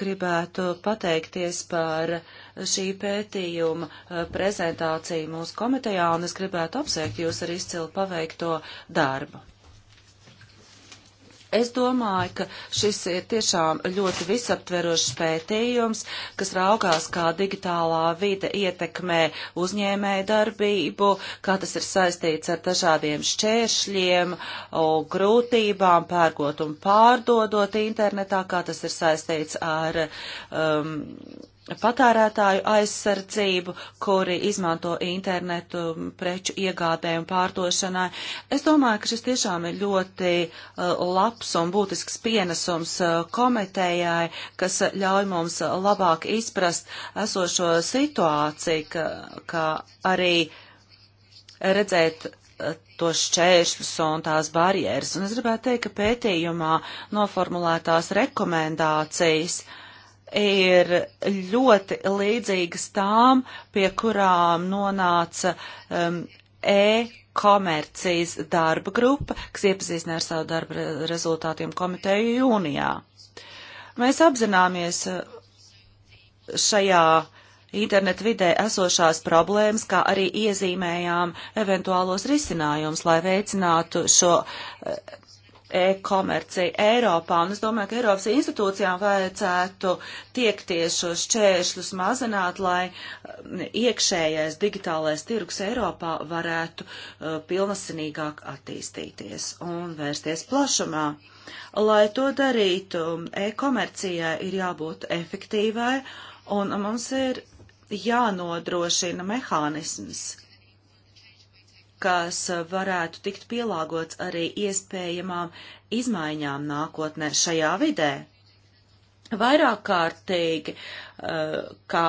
Gribētu pateikties par šī pētījuma eh, prezentāciju mūsu komitejā, un es gribētu apsveikt jūs ar izcilu paveikto darbu. Es domāju, ka šis ir tiešām ļoti visaptverošs pētījums, kas raugās, kā digitālā vide ietekmē uzņēmēju darbību, kā tas ir saistīts ar dažādiem šķēršļiem, grūtībām, pērkot un pārdodot internetā, kā tas ir saistīts ar um, patērētāju aizsardzību, kuri izmanto internetu preču iegādē un pārdošanai. Es domāju, ka šis tiešām ir ļoti uh, labs un būtisks pienesums uh, komitejai, kas ļauj mums labāk izprast esošo situāciju, kā, kā arī redzēt uh, tos šķēršļus un tās barjeras. Un es gribētu teikt, ka pētījumā noformulētās rekomendācijas uh, ir ļoti līdzīgas tām, pie kurām nonāca um, e-komercijas darba grupa, kas iepazīstināja ar savu darba rezultātiem komiteju jūnijā. Mēs apzināmies uh, šajā internetu vidē esošās problēmas, kā arī iezīmējām eventuālos risinājumus, lai veicinātu šo uh, e-komerciju Eiropā, un es domāju, ka Eiropas institūcijām vajadzētu tiekties šos čēršļus mazināt, lai um, iekšējais digitālais tirgus Eiropā varētu uh, pilnasinīgāk attīstīties un vērsties plašumā. Lai to darītu, um, e-komercijai ir jābūt efektīvai, un mums ir jānodrošina mehānisms, kas varētu tikt pielāgots arī iespējamām izmaiņām nākotnē šajā vidē. Vairāk kārtīgi, eh, kā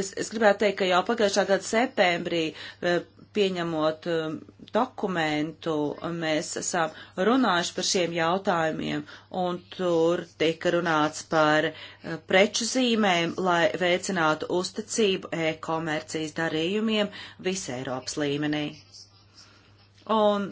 es, es gribētu teikt, ka jau pagājušā gada septembrī eh, pieņemot eh, dokumentu, mēs esam runājuši par šiem jautājumiem, un tur tika runāts par preču zīmēm, lai veicinātu uzticību e-komercijas darījumiem visai Eiropas līmenī. Un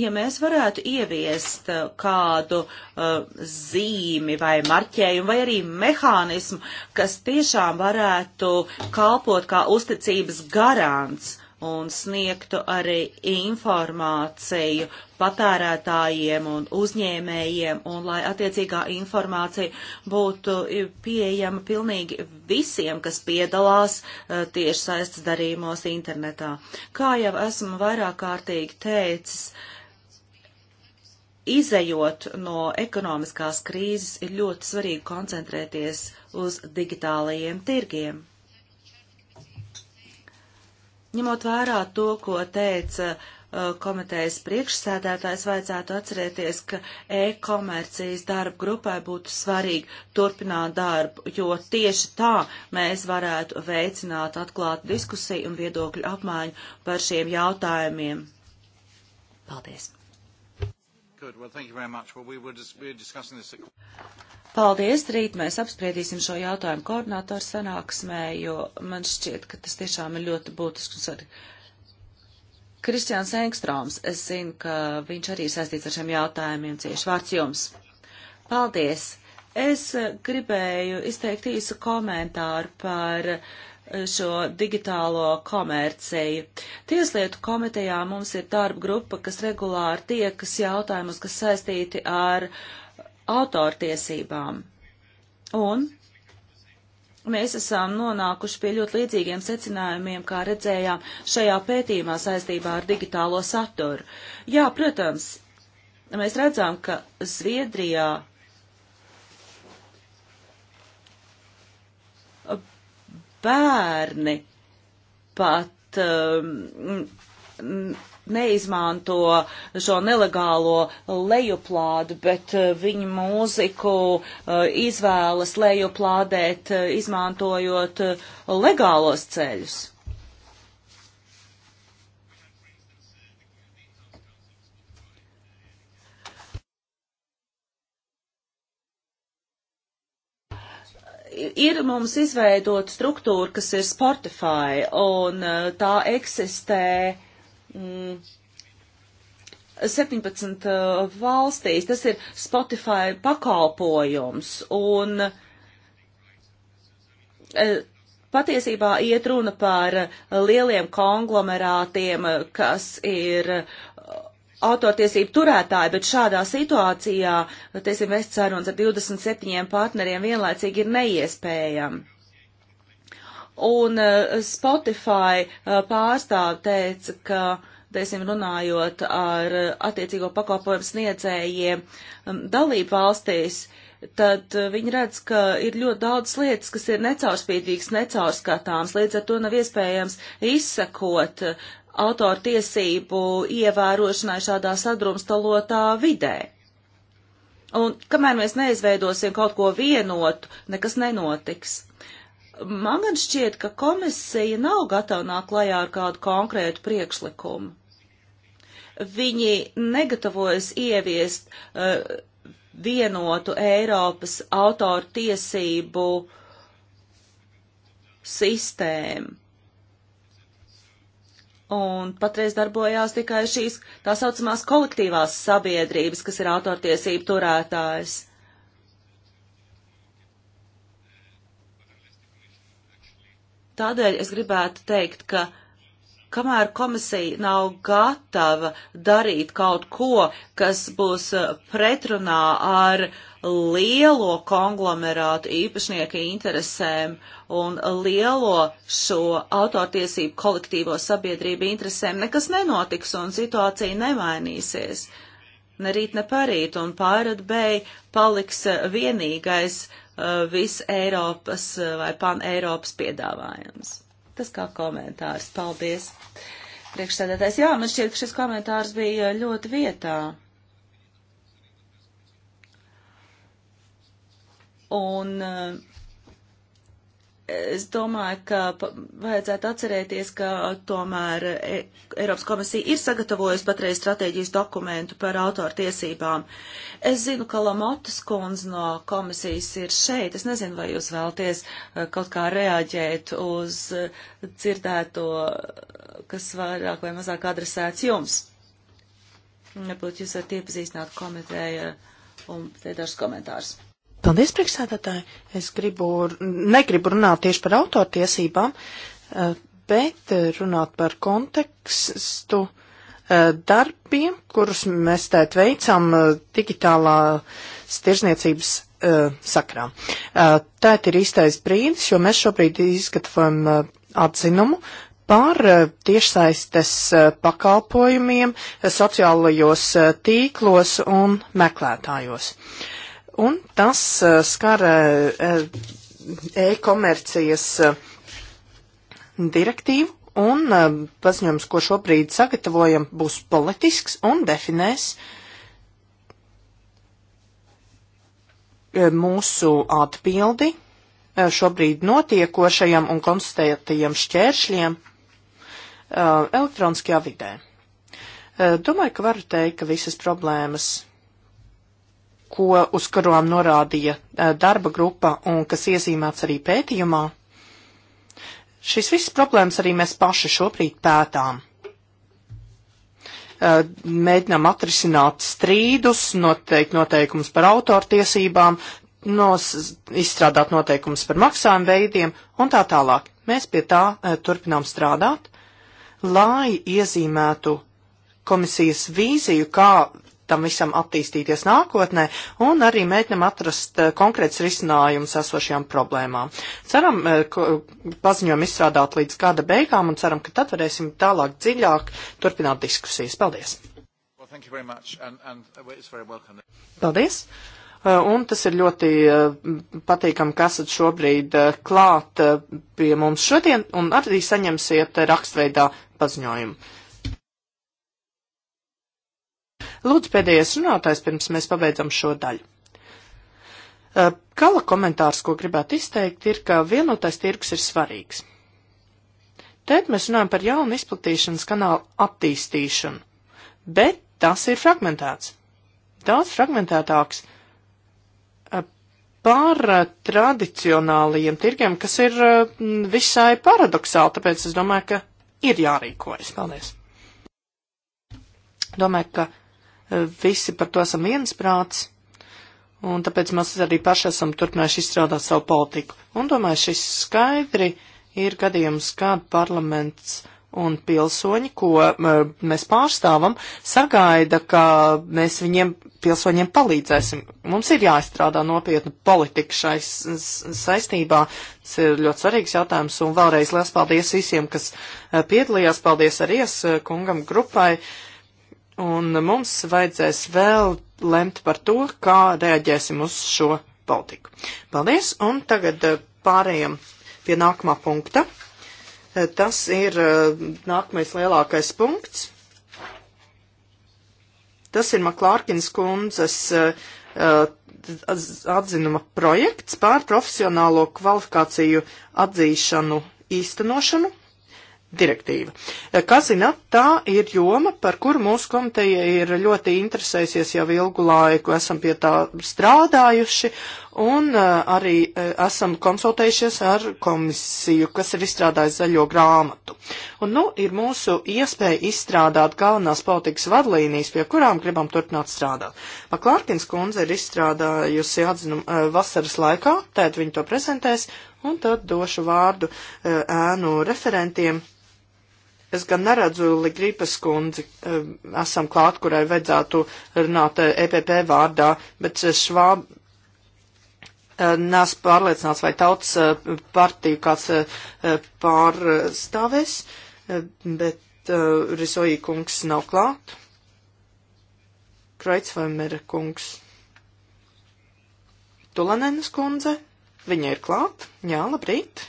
ja mēs varētu ieviest uh, kādu uh, zīmi vai marķējumu vai arī mehānismu, kas tiešām varētu kalpot kā uzticības garants un sniegtu arī informāciju patērētājiem un uzņēmējiem, un lai attiecīgā informācija būtu pieejama pilnīgi visiem, kas piedalās eh, tieši saistas darījumos internetā. Kā jau esmu vairāk kārtīgi teicis, izējot no ekonomiskās krīzes, ir ļoti svarīgi koncentrēties uz digitālajiem tirgiem. Ņemot vērā to, ko teica uh, komitejas priekšsēdētājs, vajadzētu atcerēties, ka e-komercijas darba grupai būtu svarīgi turpināt darbu, jo tieši tā mēs varētu veicināt atklātu diskusiju un viedokļu apmaiņu par šiem jautājumiem. Paldies! Good. Well, thank you very much. Well, we were, dis we were discussing this at... Paldies, rīt mēs apspriedīsim šo jautājumu koordinātoru sanāksmē, jo man šķiet, ka tas tiešām ir ļoti būtisks un svarīgi. Kristiāns Engstroms, es zinu, ka viņš arī saistīts ar šiem jautājumiem cieši vārds jums. Paldies! Es eh, gribēju izteikt īsu komentāru par uh, šo digitālo komerciju. Tieslietu komitejā mums ir darba grupa, kas regulāri tiekas jautājumus, kas saistīti ar autortiesībām. Un mēs esam nonākuši pie ļoti līdzīgiem secinājumiem, kā redzējām šajā pētījumā saistībā ar digitālo saturu. Jā, protams, mēs redzam, ka Zviedrijā bērni pat um, neizmanto šo nelegālo lejuplādu, bet uh, viņu mūziku uh, izvēlas lejuplādēt, uh, izmantojot legālos ceļus. ir mums izveidota struktūra, kas ir Spotify, un uh, tā eksistē mm, 17 uh, valstīs. Tas ir Spotify pakalpojums, un uh, patiesībā iet runa par lieliem konglomerātiem, kas ir autortiesību turētāji, bet šādā situācijā, teiksim, vest sarunas ar 27 partneriem vienlaicīgi ir neiespējami. Un eh, Spotify eh, pārstāv teica, ka, teiksim, runājot ar eh, attiecīgo pakalpojumu sniedzējiem mm, dalību valstīs, tad viņi redz, ka ir ļoti daudz lietas, kas ir necaurspīdīgas, necaurskatāms, līdz ar to nav iespējams izsakot autortiesību ievērošanai šādā sadrumstalotā vidē. Un kamēr mēs neizveidosim kaut ko vienotu, nekas nenotiks. Man gan šķiet, ka komisija nav gatava nāk klajā ar kādu konkrētu priekšlikumu. Viņi negatavojas ieviest uh, vienotu Eiropas autoru tiesību sistēmu. Un patreiz darbojās tikai šīs tā saucamās kolektīvās sabiedrības, kas ir autortiesību turētājs. Tādēļ es gribētu teikt, ka kamēr komisija nav gatava darīt kaut ko, kas būs eh, pretrunā ar uh, lielo konglomerātu īpašnieku interesēm un lielo šo autortiesību kolektīvo sabiedrību interesēm nekas nenotiks un situācija nemainīsies. Nerīt ne parīt un pārad bēj paliks eh, vienīgais uh, eh, vis Eiropas eh, vai pan Eiropas piedāvājums. Tas kā komentārs. Paldies. Priekšsēdētājs, jā, man šķiet, ka šis komentārs bija ļoti vietā. Un eh, es domāju, ka vajadzētu atcerēties, ka tomēr e, Eiropas komisija ir sagatavojusi patreiz stratēģijas dokumentu par autortiesībām. Es zinu, ka Lamotas kundze no komisijas ir šeit. Es nezinu, vai jūs vēlties eh, kaut kā reaģēt uz eh, dzirdēto, kas vairāk vai mazāk adresēts jums. Nebūtu jūs varat iepazīstināt komiteju un te dažs komentārs. Paldies, priekšsēdētāji. Es gribu, negribu runāt tieši par autortiesībām, eh, bet eh, runāt par kontekstu eh, darbiem, kurus mēs tēt veicam digitālā tirzniecības sakrā. Tēt ir īstais brīdis, jo mēs šobrīd izgatavojam atzinumu par tiešsaistes pakalpojumiem sociālajos tīklos un meklētājos. Uh, un tas eh, skar eh, eh, e-komercijas direktīvu, un paziņojums, ko šobrīd sagatavojam, būs politisks un definēs mūsu atbildi šobrīd notiekošajam un konstatētajam šķēršļiem elektroniskajā vidē. Domāju, ka varu teikt, ka visas problēmas ko uz kurām norādīja eh, darba grupa un kas iezīmēts arī pētījumā, šīs visas problēmas arī mēs paši šobrīd pētām. Eh, mēģinām atrisināt strīdus, noteikt noteikumus par autortiesībām, nos, izstrādāt noteikumus par maksājumu veidiem un tā tālāk. Mēs pie tā e, turpinām strādāt, lai iezīmētu komisijas vīziju, kā tam visam attīstīties nākotnē un arī mēģinam atrast eh, konkrēts risinājums esošajām problēmām. Ceram, eh, paziņojumu izstrādāt līdz gada beigām un ceram, ka tad varēsim tālāk dziļāk turpināt diskusijas. Paldies! Well, and, and uh, Paldies! Eh, un tas ir ļoti patīkami, ka esat šobrīd klāt pie mums šodien un arī saņemsiet rakstveidā paziņojumu. Lūdzu, pēdējais runātājs pirms mēs pabeidzam šo daļu. Kala komentārs, ko gribētu izteikt, ir, ka vienotais tirgus ir svarīgs. Tēt mēs runājam par jaunu izplatīšanas kanālu attīstīšanu, bet tas ir fragmentēts. Daudz fragmentētāks par tradicionālajiem tirgiem, kas ir visai paradoxāli, tāpēc es domāju, ka ir jārīkojas. Paldies! Domāju, ka visi par to esam viensprāts, un tāpēc mēs arī paši esam turpinājuši izstrādāt savu politiku. Un domāju, šis skaidri ir gadījums, kad parlaments un pilsoņi, ko mēs pārstāvam, sagaida, ka mēs viņiem pilsoņiem palīdzēsim. Mums ir jāizstrādā nopietna politika šai saistībā. Tas ir ļoti svarīgs jautājums. Un vēlreiz liels paldies visiem, kas eh, piedalījās. Paldies arī es eh, kungam grupai. Uh, Un mums vajadzēs vēl lemt par to, kā reaģēsim uz šo politiku. Paldies, un tagad eh, pārējām pie nākamā punkta. Eh, tas ir eh, nākamais lielākais punkts. Tas ir Maklārkins kundzes atzinuma projekts pār profesionālo kvalifikāciju atzīšanu īstenošanu direktīva. Kā zināt, tā ir joma, par kuru mūsu komiteja ir ļoti interesējusies jau ilgu laiku. Esam pie tā strādājuši un uh, arī uh, esam konsultējušies ar komisiju, kas ir izstrādājis zaļo grāmatu. Un nu ir mūsu iespēja izstrādāt galvenās politikas vadlīnijas, pie kurām gribam turpināt strādāt. Maklārkins kundze ir izstrādājusi atzinumu uh, vasaras laikā, tēt viņi to prezentēs, un tad došu vārdu ēnu referentiem Es gan neredzu Ligripas kundzi, esam klāt, kurai vajadzētu runāt EPP eh, e vārdā, bet eh, švāb eh, neesmu pārliecināts, vai tautas partiju kāds pārstāvēs, bet Risoī kungs nav klāt. Kreitsvaimera kungs. Tulanenes kundze, viņa ir klāt, jā, labrīt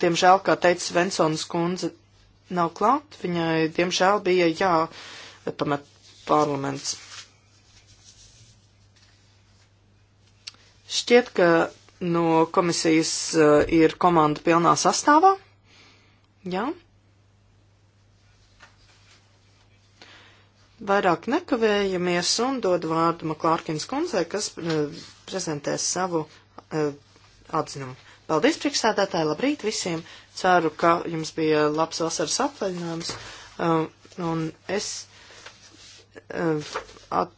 diemžēl, kā teica Svensons kundze, nav klāt. Viņai, diemžēl, bija jāpamet parlaments. Šķiet, ka no komisijas uh, ir komanda pilnā sastāvā. Jā. Vairāk nekavējamies un dod vārdu Maklārkins kundzei, kas uh, prezentēs savu uh, atzinumu. Paldies, priekšsēdētāji, labrīt visiem! Ceru, ka jums bija labs vasaras atvaļinājums, um, un es um, at,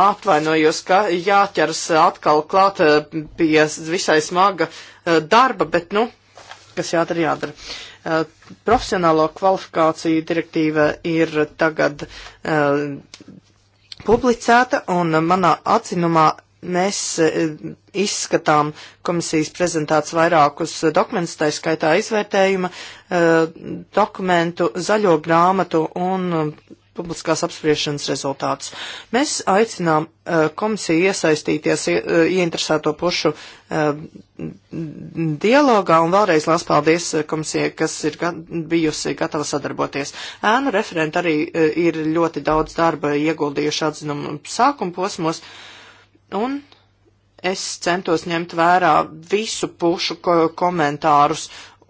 atvainojos, ka jāķeras atkal klāt uh, pie visai smaga uh, darba, bet, nu, kas jādara, jādara. Uh, profesionālo kvalifikāciju direktīva ir tagad uh, publicēta, un manā atzinumā Mēs e, izskatām komisijas prezentāts vairākus dokumentus, tā skaitā izvērtējuma e, dokumentu, zaļo grāmatu un e, publiskās apspriešanas rezultātus. Mēs aicinām uh, komisiju iesaistīties ie, ieinteresēto pušu uh, dialogā un vēlreiz liels paldies komisijai, kas ir ga bijusi gatava sadarboties. Ēnu referenti arī uh, ir ļoti daudz darba ieguldījuši atzinumu sākuma posmos. Uh, Un es centos ņemt vērā visu pušu ko komentārus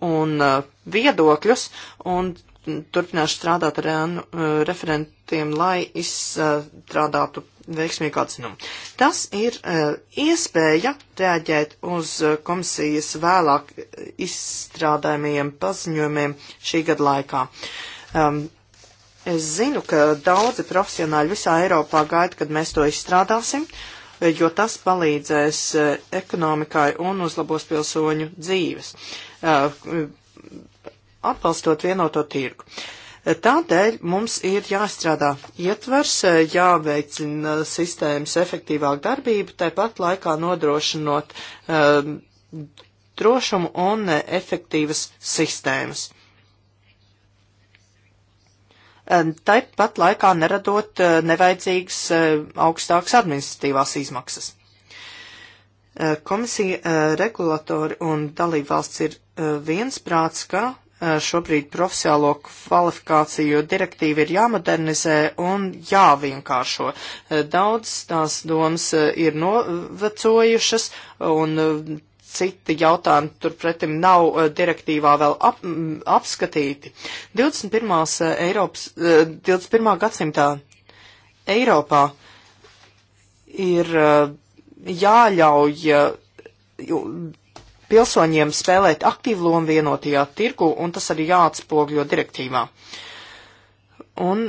un uh, viedokļus, un turpināšu strādāt ar ēnu uh, nu, referentiem, lai izstrādātu uh, veiksmīgu nu. atzinumu. Tas ir uh, iespēja reaģēt uz uh, komisijas vēlāk izstrādājumiem paziņojumiem šī gada laikā. Um, es zinu, ka daudzi profesionāļi visā Eiropā gaida, kad mēs to izstrādāsim. Uh, jo tas palīdzēs eh, ekonomikai un uzlabos pilsoņu dzīves, eh, atbalstot vienoto tirgu. Eh, tādēļ mums ir jāstrādā ietvers, jāveicina sistēmas efektīvāk darbība, tāpat laikā nodrošinot drošumu un efektīvas sistēmas. Um, tāpat laikā neradot uh, nevajadzīgas uh, augstākas administratīvās izmaksas. Uh, komisija, regulatori un dalība valsts ir viensprāts, ka šobrīd profesionālo kvalifikāciju direktīva ir jāmodernizē un jāvienkāršo. Daudz tās domas ir novecojušas un citi jautājumi turpretim nav eh, direktīvā vēl ap, apskatīti. 21. Eh, Eiropas, 21. Eh, gadsimtā Eiropā ir jāļauj pilsoņiem spēlēt aktīvu lomu vienotajā tirgu, un tas arī jāatspogļo direktīvā. Un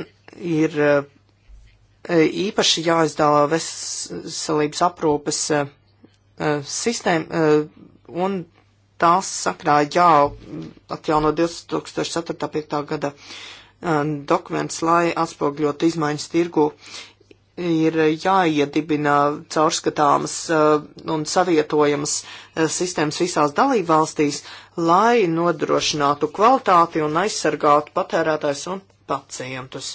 ir īpaši jāizdala veselības aprūpes Uh, sistēma uh, un tās sakrā jāatjauno 2004.5. gada uh, dokuments, lai atspogļot izmaiņas tirgu, ir jāiedibina caurskatāmas un savietojamas sistēmas visās dalībvalstīs, lai nodrošinātu kvalitāti un aizsargātu patērētājs un pacientus.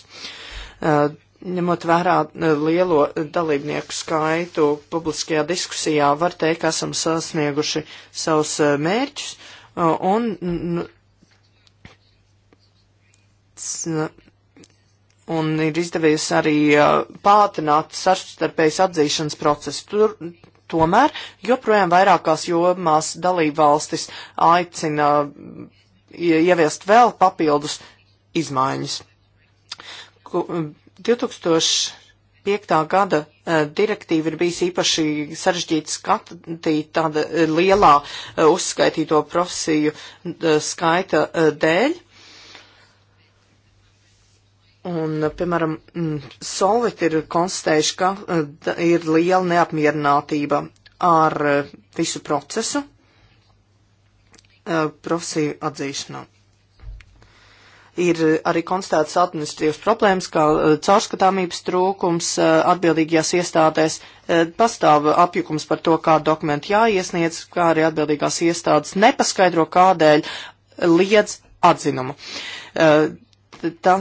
Ņemot vērā e, lielo e, dalībnieku skaitu publiskajā diskusijā, var teikt, ka esam sasnieguši savus e, mērķus un, un ir izdevies arī pātrināt starpstarpējas atzīšanas procesu. Tur, tomēr joprojām vairākās jomās dalībvalstis aicina ieviest vēl papildus izmaiņas 2005. gada e, direktīva ir bijusi īpaši sarežģīta skatīt tāda e, lielā e, uzskaitīto profesiju skaita dēļ. Un, piemēram, Solvit ir konstatējuši, ka ir liela neapmierinātība ar visu procesu profesiju atzīšanā. Ir eh, arī konstatētas administratīvas problēmas, kā eh, caurskatāmības trūkums eh, atbildīgajās iestādēs. Pastāv apjukums par to, kā dokumenti jāiesniedz, kā arī atbildīgās iestādes nepaskaidro, kādēļ liedz atzinumu. Tā,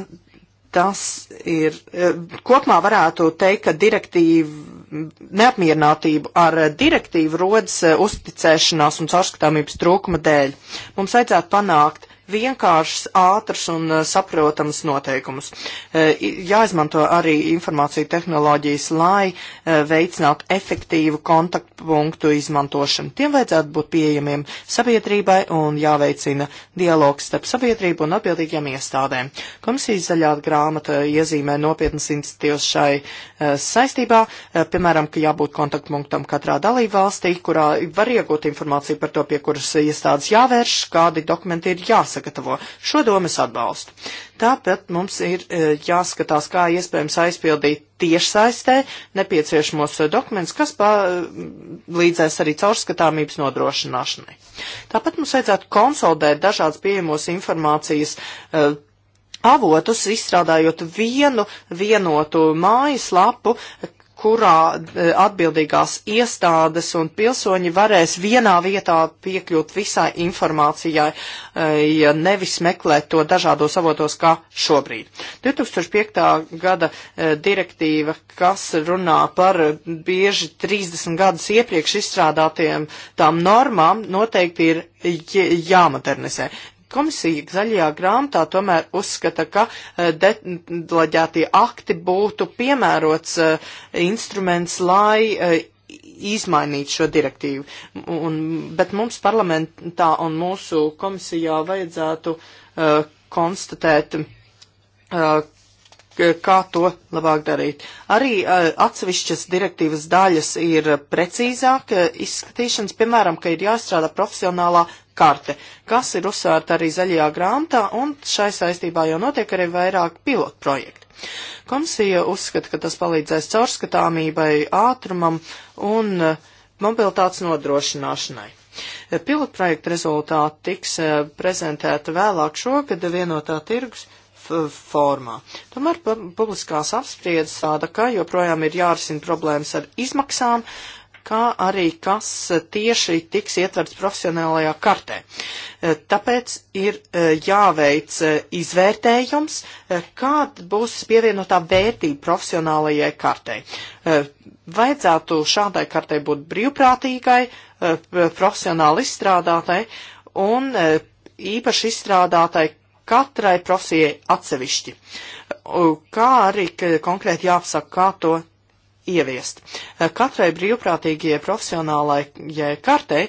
tas ir, kopumā varētu teikt, ka direktīva, neapmierinātību ar direktīvu rodas uzticēšanās un caurskatāmības trūkuma dēļ. Mums vajadzētu panākt vienkāršs, ātrs un eh, saprotams noteikumus. Eh, jāizmanto arī informācija tehnoloģijas, lai eh, veicinātu efektīvu kontaktpunktu izmantošanu. Tiem vajadzētu būt pieejamiem sabiedrībai un jāveicina dialogs starp sabiedrību un atbildīgiem iestādēm. Komisijas zaļā grāmata iezīmē nopietnas iniciatīvas šai saistībā, piemēram, ka jābūt kontaktpunktam katrā dalībvalstī, kurā var iegūt informāciju par to, pie kuras iestādes jāvērš, kādi dokumenti ir jāsaka jāsagatavo. Šo domu es atbalstu. Tāpēc mums ir e, jāskatās, kā iespējams aizpildīt tiešsaistē nepieciešamos e, dokumentus, kas palīdzēs arī caurskatāmības nodrošināšanai. Tāpat mums vajadzētu konsolidēt dažādas pieejamos informācijas uh, avotus, izstrādājot vienu vienotu mājaslapu, kurā e, atbildīgās iestādes un pilsoņi varēs vienā vietā piekļūt visai informācijai, e, ja nevis meklēt to dažādos avotos kā šobrīd. 2005. gada e, direktīva, kas runā par bieži 30 gadus iepriekš izstrādātiem tām normām, noteikti ir jāmodernizē. Komisija zaļajā grāmatā tomēr uzskata, ka eh, deleģētie akti būtu piemērots eh, instruments, lai eh, izmainīt šo direktīvu. Un, bet mums parlamentā un mūsu komisijā vajadzētu uh, konstatēt, uh, kā to labāk darīt. Arī eh, atsevišķas direktīvas daļas ir precīzāk eh, izskatīšanas, piemēram, ka ir jāstrādā profesionālā karte, kas ir uzsvērta arī zaļajā grāmatā, un šai saistībā jau notiek arī vairāk pilotu projektu. Komisija uzskata, ka tas palīdzēs caurskatāmībai, ātrumam un eh, mobilitātes nodrošināšanai. Pilotprojekta rezultāti tiks prezentēta vēlāk šogad vienotā tirgus Eh, formā. Tomēr publiskās apspriedas tāda, ka joprojām ir jārisina problēmas ar izmaksām, kā arī kas eh, tieši tiks ietverts profesionālajā kartē. Eh, tāpēc ir jāveic izvērtējums, kāda būs pievienotā vērtība profesionālajai kartei. Vajadzētu šādai kartei būt brīvprātīgai, profesionāli izstrādātai un īpaši izstrādātai katrai profesijai atsevišķi, kā arī konkrēti jāapsaka, kā to ieviest. Katrai brīvprātīgajai profesionālajai kartei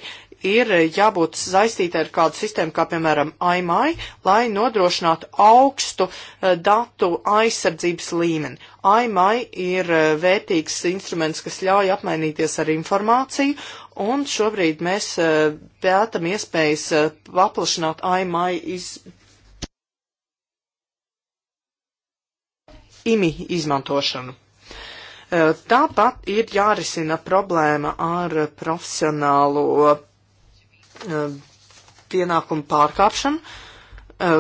ir jābūt saistīta ar kādu sistēmu, kā piemēram IMI, lai nodrošinātu augstu eh, datu aizsardzības līmeni. IMI ir eh, vērtīgs instruments, kas ļauj apmainīties ar informāciju, un šobrīd mēs eh, pētam iespējas paplašināt IMI iz, imi izmantošanu. E, tāpat ir jārisina problēma ar profesionālo e, pienākumu pārkāpšanu. E,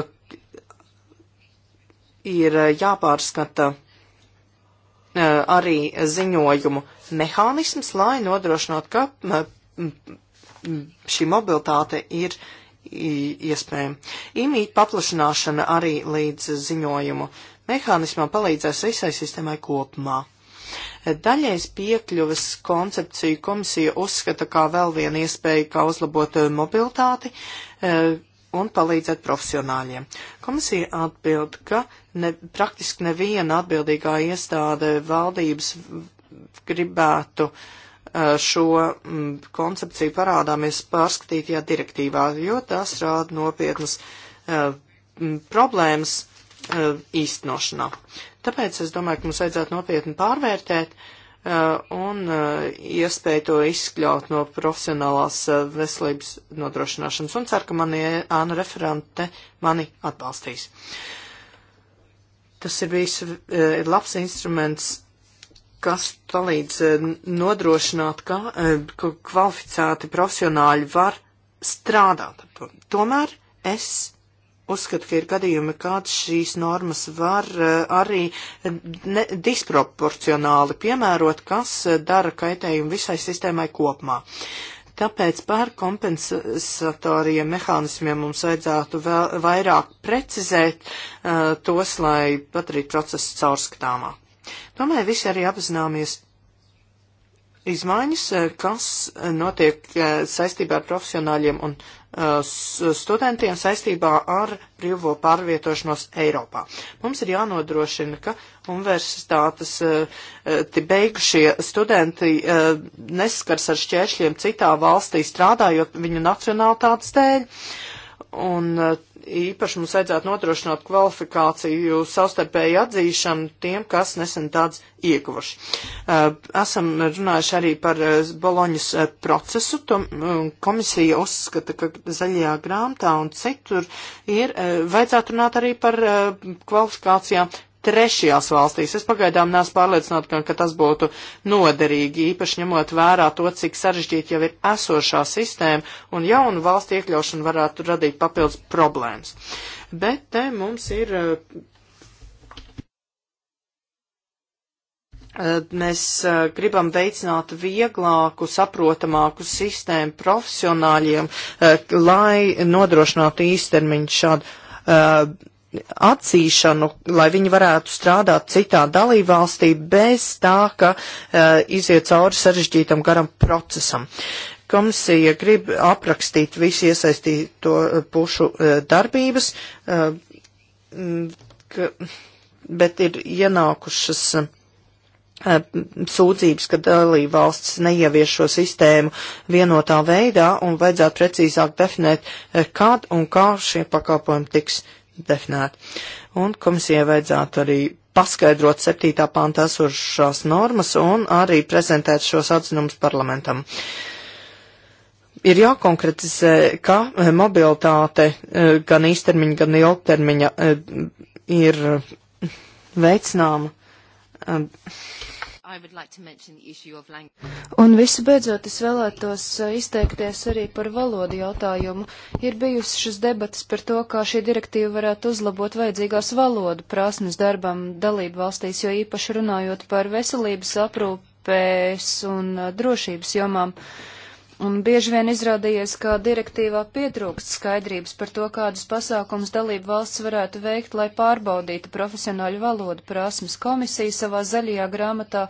ir jāpārskata arī ziņojumu mehānisms, lai nodrošinātu, ka šī mobilitāte ir iespējama. Imīt paplašināšana arī līdz ziņojumu mehānismam palīdzēs visai sistēmai kopumā. Daļais piekļuves koncepciju komisija uzskata kā vēl vienu iespēju, kā uzlabot eh, mobilitāti eh, un palīdzēt profesionāļiem. Komisija atbild, ka ne, praktiski neviena atbildīgā iestāde valdības gribētu uh, šo mm, koncepciju parādāmies pārskatītajā direktīvā, jo tas rāda nopietnas uh, problēmas E, īstenošanā. Tāpēc es domāju, ka mums vajadzētu nopietni pārvērtēt e, un e, iespēju to izskļaut no profesionālās veselības nodrošināšanas un ceru, ka mani āna referente mani atbalstīs. Tas ir bijis ir labs instruments, kas palīdz nodrošināt, ka kvalificēti profesionāļi var strādāt. Tomēr es uzskatu, ka ir gadījumi, kad šīs normas var eh, arī ne, disproporcionāli piemērot, kas eh, dara kaitējumu visai sistēmai kopumā. Tāpēc par kompensatoriem mehānismiem mums vajadzētu vēl vairāk precizēt uh, tos, lai padarītu procesu caurskatāmāk. Domāju, visi arī apzināmies izmaiņas, eh, kas eh, notiek eh, saistībā ar profesionāļiem un studentiem saistībā ar brīvo pārvietošanos Eiropā. Mums ir jānodrošina, ka universitātes beigušie studenti neskars ar šķēršļiem citā valstī strādājot viņu nacionālitātes dēļ. Uh, un eh, īpaši mums vajadzētu nodrošināt kvalifikāciju savstarpēju atzīšanu tiem, kas nesen tāds ieguvuši. Eh, esam runājuši arī par eh, Boloņas procesu. Komisija uzskata, ka zaļajā grāmatā un citur ir vajadzētu runāt arī par kvalifikācijām trešajās valstīs. Es pagaidām neesmu pārliecināta, ka, ka tas būtu noderīgi, īpaši ņemot vērā to, cik sarežģīti jau ir esošā sistēma, un jaunu valstu iekļaušana varētu radīt papildus problēmas. Bet te mums ir. Eh, eh, mēs eh, gribam veicināt vieglāku, saprotamāku sistēmu profesionāļiem, lai nodrošinātu īstermiņu šādu atzīšanu, lai viņi varētu strādāt citā dalībvalstī bez tā, ka uh, iziet cauri sarežģītam garam procesam. Komisija grib aprakstīt visu iesaistīto uh, pušu uh, darbības, uh, ka, bet ir ienākušas. Uh, sūdzības, ka dalība valsts neievieš šo sistēmu vienotā veidā un vajadzētu precīzāk definēt, kad un kā šie pakalpojumi tiks uh, definēt. Un komisijai vajadzētu arī paskaidrot 7. pāntā esošās normas un arī prezentēt šos atzinumus parlamentam. Ir jākonkretizē, ka eh, mobilitāte eh, gan īstermiņa, gan ilgtermiņa eh, ir veicināma Un visu beidzot es vēlētos uh, izteikties arī par valodu jautājumu. Ir bijušas debatas par to, kā šī direktīva varētu uzlabot vajadzīgās valodu prasmes darbam dalību valstīs, jo īpaši runājot par veselības aprūpēs un uh, drošības jomām. Uh, Un bieži vien izrādījies, ka direktīvā pietrūkst skaidrības par to, kādus pasākums dalību valsts varētu veikt, lai pārbaudītu profesionāļu valodu prasmes. Komisija savā zaļajā grāmatā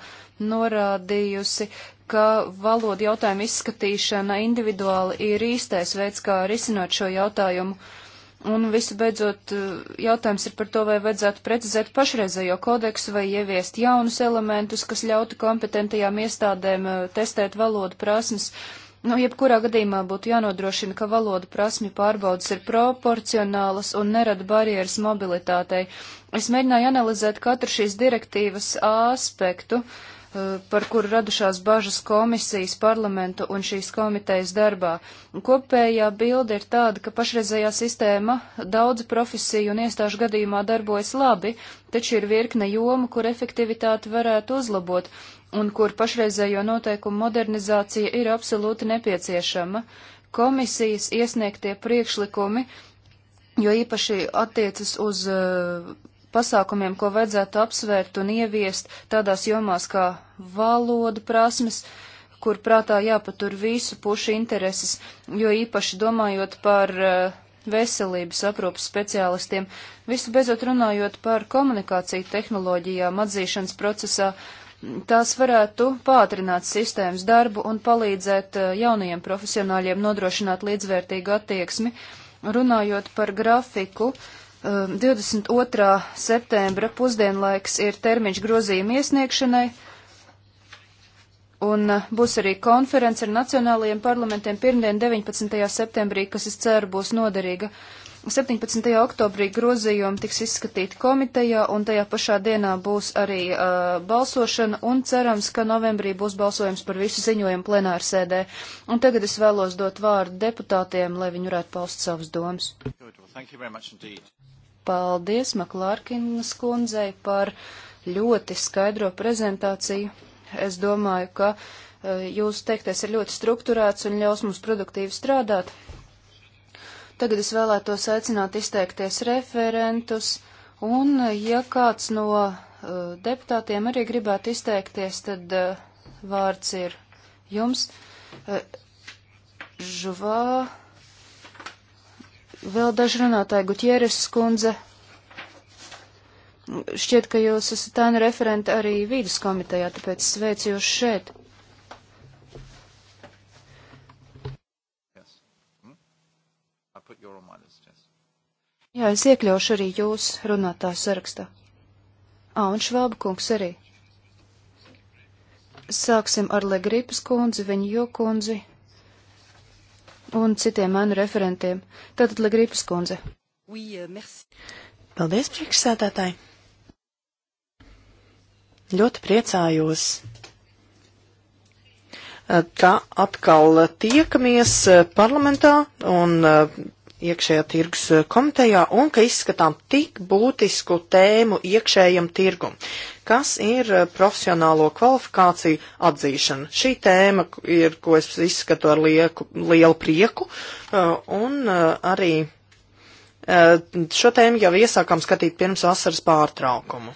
norādījusi, ka valodu jautājumu izskatīšana individuāli ir īstais veids, kā risināt šo jautājumu. Un visu beidzot, jautājums ir par to, vai vajadzētu precizēt pašreizējo kodeksu vai ieviest jaunus elementus, kas ļautu kompetentajām iestādēm eh, testēt valodu prasmes. Uh, Nu, jebkurā gadījumā būtu jānodrošina, ka valodu prasmju pārbaudas ir proporcionālas un nerada barjeras mobilitātei. Es mēģināju analizēt katru šīs direktīvas aspektu, eh, par kuru radušās bažas komisijas, parlamentu un šīs komitejas darbā. Kopējā bilde ir tāda, ka pašreizējā sistēma daudzu profesiju un iestāžu gadījumā darbojas labi, taču ir virkne joma, kur efektivitāti varētu uzlabot, un kur pašreizējo noteikumu modernizācija ir absolūti nepieciešama. Komisijas iesniegtie priekšlikumi, jo īpaši attiecas uz uh, pasākumiem, ko vajadzētu apsvērt un ieviest tādās jomās kā valoda prasmes, kur prātā jāpatur visu pušu intereses, jo īpaši domājot par uh, veselības aprūpas speciālistiem, visu beidzot runājot par komunikāciju tehnoloģijām atzīšanas procesā, uh, Tās varētu pātrināt sistēmas darbu un palīdzēt eh, jaunajiem profesionāļiem nodrošināt līdzvērtīgu attieksmi. Runājot par grafiku, 22. Eh, septembra pusdienlaiks ir termiņš grozījuma iesniegšanai, un eh, būs arī konference ar nacionālajiem parlamentiem pirmdien 19. septembrī, kas es ceru būs noderīga. Uh, 17. oktobrī grozījumi tiks izskatīti komitejā, un tajā pašā dienā būs arī uh, balsošana, un cerams, ka novembrī būs balsojums par visu ziņojumu plenāru sēdē. Un tagad es vēlos dot vārdu deputātiem, lai viņi varētu paust savas domas. Paldies Maklārkinas kundzei par ļoti skaidro prezentāciju. Es domāju, ka uh, jūsu teiktais ir ļoti strukturēts un ļaus mums produktīvi strādāt. Tagad es vēlētos aicināt izteikties referentus, un ja kāds no uh, deputātiem arī gribētu izteikties, tad uh, vārds ir jums. Uh, žuvā, vēl daži runātāji, Gutieres skundze. Šķiet, ka jūs esat tāna referenta arī vīdas komitejā, tāpēc sveicu jūs šeit. Jā, es iekļaušu arī jūs runātā sarakstā. Ā, un Švāba kungs arī. Sāksim ar Legripas kundzi, viņa jo kundzi un citiem manu referentiem. Tātad Legripas kundze. Oui, euh, merci. Paldies, priekšsēdētāji! Ļoti priecājos, eh, ka atkal tiekamies eh, parlamentā un eh, iekšējā tirgus eh, komitejā un ka izskatām tik būtisku tēmu iekšējam tirgum, kas ir eh, profesionālo kvalifikāciju atzīšana. Šī tēma ir, ko es izskatu ar lieku, lielu prieku eh, un arī šo tēmu jau iesākām skatīt pirms vasaras pārtraukumu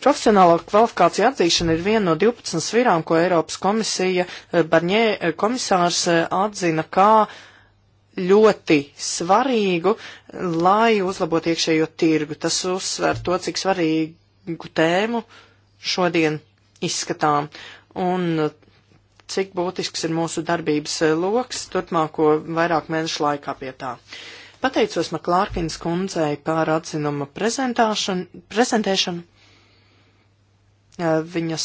Profesionālā kvalifikācija atzīšana ir viena no 12 svirām, ko Eiropas komisija, eh, Barņē eh, komisārs eh, atzina kā ļoti svarīgu, lai uzlabotu iekšējo tirgu. Tas uzsver to, cik svarīgu tēmu šodien izskatām un cik būtisks ir mūsu darbības loks turpmāko vairāk mēnešu laikā pie tā. Pateicos Maklārkins kundzei par atzinuma prezentēšanu Viņas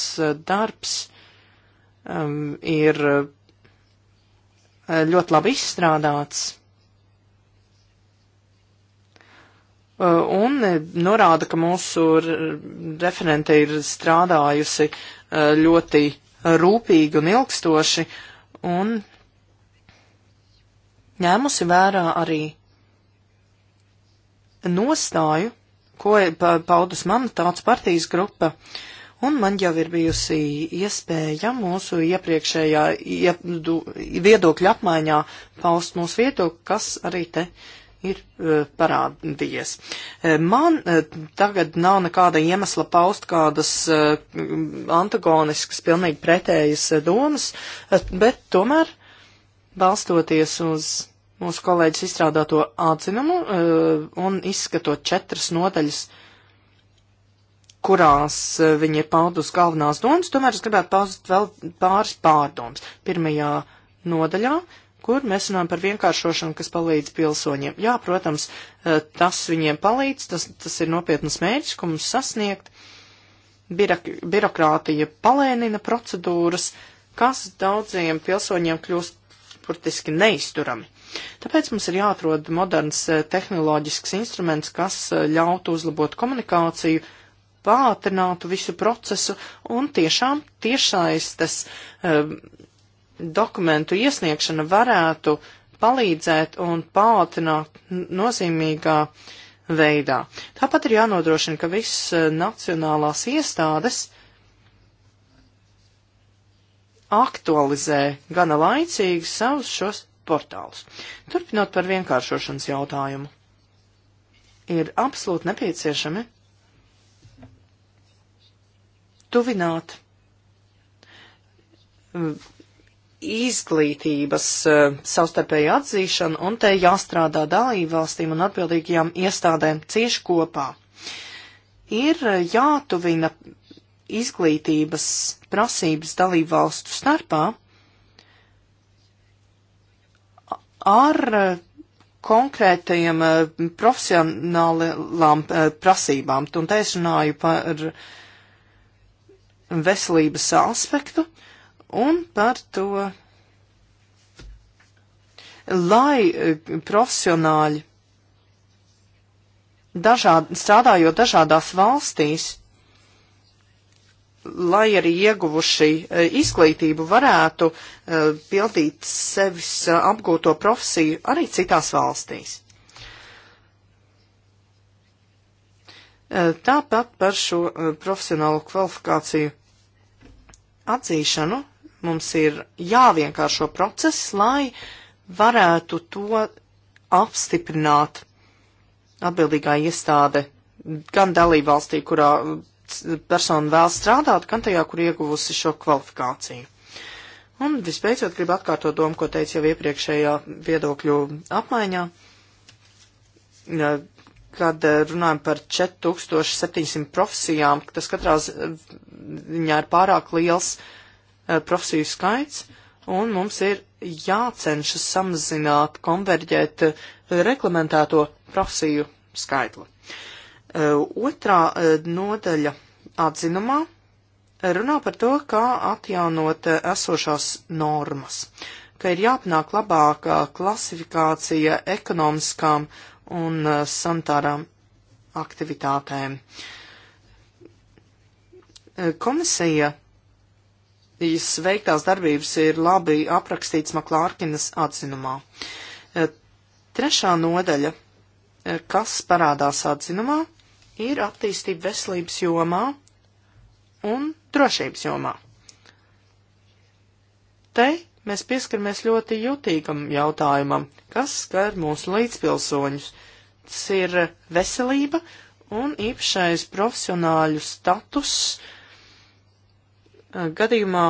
darbs um, ir uh, ļoti labi izstrādāts. Uh, un uh, norāda, ka mūsu referente ir strādājusi ļoti rūpīgi un ilgstoši un ņēmusi vērā arī nostāju, ko paudas mana tautas partijas grupa uh, Un man jau ir bijusi iespēja mūsu iepriekšējā iedu, viedokļa apmaiņā paust mūsu viedokli, kas arī te ir uh, parādījies. E, man uh, tagad nav nekāda iemesla paust kādas uh, antagoniskas, pilnīgi pretējas domas, bet tomēr balstoties uz mūsu kolēģis izstrādāto atzinumu un izskatot četras nodaļas kurās eh, viņi ir paudus galvenās domas, tomēr es gribētu paust vēl pāris pārdomas. Pirmajā nodaļā, kur mēs runājam par vienkāršošanu, kas palīdz pilsoņiem. Jā, protams, eh, tas viņiem palīdz, tas, tas ir nopietnas mērķis, ko mums sasniegt. Birok birokrātija palēnina procedūras, kas daudziem pilsoņiem kļūst burtiski neizturami. Tāpēc mums ir jāatrod moderns eh, tehnoloģisks instruments, kas ļautu uzlabot komunikāciju pātrinātu visu procesu un tiešām tiešsaistes um, dokumentu iesniegšana varētu palīdzēt un pātrināt nozīmīgā veidā. Tāpat ir jānodrošina, ka visas uh, nacionālās iestādes aktualizē gana laicīgi savus šos portālus. Turpinot par vienkāršošanas jautājumu. Ir absolūti nepieciešami tuvināt e, izglītības e, savstarpēju atzīšanu, un te jāstrādā dalībvalstīm un atbildīgajām iestādēm cieši kopā. Ir e, jātuvina izglītības prasības dalībvalstu starpā ar konkrētajiem profesionālām prasībām, un te es runāju par uh, veselības aspektu un par to, lai eh, profesionāļi dažād, strādājot dažādās valstīs, lai arī ieguvuši eh, izglītību, varētu eh, pildīt sevis apgūto profesiju arī citās valstīs. Eh, tāpat par šo eh, profesionālo kvalifikāciju atzīšanu mums ir jāvienkāršo process, lai varētu to apstiprināt atbildīgā iestāde gan dalībvalstī, kurā eh, persona vēl strādāt, gan tajā, kur ieguvusi šo kvalifikāciju. Un visbeidzot, gribu atkārtot domu, ko teicu jau iepriekšējā viedokļu apmaiņā kad eh, runājam par 4700 profesijām, tas katrā ziņā ir pārāk liels eh, profesiju skaits, un mums ir jācenšas samazināt, konverģēt eh, reglamentēto profesiju skaitli. Otrā nodaļa atzinumā runā par to, kā atjaunot esošās normas. Uh, ka ir jāpanāk labākā klasifikācija ekonomiskām un uh, sanitārām aktivitātēm. Uh, komisija veiktās darbības ir labi aprakstīts Maklārkinas atzinumā. Uh, trešā nodaļa, kas parādās atzinumā, ir attīstība veselības jomā un drošības jomā. Te mēs pieskaramies ļoti jutīgam jautājumam, kas skar mūsu līdzpilsoņus. Tas ir veselība un īpašais profesionāļu status eh, gadījumā,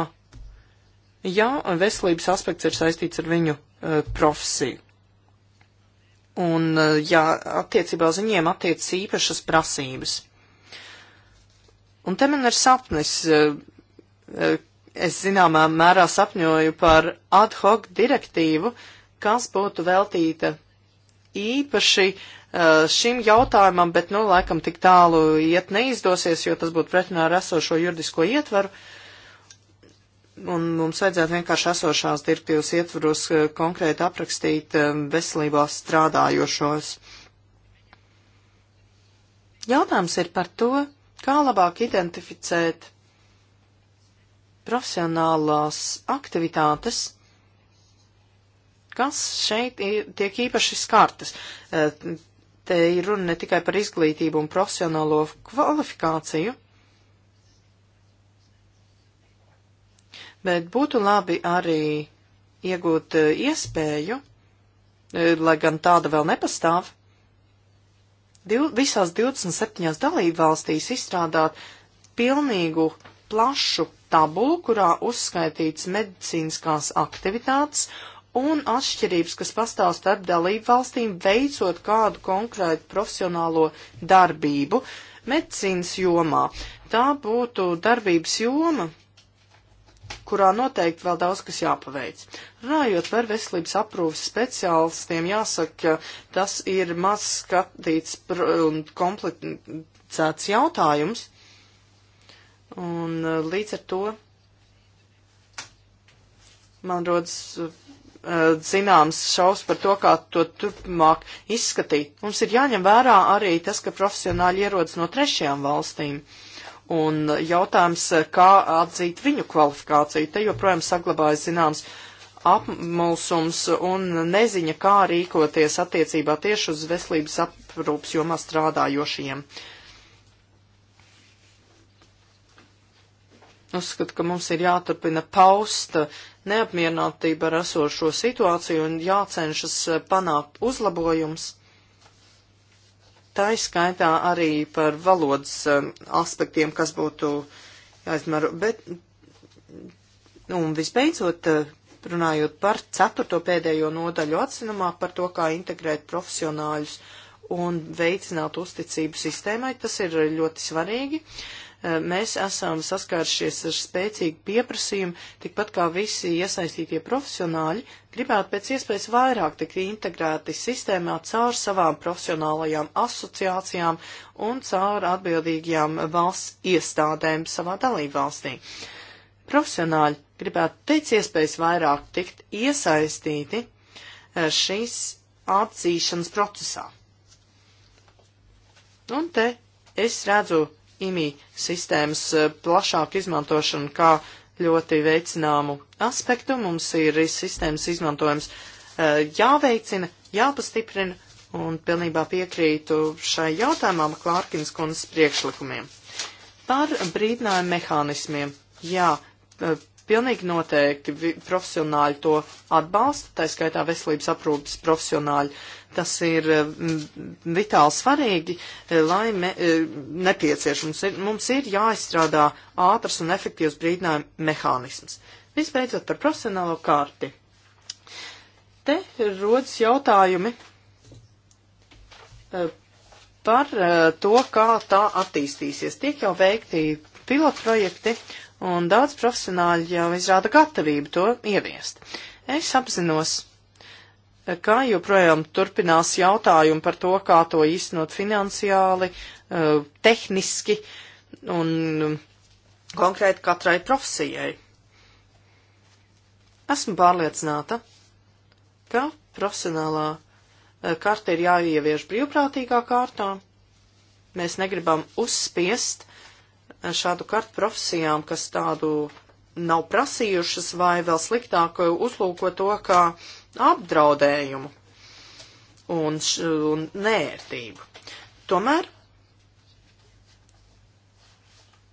ja veselības aspekts ir saistīts ar viņu eh, profesiju. Un, eh, ja attiecībā uz viņiem attiecas īpašas prasības. Un te man ir sapnis, es zināmā mērā sapņoju par ad hoc direktīvu, kas būtu veltīta īpaši uh, šim jautājumam, bet, nu, laikam tik tālu iet neizdosies, jo tas būtu pretinā ar esošo juridisko ietvaru. Un mums vajadzētu vienkārši esošās direktīvas ietvaros uh, konkrēti aprakstīt um, veselībā strādājošos. Jautājums ir par to, kā labāk identificēt profesionālās aktivitātes, kas šeit ir, tiek īpaši skartas. E, te ir runa ne tikai par izglītību un profesionālo kvalifikāciju, bet būtu labi arī iegūt e, iespēju, e, lai gan tāda vēl nepastāv, div, visās 27 dalību valstīs izstrādāt pilnīgu plašu tabulu, kurā uzskaitīts medicīniskās aktivitātes un atšķirības, kas pastāv starp dalību valstīm, veicot kādu konkrētu profesionālo darbību medicīnas jomā. Tā būtu darbības joma, kurā noteikti vēl daudz kas jāpaveic. Runājot par veselības aprūpas speciālistiem, jāsaka, tas ir maz skatīts un komplicēts jautājums, Un e, līdz ar to man rodas e, zināms šaus par to, kā to turpmāk izskatīt. Mums ir jāņem vērā arī tas, ka profesionāļi ierodas no trešajām valstīm. Un jautājums, e, kā atzīt viņu kvalifikāciju, te joprojām saglabājas zināms apmulsums un neziņa, kā rīkoties attiecībā tieši uz veselības aprūpas jomā strādājošiem. Uh, Uzskatu, ka mums ir jāturpina paust neapmierinātība ar esošo situāciju un jācenšas eh, panākt uzlabojums. Tā izskaitā arī par valodas um, aspektiem, kas būtu jāizmēro. Bet, nu, un visbeidzot, eh, runājot par ceturto pēdējo nodaļu atcinumā par to, kā integrēt profesionāļus un veicināt uzticību sistēmai, tas ir ļoti svarīgi. Uh, Eh, mēs esam saskāršies ar spēcīgu pieprasījumu, tikpat kā visi iesaistītie profesionāļi gribētu pēc iespējas vairāk tikt integrēti sistēmā caur savām profesionālajām asociācijām un caur atbildīgajām valsts iestādēm savā dalībvalstī. Profesionāļi gribētu pēc iespējas vairāk tikt iesaistīti eh, šīs atzīšanas procesā. Un te es redzu IMI sistēmas eh, plašāku izmantošanu kā ļoti veicināmu aspektu. Mums ir sistēmas izmantojums eh, jāveicina, jāpastiprina, un pilnībā piekrītu šai jautājumam Klārkins kundzes priekšlikumiem. Par brīdinājumu mehānismiem. Jā, eh, Pilnīgi noteikti profesionāļi to atbalsta, tā skaitā veselības aprūpas profesionāļi. Tas ir eh, vitāli svarīgi, eh, lai me, eh, nepieciešams. Ir, mums ir jāizstrādā ātrs un efektīvs brīdinājuma mehānisms. Visbeidzot par profesionālo kārti. Te rodas jautājumi par to, kā tā attīstīsies. Tiek jau veikti pilotprojekti, un daudz profesionāļi jau izrāda gatavību to ieviest. Es apzinos, kā joprojām turpinās jautājumi par to, kā to īstenot finansiāli, eh, tehniski un um, konkrēti katrai profesijai. Esmu pārliecināta, ka profesionālā eh, karta ir jāievieš brīvprātīgā kārtā. Mēs negribam uzspiest šādu kartu profesijām, kas tādu nav prasījušas, vai vēl sliktāk uzlūko to kā apdraudējumu un, un nērtību. Tomēr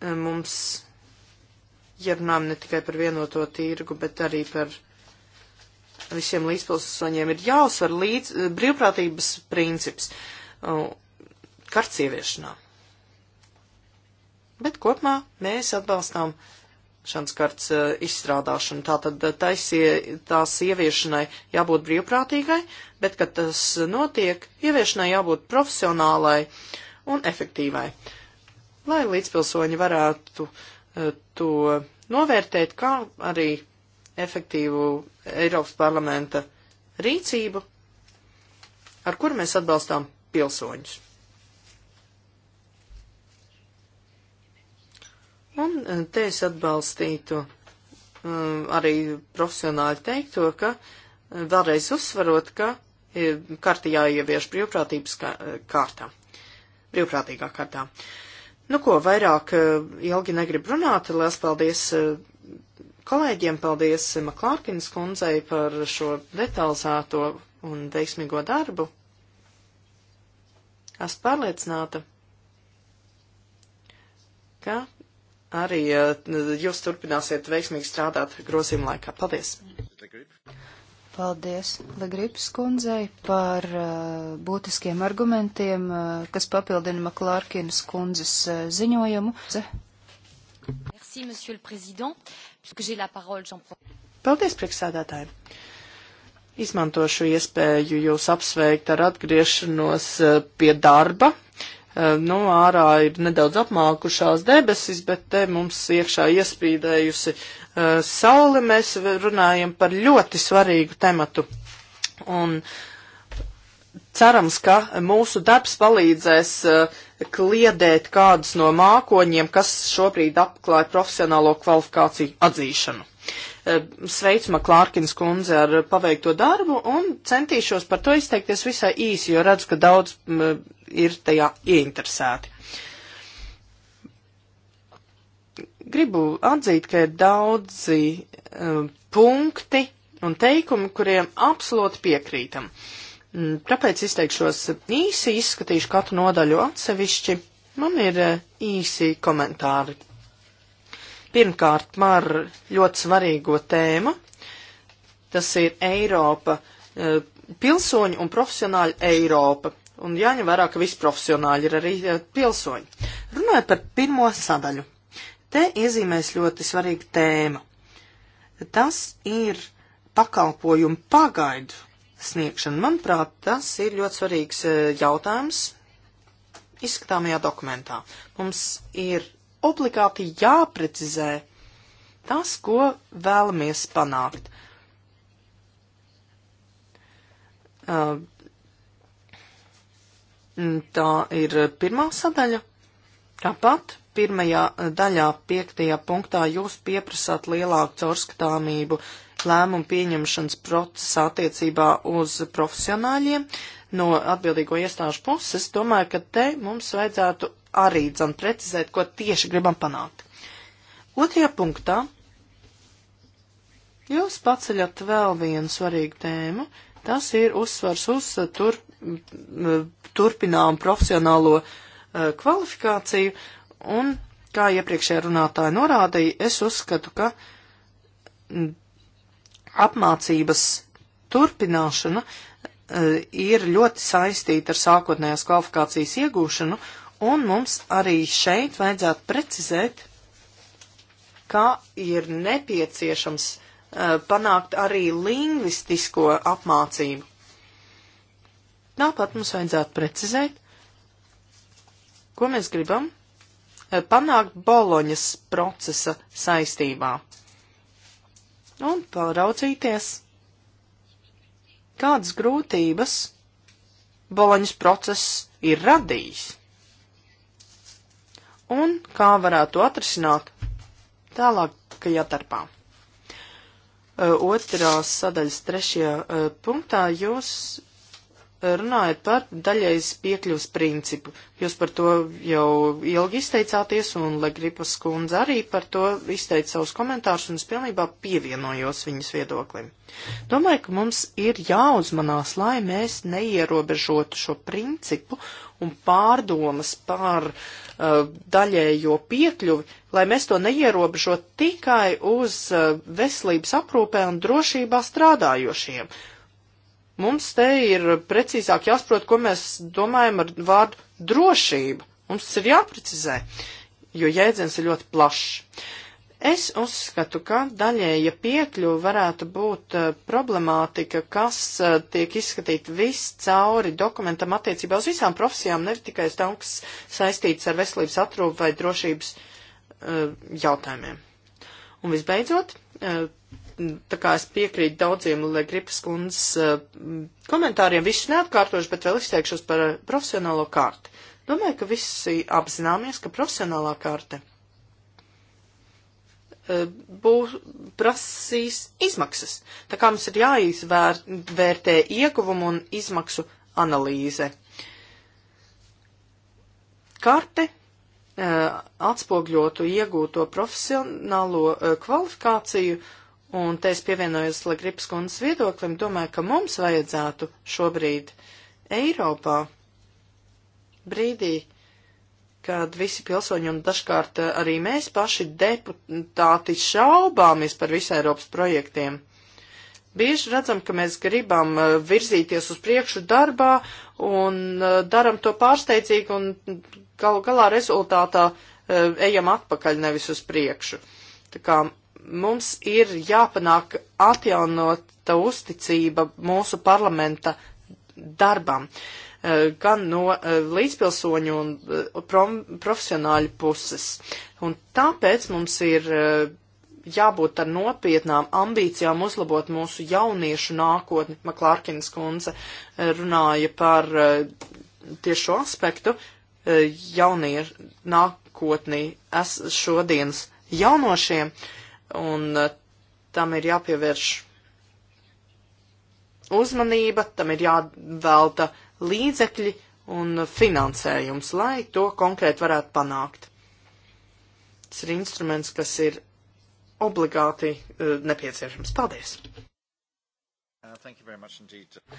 e, mums, ja runājam ne tikai par vienoto tirgu, bet arī par visiem līdzpilsoņiem, ir jāuzsver līdz e, brīvprātības princips karts ieviešanā. Bet kopumā mēs atbalstām šanas kartas uh, izstrādāšanu. Tātad uh, taisie, tās ieviešanai jābūt brīvprātīgai, bet, kad tas notiek, ieviešanai jābūt profesionālai un efektīvai. Lai līdzpilsoņi varētu uh, to novērtēt, kā arī efektīvu Eiropas parlamenta rīcību, ar kuru mēs atbalstām pilsoņus. Un eh, te es atbalstītu um, arī profesionāļu teikto, ka eh, vēlreiz uzsvarot, ka karti jāievieš brīvprātības kārtā, brīvprātīgā kārtā. Nu ko, vairāk ilgi negrib runāt, liels paldies kolēģiem, paldies Maklārkins kundzei par šo detalizēto un veiksmīgo darbu. Esmu pārliecināta, ka arī jūs turpināsiet veiksmīgi strādāt grozījuma laikā. Paldies! Paldies Legripas kundzei par uh, būtiskiem argumentiem, uh, kas papildina Maklārkinas kundzes uh, ziņojumu. Merci, monsieur le président, puisque j'ai la parole, j'en Paldies, priekšsēdētāji! Izmantošu iespēju jūs apsveikt ar atgriešanos uh, pie darba Eh, nu, ārā ir nedaudz apmākušās debesis, bet te mums iekšā iespīdējusi uh, saule. Mēs runājam par ļoti svarīgu tematu. Un cerams, ka mūsu darbs palīdzēs uh, kliedēt kādus no mākoņiem, kas šobrīd apklāja profesionālo kvalifikāciju atzīšanu. Eh, sveicu Maklārkins kundze ar paveikto darbu un centīšos par to izteikties visai īsi, jo redzu, ka daudz ir tajā ieinteresēti. Gribu atzīt, ka ir daudzi eh, punkti un teikumi, kuriem absolūti piekrītam. Mm, tāpēc izteikšos īsi, izskatīšu katru nodaļu atsevišķi. Man ir eh, īsi komentāri Pirmkārt, par ļoti svarīgo tēmu. Tas ir Eiropa, e, pilsoņu un profesionāļu Eiropa. Un jāņem vērā, ka visi profesionāļi ir arī e, pilsoņi. Runājot par pirmo sadaļu. Te iezīmēs ļoti svarīga tēma. Tas ir pakalpojumu pagaidu sniegšana. Manuprāt, tas ir ļoti svarīgs e, jautājums izskatāmajā dokumentā. Mums ir obligāti jāprecizē tas, ko vēlamies panākt. Uh, tā ir pirmā sadaļa. Tāpat pirmajā daļā, piektajā punktā jūs pieprasāt lielāku caurskatāmību lēmumu pieņemšanas procesā attiecībā uz profesionāļiem no atbildīgo iestāžu puses. Domāju, ka te mums vajadzētu arī dzan precizēt, ko tieši gribam panākt. Otrajā punktā jūs paceļat vēl vienu svarīgu tēmu. Tas ir uzsvars uz uh, tur, turpinām profesionālo uh, kvalifikāciju un, kā iepriekšējā runātāja norādīja, es uzskatu, ka apmācības turpināšana uh, ir ļoti saistīta ar sākotnējās kvalifikācijas iegūšanu Un mums arī šeit vajadzētu precizēt, kā ir nepieciešams uh, panākt arī lingvistisko apmācību. Tāpat mums vajadzētu precizēt, ko mēs gribam uh, panākt Boloņas procesa saistībā. Un paraudzīties, kādas grūtības Boloņas process ir radījis un kā varētu atrisināt tālākajā tarpā. Otrās sadaļas trešajā punktā jūs runājat par daļais piekļuvs principu. Jūs par to jau ilgi izteicāties, un Legripas kundze arī par to izteica savus komentārus, un es pilnībā pievienojos viņas viedoklim. Domāju, ka mums ir jāuzmanās, lai mēs neierobežotu šo principu un pārdomas par uh, Uh, daļējo piekļuvi, lai mēs to neierobežo tikai uz uh, veselības aprūpē un drošībā strādājošiem. Mums te ir precīzāk jāsaprot, ko mēs domājam ar vārdu drošība. Mums tas ir jāprecizē, jo jēdziens ir ļoti plašs. Es uzskatu, ka daļēja piekļuva varētu būt uh, problemātika, kas uh, tiek izskatīta viss cauri dokumentam attiecībā uz visām profesijām, ne tikai uz tām, kas saistītas ar veselības atrūpu vai drošības uh, jautājumiem. Un visbeidzot, tā kā es piekrītu daudziem Legripas kundzes komentāriem, visus neatkārtošu, bet vēl izteikšos par profesionālo kārti. Domāju, ka visi apzināmies, ka profesionālā kārta būs, prasīs izmaksas. Tā kā mums ir jāizvērtē ieguvumu un izmaksu analīze. Karte eh, atspogļotu iegūto profesionālo eh, kvalifikāciju, un te es pievienojos Legripas kundas viedoklim, domāju, ka mums vajadzētu šobrīd Eiropā brīdī, kad visi pilsoņi un dažkārt eh, arī mēs paši deputāti šaubāmies par visu Eiropas projektiem. Bieži redzam, ka mēs gribam eh, virzīties uz priekšu darbā un eh, daram to pārsteidzīgi un gal galā rezultātā ejam atpakaļ nevis uz priekšu. Tā kā mums ir jāpanāk atjaunota uzticība mūsu parlamenta darbam. Uh, Eh, gan no eh, līdzpilsoņu un eh, profesionāļu puses. Un tāpēc mums ir jābūt ar nopietnām ambīcijām uzlabot mūsu jauniešu nākotni. Maklārkins kundze runāja par tieši šo aspektu jauniešu nākotnī es šodienas jaunošiem, un tam ir jāpievērš uzmanība, tam ir jāvelta līdzekļi un finansējums, lai to konkrēti varētu panākt. Tas ir instruments, kas ir obligāti uh, nepieciešams. Paldies! Uh,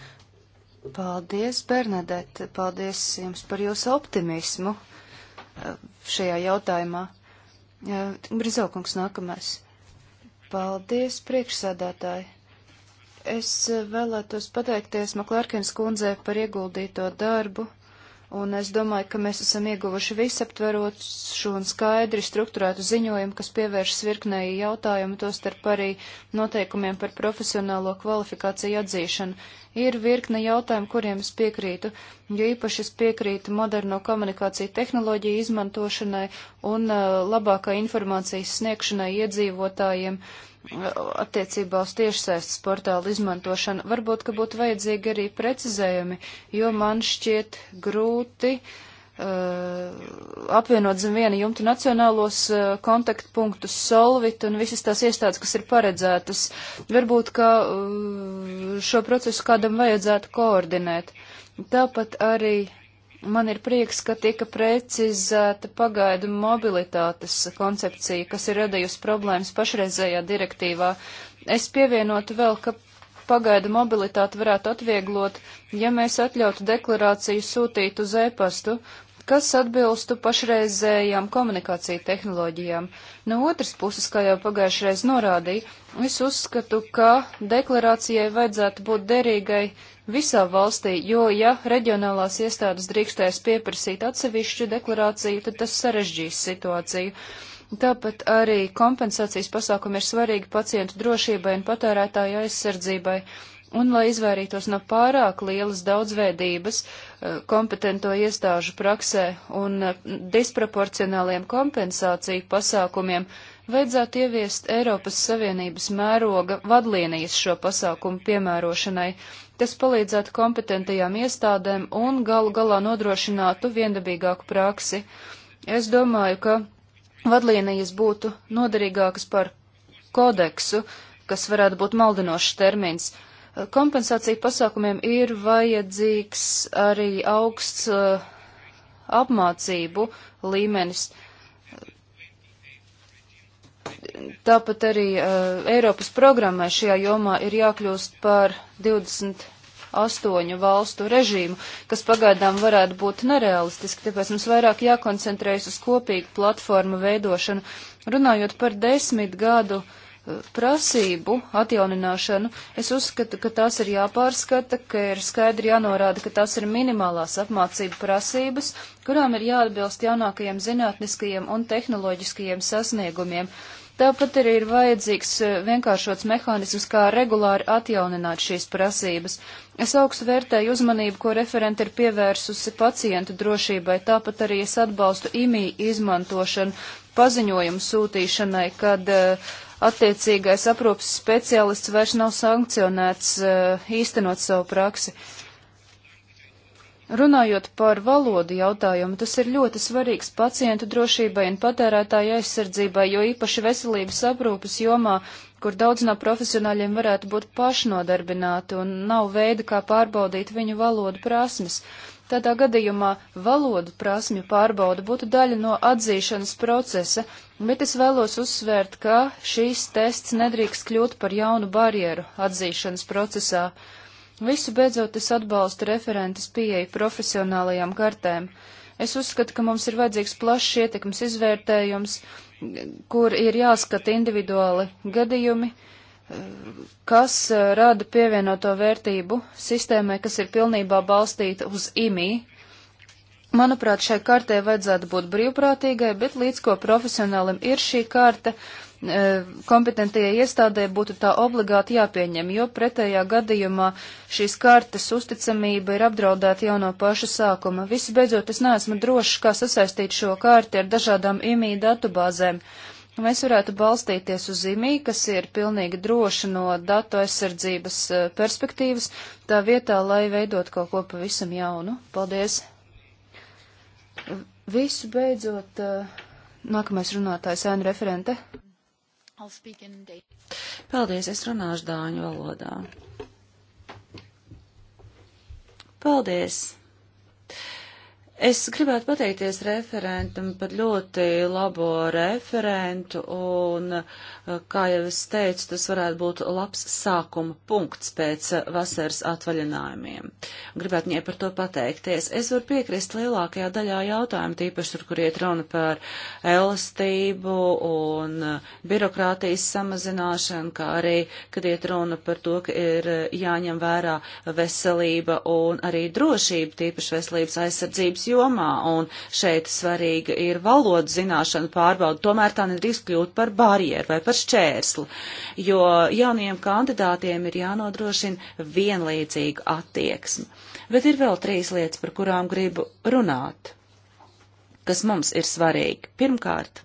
Paldies, Bernadette! Paldies jums par jūsu optimismu uh, šajā jautājumā. Uh, Brizokungs nākamais. Paldies, priekšsēdētāji! Es vēlētos pateikties Maklārkins kundzē par ieguldīto darbu, un es domāju, ka mēs esam ieguvuši visaptverošu un skaidri strukturētu ziņojumu, kas pievēršas virknēji jautājumu, tostarp arī noteikumiem par profesionālo kvalifikāciju atzīšanu. Ir virkne jautājumu, kuriem es piekrītu, jo īpaši es piekrītu moderno komunikāciju tehnoloģiju izmantošanai un uh, labākai informācijas sniegšanai iedzīvotājiem uh, attiecībā uz tiešsaistes portālu izmantošanu. Varbūt, ka būtu vajadzīgi arī precizējumi, jo man šķiet grūti uh, Uh, apvienot zem viena jumta nacionālos uh, kontaktpunktus, solvit un visas tās iestādes, kas ir paredzētas. Varbūt, ka uh, šo procesu kādam vajadzētu koordinēt. Tāpat arī man ir prieks, ka tika precizēta pagaidu mobilitātes koncepcija, kas ir radījusi problēmas pašreizējā direktīvā. Es pievienotu vēl, ka pagaidu mobilitāti varētu atvieglot, ja mēs atļautu deklarāciju sūtīt uz e-pastu, kas atbilstu pašreizējām komunikāciju tehnoloģijām. No otras puses, kā jau pagājušreiz norādīja, es uzskatu, ka deklarācijai vajadzētu būt derīgai visā valstī, jo ja reģionālās iestādes drīkstēs pieprasīt atsevišķu deklarāciju, tad tas sarežģīs situāciju. Uh, Tāpat arī kompensācijas pasākumi ir svarīgi pacientu drošībai un patērētāju aizsardzībai. Un, lai izvairītos no pārāk lielas daudzveidības eh, kompetento iestāžu praksē un eh, disproporcionāliem kompensāciju pasākumiem, vajadzētu ieviest Eiropas Savienības mēroga vadlīnijas šo pasākumu piemērošanai. Tas palīdzētu kompetentajām iestādēm un galu galā nodrošinātu viendabīgāku praksi. Es domāju, ka vadlīnijas būtu noderīgākas par kodeksu, kas varētu būt maldinošs termins. Kompensācija pasākumiem ir vajadzīgs arī augsts uh, apmācību līmenis. Tāpat arī uh, Eiropas programmai šajā jomā ir jākļūst par 20 astoņu valstu režīmu, kas pagaidām varētu būt nerealistiski, tāpēc mums vairāk jākoncentrējas uz kopīgu platformu veidošanu. Runājot par desmit gadu eh, prasību atjaunināšanu, es uzskatu, ka tās ir jāpārskata, ka ir skaidri jānorāda, ka tās ir minimālās apmācību prasības, kurām ir jāatbilst jaunākajiem zinātniskajiem un tehnoloģiskajiem sasniegumiem. Uh, Tāpat arī ir vajadzīgs eh, vienkāršots mehānisms, kā regulāri atjaunināt šīs prasības. Es augstu vērtēju uzmanību, ko referenti ir pievērsusi pacientu drošībai, tāpat arī es atbalstu imī izmantošanu paziņojumu sūtīšanai, kad uh, attiecīgais aprūpas speciālists vairs nav sankcionēts uh, īstenot savu praksi. Uh, Runājot par valodu jautājumu, tas ir ļoti svarīgs pacientu drošībai un patērētāju aizsardzībai, jo īpaši veselības aprūpas jomā, kur daudz no profesionāļiem varētu būt pašnodarbināti un nav veida, kā pārbaudīt viņu valodu prasmes. Tādā gadījumā valodu prasmju pārbauda būtu daļa no atzīšanas procesa, bet es vēlos uzsvērt, ka šīs tests nedrīkst kļūt par jaunu barjeru atzīšanas procesā. Visu beidzot es atbalstu referentes pieeja profesionālajām kartēm. Es uzskatu, ka mums ir vajadzīgs plašs ietekmes izvērtējums, kur ir jāskata individuāli gadījumi, kas eh, rada pievienoto vērtību sistēmai, kas ir pilnībā balstīta uz IMI. Manuprāt, šai kartē vajadzētu būt brīvprātīgai, bet līdz ko profesionālim ir šī karta, E, kompetentajai iestādē būtu tā obligāti jāpieņem, jo pretējā gadījumā šīs kartes uzticamība ir apdraudēta jau no paša sākuma. Visbeidzot, es neesmu drošs, kā sasaistīt šo karti ar dažādām imī datubāzēm. Mēs varētu balstīties uz imī, kas ir pilnīgi droša no datu aizsardzības e, perspektīvas, tā vietā, lai veidot kaut ko pavisam jaunu. Paldies! Visu beidzot, e, nākamais runātājs ēnu referente. Paldies, es runāšu dāņu valodā. Paldies! Es gribētu pateikties referentam par ļoti labo referentu, un, eh, kā jau es teicu, tas varētu būt labs sākuma punkts pēc eh, vasaras atvaļinājumiem. Gribētu viņai par to pateikties. Es varu piekrist lielākajā daļā jautājumu, tīpaši tur, kur iet runa par elastību un eh, birokrātijas samazināšanu, kā arī, kad iet runa par to, ka ir jāņem vērā veselība un arī drošība, tīpaši veselības aizsardzības jomā, un šeit svarīga ir valodas zināšana pārbauda, tomēr tā nedrīkst kļūt par barjeru vai par šķērsli, jo jaunajiem kandidātiem ir jānodrošina vienlīdzīga attieksme. Bet ir vēl trīs lietas, par kurām gribu runāt, kas mums ir svarīgi. Pirmkārt,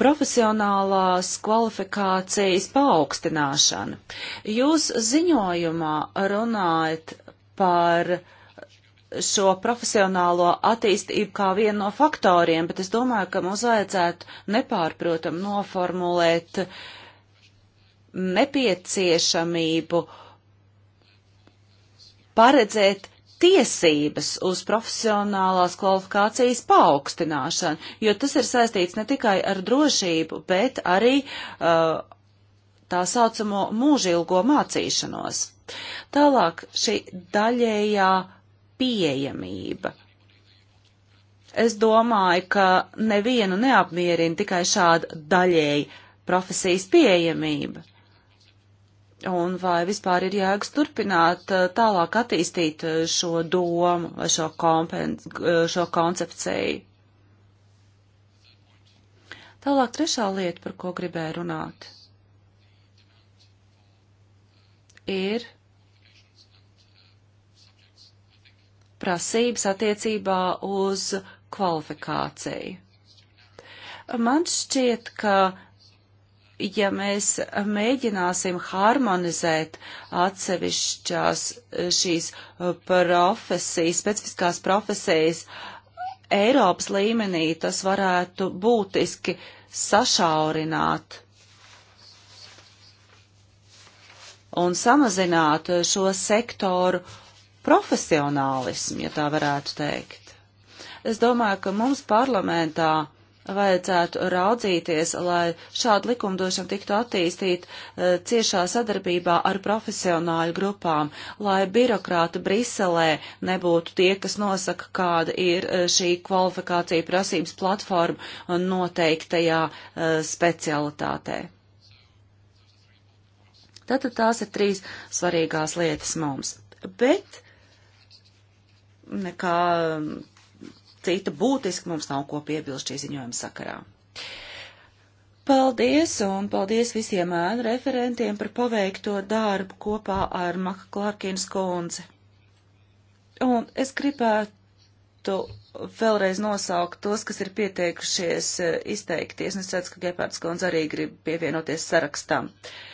profesionālās kvalifikācijas paaugstināšana. Jūs ziņojumā runājat par šo profesionālo attīstību kā vienu no faktoriem, bet es domāju, ka mums vajadzētu nepārprotam noformulēt nepieciešamību paredzēt tiesības uz profesionālās kvalifikācijas paaugstināšanu, jo tas ir saistīts ne tikai ar drošību, bet arī uh, tā saucamo mūžilgo mācīšanos. Tālāk šī daļējā pieejamība. Es domāju, ka nevienu neapmierina tikai šāda daļēji profesijas pieejamība. Un vai vispār ir jēgas turpināt eh, tālāk attīstīt eh, šo domu vai šo, kompenc, eh, šo koncepciju? Tālāk trešā lieta, par ko gribēju runāt, ir prasības attiecībā uz kvalifikāciju. Man šķiet, ka ja mēs mēģināsim harmonizēt atsevišķās šīs profesijas, specifiskās profesijas Eiropas līmenī, tas varētu būtiski sašaurināt un samazināt šo sektoru uh, profesionālismu, ja tā varētu teikt. Es domāju, ka mums parlamentā vajadzētu raudzīties, lai šāda likumdošana tiktu attīstīta e, ciešā sadarbībā ar profesionāļu grupām, lai birokrāti Briselē nebūtu tie, kas nosaka, kāda ir e, šī kvalifikācija prasības platforma noteiktajā e, specialitātē. Tātad tās ir trīs svarīgās lietas mums. Bet nekā um, cita būtiski mums nav ko piebilst šī ziņojuma sakarā. Paldies, un paldies visiem ēnu referentiem par paveikto darbu kopā ar Maka Klārkins kundzi. Un es gribētu vēlreiz nosaukt tos, kas ir pieteikušies eh, izteikties, un es redzu, ka Gepārds kundze arī grib pievienoties sarakstam. Uh,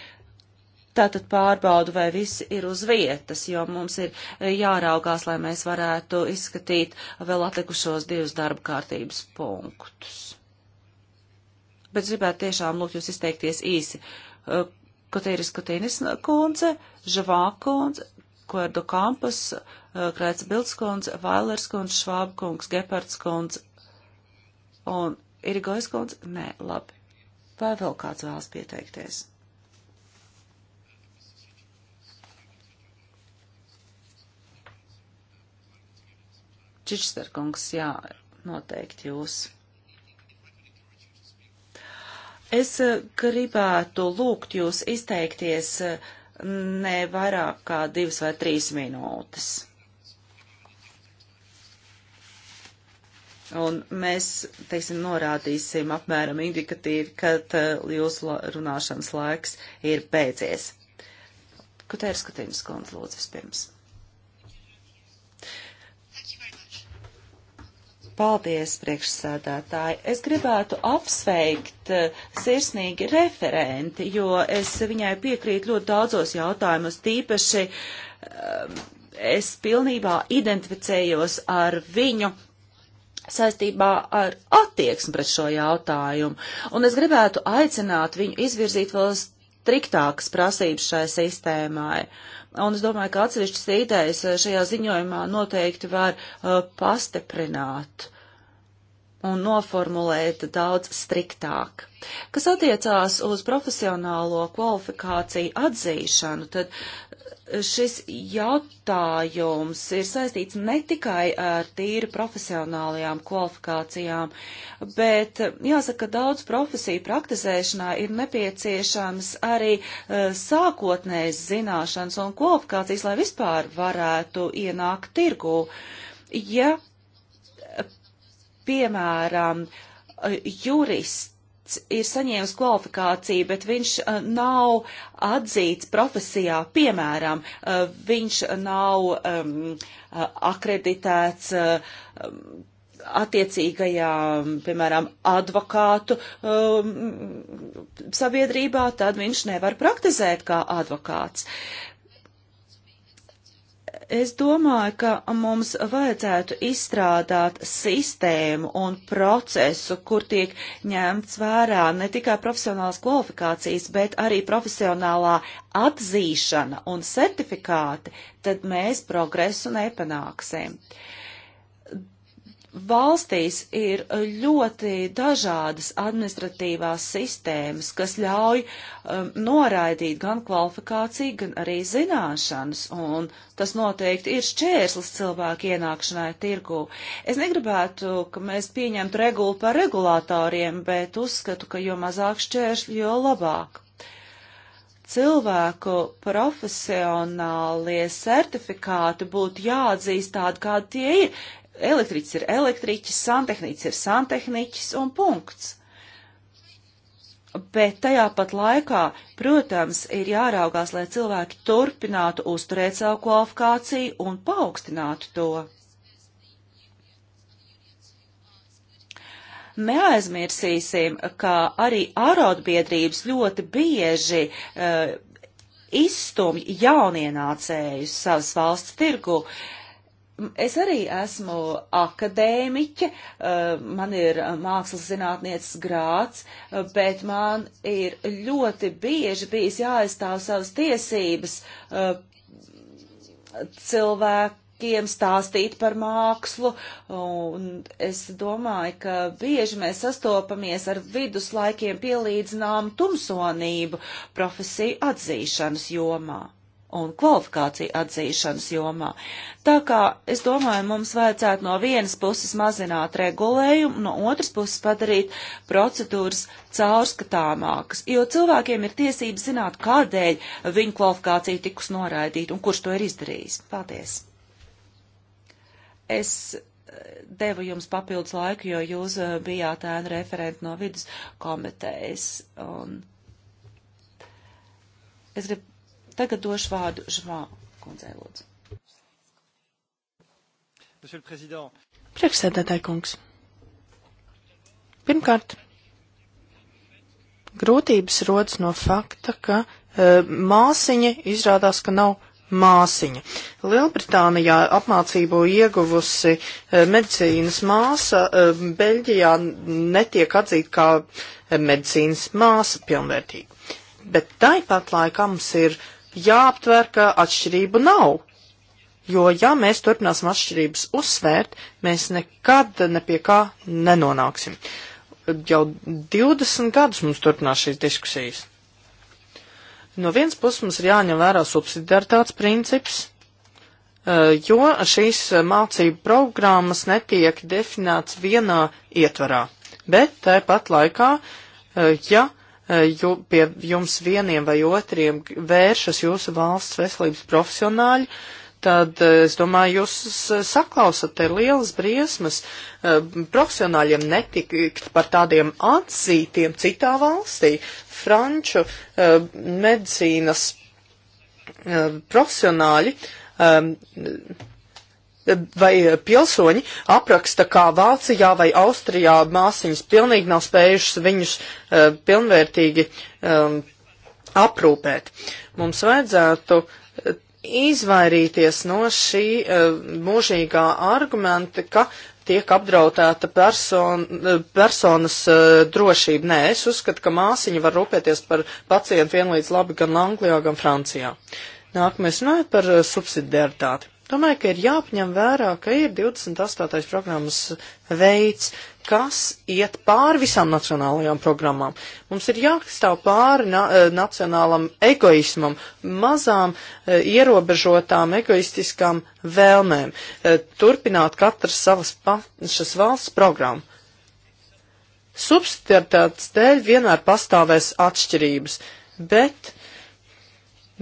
tātad pārbaudu, vai visi ir uz vietas, jo mums ir eh, jāraugās, lai mēs varētu izskatīt vēl atlikušos divus darba kārtības punktus. Bet gribētu tiešām lūgt jūs izteikties īsi. Eh, Kotīris Kotīnis kundze, Žavā kundze, Kverdu Kampas, eh, Krēts Bilds kundze, Vailers kundze, Švāb kungs, Gepards kundze un Irigojas kundze. Nē, labi. Vai vēl kāds vēlas pieteikties? Čičsterkungs, jā, noteikti jūs. Es eh, gribētu lūgt jūs izteikties eh, ne vairāk kā divas vai trīs minūtes. Un mēs, teiksim, norādīsim apmēram indikatīvi, kad eh, jūsu runāšanas laiks ir beidzies. Kutērs Kutēns Kundz lūdzu vispirms. Paldies, priekšsēdētāji. Es gribētu apsveikt eh, sirsnīgi referenti, jo es viņai piekrītu ļoti daudzos jautājumus, tīpaši eh, es pilnībā identificējos ar viņu saistībā ar attieksmi pret šo jautājumu, un es gribētu aicināt viņu izvirzīt vēl striktākas prasības šai sistēmai. Un es domāju, ka atsevišķas idejas eh, šajā ziņojumā noteikti var uh, pastiprināt un noformulēt daudz striktāk. Kas attiecās uz profesionālo kvalifikāciju atzīšanu, tad šis jautājums ir saistīts ne tikai ar tīri profesionālajām kvalifikācijām, bet jāsaka, ka daudz profesiju praktizēšanā ir nepieciešams arī uh, sākotnējas zināšanas un kvalifikācijas, lai vispār varētu ienākt tirgū. Ja, piemēram, jurists pats ir saņēmis kvalifikāciju, bet viņš uh, nav atzīts profesijā. Piemēram, uh, viņš nav um, uh, akreditēts uh, um, attiecīgajā, um, piemēram, advokātu um, sabiedrībā, tad viņš nevar praktizēt kā advokāts. Es domāju, ka mums vajadzētu izstrādāt sistēmu un procesu, kur tiek ņemts vērā ne tikai profesionālās kvalifikācijas, bet arī profesionālā atzīšana un certifikāti, tad mēs progresu nepanāksim. Uh, Valstīs ir ļoti dažādas administratīvās sistēmas, kas ļauj um, noraidīt gan kvalifikāciju, gan arī zināšanas, un tas noteikti ir šķērslis cilvēku ienākšanai tirgu. Es negribētu, ka mēs pieņemtu regulu par regulātoriem, bet uzskatu, ka jo mazāk šķēršļi, jo labāk. Cilvēku profesionālie certifikāti būtu jāatzīst tādi, kādi tie ir elektriķis ir elektriķis, santehniķis ir santehniķis un punkts. Bet tajā pat laikā, protams, ir jāraugās, lai cilvēki turpinātu uzturēt savu kvalifikāciju un paaugstinātu to. Neaizmirsīsim, ka arī arotbiedrības ļoti bieži uh, izstumj jaunienācējus savas valsts tirgu, uh, Es arī esmu akadēmiķe, eh, man ir eh, mākslas zinātnieces grāts, eh, bet man ir ļoti bieži bijis jāaizstāv savas tiesības cilvēkiem stāstīt par mākslu, un es domāju, ka bieži mēs sastopamies ar viduslaikiem pielīdzinām tumsonību profesiju atzīšanas jomā un kvalifikāciju atzīšanas jomā. Tā kā es domāju, mums vajadzētu no vienas puses mazināt regulējumu, no otras puses padarīt procedūras caurskatāmākas, jo cilvēkiem ir tiesības zināt, kādēļ viņu kvalifikācija tikus noraidīta un kurš to ir izdarījis. Paldies! Es eh, devu jums papildus laiku, jo jūs eh, bijāt ēna referenti no vidus komitejas. Un es gribu Tagad došu vārdu Žvā kundzei lūdzu. Priekšsēdētāji kungs. Pirmkārt, grūtības rodas no fakta, ka e, māsiņa izrādās, ka nav māsiņa. Lielbritānijā apmācību ieguvusi e, medicīnas māsa, e, Beļģijā netiek atzīta kā e, medicīnas māsa pilnvērtīgi. Bet tāpat laikā mums ir jāaptver, ka atšķirību nav. Jo, ja mēs turpināsim atšķirības uzsvērt, mēs nekad ne pie kā nenonāksim. Jau 20 gadus mums turpinās šīs diskusijas. No vienas puses mums ir jāņem vērā subsidiaritātes princips, jo šīs mācību programmas netiek definēts vienā ietvarā. Bet tāpat laikā, ja Eh, ju, pie jums vieniem vai otriem vēršas jūsu valsts veselības profesionāļi, tad eh, es domāju, jūs saklausat te lielas briesmas eh, profesionāļiem netikt par tādiem atzītiem citā valstī. Franču medicīnas profesionāļi vai eh, pilsoņi apraksta, kā Vācijā vai Austrijā māsiņas pilnīgi nav spējušas viņus uh, pilnvērtīgi um, aprūpēt. Mums vajadzētu eh, izvairīties no šī uh, mūžīgā argumenta, ka tiek apdrautēta person, personas uh, drošība. Nē, es uzskatu, ka māsiņa var rūpēties par pacientu vienlīdz labi gan Anglijā, gan Francijā. Nākamais runājot par subsidiaritāti. Domāju, ka ir jāapņem vērā, ka ir 28. programmas veids, kas iet pāri visām nacionālajām programmām. Mums ir jāstāv pāri na eh, nacionālam egoismam, mazām e, ierobežotām egoistiskām vēlmēm, e, turpināt katras savas pašas valsts programmu. Subsidiaritātes dēļ vienmēr pastāvēs atšķirības, bet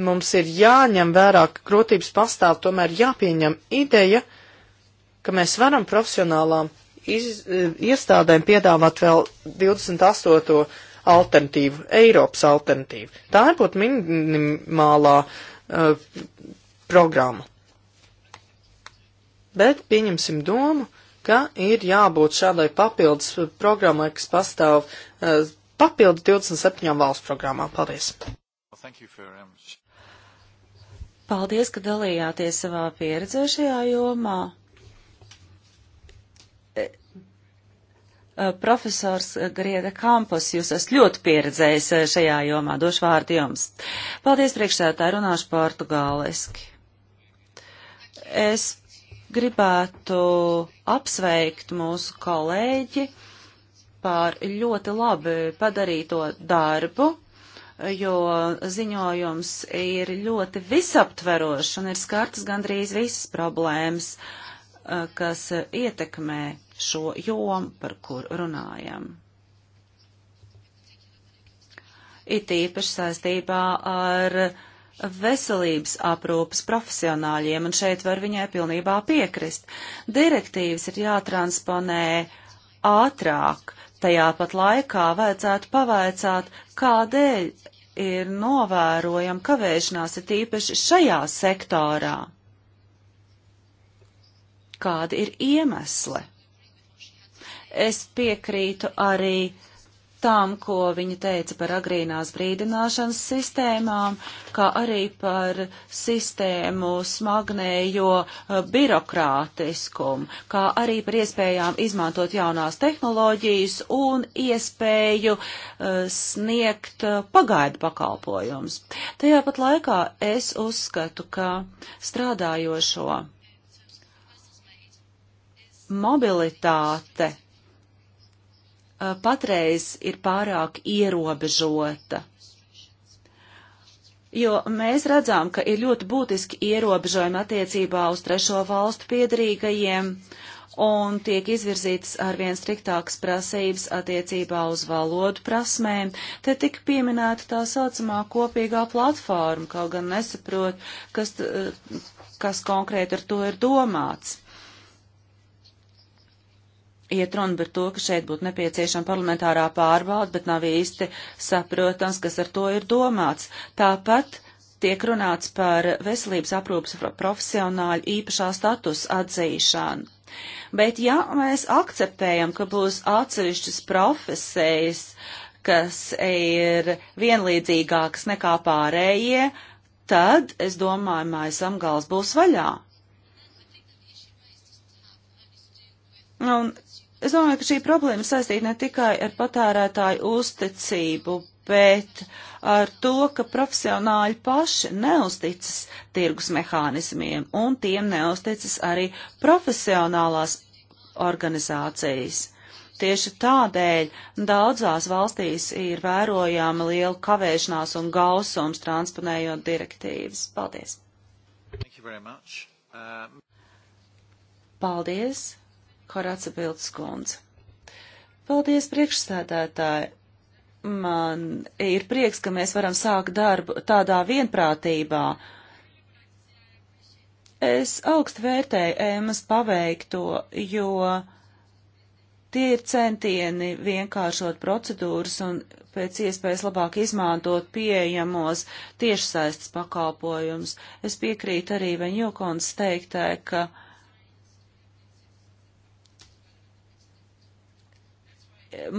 Mums ir jāņem vērā, ka grūtības pastāv, tomēr jāpieņem ideja, ka mēs varam profesionālām iz, e, iestādēm piedāvāt vēl 28. alternatīvu, Eiropas alternatīvu. Tā ir būtu minimālā uh, programma. Bet pieņemsim domu, ka ir jābūt šādai papildus programmai, kas pastāv uh, papildus 27 valsts programmā. Paldies! Well, Paldies, ka dalījāties savā pieredzē šajā jomā. E, e, profesors Grieda Kampos, jūs esat ļoti pieredzējis e, šajā jomā, došu vārdu jums. Paldies, priekšsētāji, runāšu portugāliski. Es gribētu apsveikt mūsu kolēģi par ļoti labi padarīto darbu jo ziņojums ir ļoti visaptverošs un ir skartas gandrīz visas problēmas, eh, kas ietekmē šo jomu, par kur runājam. It īpaši saistībā ar veselības aprūpas profesionāļiem, un šeit var viņai pilnībā piekrist. Direktīvas ir jātransponē ātrāk, Tajā pat laikā vajadzētu pavaicāt, kādēļ ir novērojama kavēšanās, ir tīpaši šajā sektorā. Kādi ir iemesli? Es piekrītu arī lietām, ko viņa teica par agrīnās brīdināšanas sistēmām, kā arī par sistēmu smagnējo eh, birokrātiskumu, kā arī par iespējām izmantot jaunās tehnoloģijas un iespēju eh, sniegt eh, pagaidu pakalpojumus. Tajā pat laikā es uzskatu, ka strādājošo mobilitāte Uh, patreiz ir pārāk ierobežota. Jo mēs redzam, ka ir ļoti būtiski ierobežojumi attiecībā uz trešo valstu piedarīgajiem un tiek izvirzītas arvien striktākas prasības attiecībā uz valodu prasmēm. Te tika pieminēta tā saucamā kopīgā platforma, kaut gan nesaprot, kas, kas konkrēti ar to ir domāts iet runa par to, ka šeit būtu nepieciešama parlamentārā pārbauda, bet nav īsti saprotams, kas ar to ir domāts. Tāpat tiek runāts par veselības aprūpas profesionāļu īpašā statusa atzīšanu. Bet ja mēs akceptējam, ka būs atsevišķas profesijas, kas ir vienlīdzīgākas nekā pārējie, tad, es domāju, maisam gals būs vaļā. Un Es domāju, ka šī problēma saistīta ne tikai ar patērētāju uzticību, bet ar to, ka profesionāļi paši neusticas tirgus mehānismiem un tiem neusticas arī profesionālās organizācijas. Tieši tādēļ daudzās valstīs ir vērojama liela kavēšanās un gausums transponējot direktīvas. Paldies! Um... Paldies! Horaca Bildes kundze. Paldies, priekšsēdētāji! Man ir prieks, ka mēs varam sākt darbu tādā vienprātībā. Es augstu vērtēju Ēmas paveikto, jo tie ir centieni vienkāršot procedūras un pēc iespējas labāk izmantot pieejamos tiešsaistes pakalpojumus. Es piekrītu arī Veņokons teiktē, ka uh,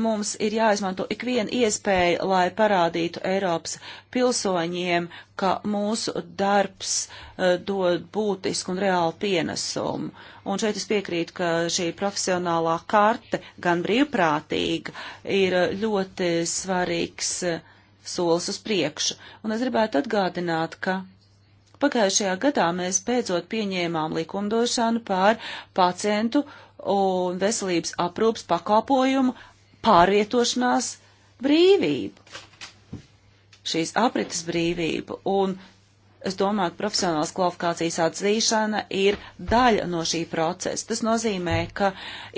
mums ir jāizmanto ikviena iespēja, lai parādītu Eiropas pilsoņiem, ka mūsu darbs uh, dod būtisku un reālu pienesumu. Un šeit es piekrītu, ka šī profesionālā karte, gan brīvprātīga, ir ļoti svarīgs uh, solis uz priekšu. Un es gribētu atgādināt, ka pagājušajā gadā mēs beidzot pieņēmām likumdošanu pār pacientu un veselības aprūpas pakalpojumu pārvietošanās brīvību, šīs aprites brīvību. Un es domāju, ka profesionālās kvalifikācijas atzīšana ir daļa no šī procesa. Tas nozīmē, ka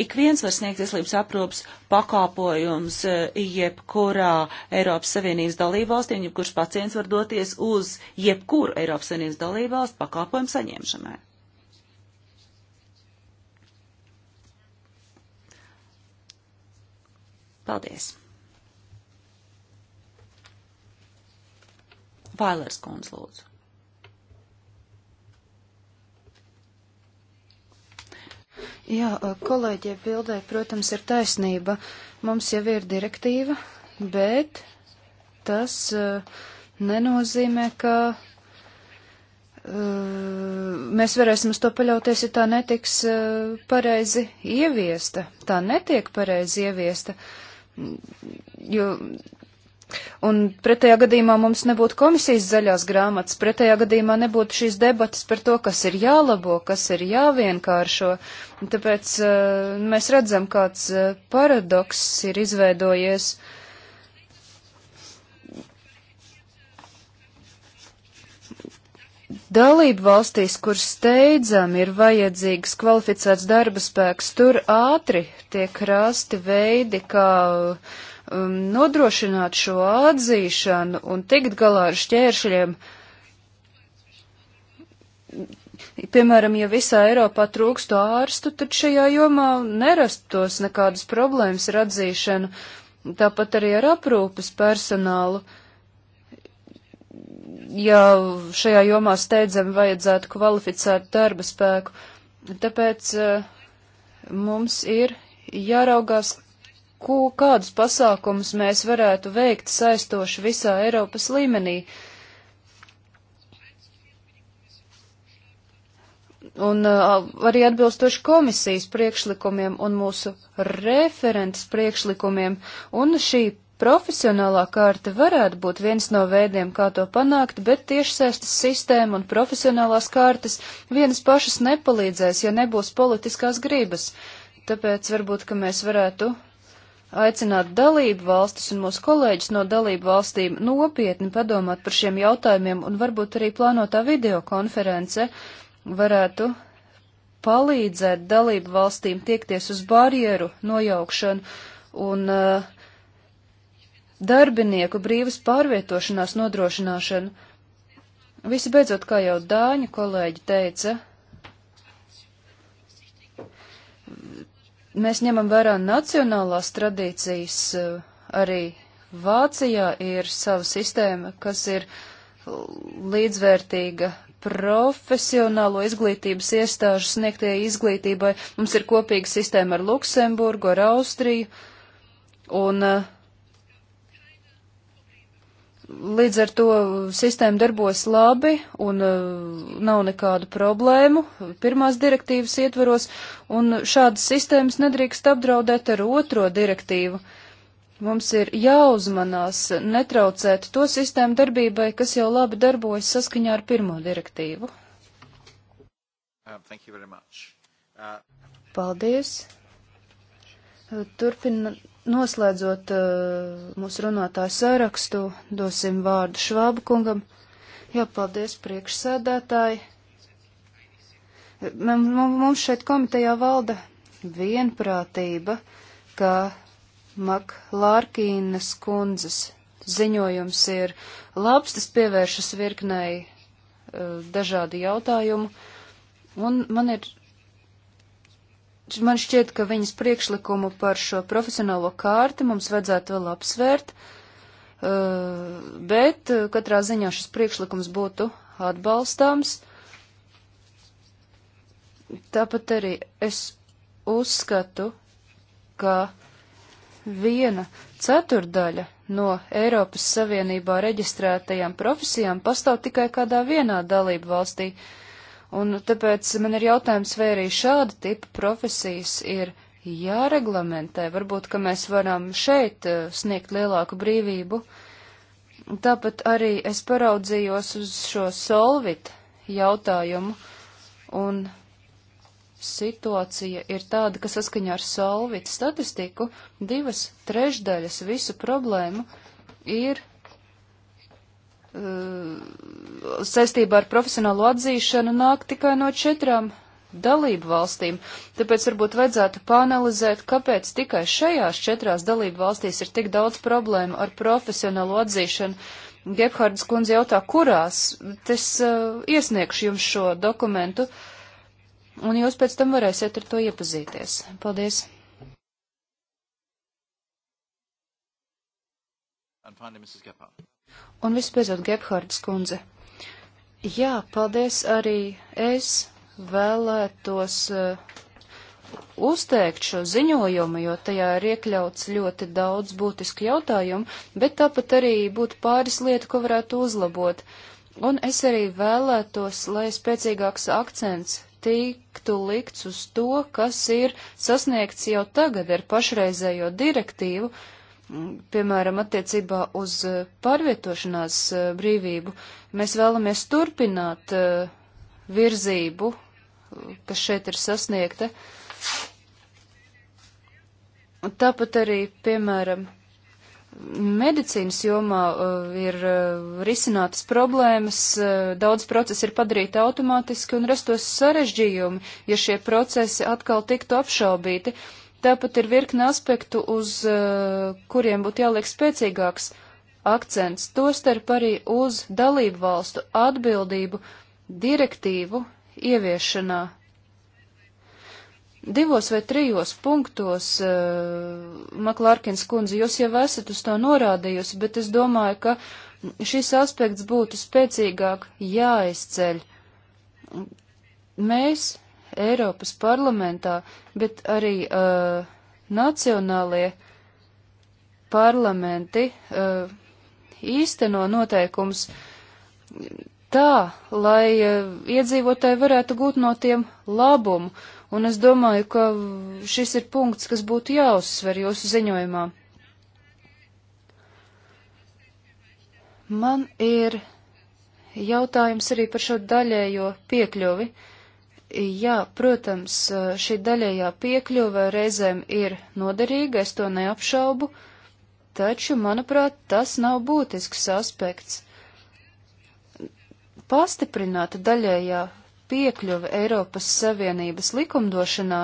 ik viens var sniegt veselības aprūpas pakāpojums e, jebkurā Eiropas Savienības dalībvalstī, un jebkurš pacients var doties uz jebkuru Eiropas Savienības dalībvalstu pakāpojumu saņemšanai. Paldies! Vailers kundz lūdzu. Jā, kolēģie bildē, protams, ir taisnība. Mums jau ir direktīva, bet tas eh, nenozīmē, ka eh, mēs varēsim uz to paļauties, ja tā netiks eh, pareizi ieviesta. Tā netiek pareizi ieviesta. Uh, Jo, un pretējā gadījumā mums nebūtu komisijas zaļās grāmatas, pretējā gadījumā nebūtu šīs debatas par to, kas ir jālabo, kas ir jāvienkāršo. Tāpēc uh, mēs redzam, kāds uh, paradoks ir izveidojies. Uh, Dalību valstīs, kur steidzam ir vajadzīgs kvalificēts darba spēks, tur ātri tiek rasti veidi, kā um, nodrošināt šo atzīšanu un tikt galā ar šķēršļiem. Piemēram, ja visā Eiropā trūkstu ārstu, tad šajā jomā nerastos nekādas problēmas ar atzīšanu, tāpat arī ar aprūpas personālu. Uh, ja šajā jomā steidzami vajadzētu kvalificēt darba spēku. Tāpēc eh, mums ir jāraugās, ko, kādus pasākumus mēs varētu veikt saistoši visā Eiropas līmenī. Un uh, arī atbilstoši komisijas priekšlikumiem un mūsu referentes priekšlikumiem, un šī Profesionālā kārta varētu būt viens no veidiem, kā to panākt, bet tiešsaistes sistēma un profesionālās kārtas vienas pašas nepalīdzēs, ja nebūs politiskās gribas. Tāpēc varbūt, ka mēs varētu aicināt dalību valstis un mūsu kolēģis no dalību valstīm nopietni padomāt par šiem jautājumiem un varbūt arī plānotā videokonference varētu palīdzēt dalību valstīm tiekties uz barjeru nojaukšanu un uh, darbinieku brīvas pārvietošanās nodrošināšanu. Visi beidzot, kā jau Dāņu kolēģi teica, mēs ņemam vērā nacionālās tradīcijas, arī Vācijā ir sava sistēma, kas ir līdzvērtīga profesionālo izglītības iestāžu sniegtajai izglītībai. Mums ir kopīga sistēma ar Luksemburgu, ar Austriju, un uh, Līdz ar to sistēma darbos labi un uh, nav nekādu problēmu pirmās direktīvas ietvaros, un šādas sistēmas nedrīkst apdraudēt ar otro direktīvu. Mums ir jāuzmanās netraucēt to sistēmu darbībai, kas jau labi darbojas saskaņā ar pirmo direktīvu. Uh, uh Paldies. Turpina, noslēdzot uh, mūsu runātāju sarakstu, dosim vārdu Švābu kungam. Jā, paldies priekšsēdētāji. M mums šeit komitejā valda vienprātība, ka Maklārkīnas kundzes ziņojums ir labs, tas pievēršas virknei uh, dažādu jautājumu, un man ir man šķiet, ka viņas priekšlikumu par šo profesionālo kārti mums vajadzētu vēl apsvērt, eh, bet eh, katrā ziņā šis priekšlikums būtu atbalstāms. Tāpat arī es uzskatu, ka viena ceturdaļa no Eiropas Savienībā reģistrētajām profesijām pastāv tikai kādā vienā dalību valstī. Uh, Un tāpēc man ir jautājums, vai arī šāda tipa profesijas ir jāreglamentē. Varbūt, ka mēs varam šeit eh, sniegt lielāku brīvību. Tāpat arī es paraudzījos uz šo solvit jautājumu, un situācija ir tāda, ka saskaņā ar solvit statistiku divas trešdaļas visu problēmu ir Uh, saistībā ar profesionālo atzīšanu nāk tikai no četrām dalību valstīm, tāpēc varbūt vajadzētu pāanalizēt, kāpēc tikai šajās četrās dalību valstīs ir tik daudz problēmu ar profesionālo atzīšanu. Gebhards kundze jautā, kurās, es uh, iesniegšu jums šo dokumentu, un jūs pēc tam varēsiet ar to iepazīties. Paldies! And finally, Mrs. Gephardt. Un vispēcot Gebhards kundze. Jā, paldies arī es vēlētos eh, uzteikt šo ziņojumu, jo tajā ir iekļauts ļoti daudz būtisku jautājumu, bet tāpat arī būtu pāris lietu, ko varētu uzlabot. Un es arī vēlētos, lai spēcīgāks akcents tiktu likts uz to, kas ir sasniegts jau tagad ar pašreizējo direktīvu, uh, piemēram, attiecībā uz eh, pārvietošanās eh, brīvību, mēs vēlamies turpināt eh, virzību, kas šeit ir sasniegta. Tāpat arī, piemēram, medicīnas jomā ir risinātas problēmas, daudz procesi ir padarīti automātiski un rastos sarežģījumi, ja šie procesi atkal tiktu apšaubīti. Uh, Tāpat ir virkne aspektu, uz eh, kuriem būtu jāliek spēcīgāks akcents, tostarp arī uz dalību valstu atbildību direktīvu ieviešanā. Divos vai trijos punktos, uh, Maklārkins kundze, jūs jau esat uz to norādījusi, bet es domāju, ka šis aspekts būtu spēcīgāk jāizceļ. Mēs Eiropas parlamentā, bet arī uh, nacionālie parlamenti uh, īsteno noteikums tā, lai uh, iedzīvotāji varētu gūt no tiem labumu, un es domāju, ka šis ir punkts, kas būtu jāuzsver jūsu ziņojumā. Man ir jautājums arī par šo daļējo piekļuvi. Uh, Jā, protams, šī daļējā piekļuve reizēm ir noderīga, es to neapšaubu, taču, manuprāt, tas nav būtisks aspekts. Pastiprināta daļējā piekļuve Eiropas Savienības likumdošanā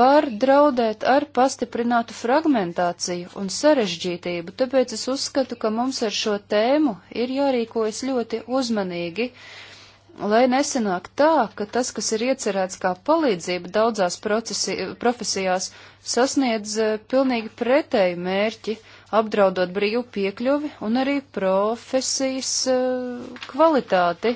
var draudēt ar pastiprinātu fragmentāciju un sarežģītību, tāpēc es uzskatu, ka mums ar šo tēmu ir jārīkojas ļoti uzmanīgi. Uh, lai nesanāk tā, ka tas, kas ir iecerēts kā palīdzība daudzās procesi, profesijās, sasniedz eh, pilnīgi pretēju mērķi, apdraudot brīvu piekļuvi un arī profesijas eh, kvalitāti,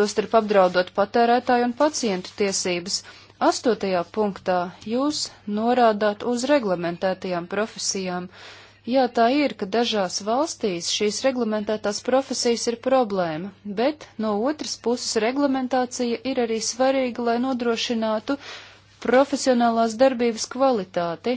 tostarp apdraudot patērētāju un pacientu tiesības. Astotajā punktā jūs norādāt uz reglamentētajām profesijām. Uh, Jā, tā ir, ka dažās valstīs šīs reglamentētās profesijas ir problēma, bet no otras puses reglamentācija ir arī svarīga, lai nodrošinātu profesionālās darbības kvalitāti.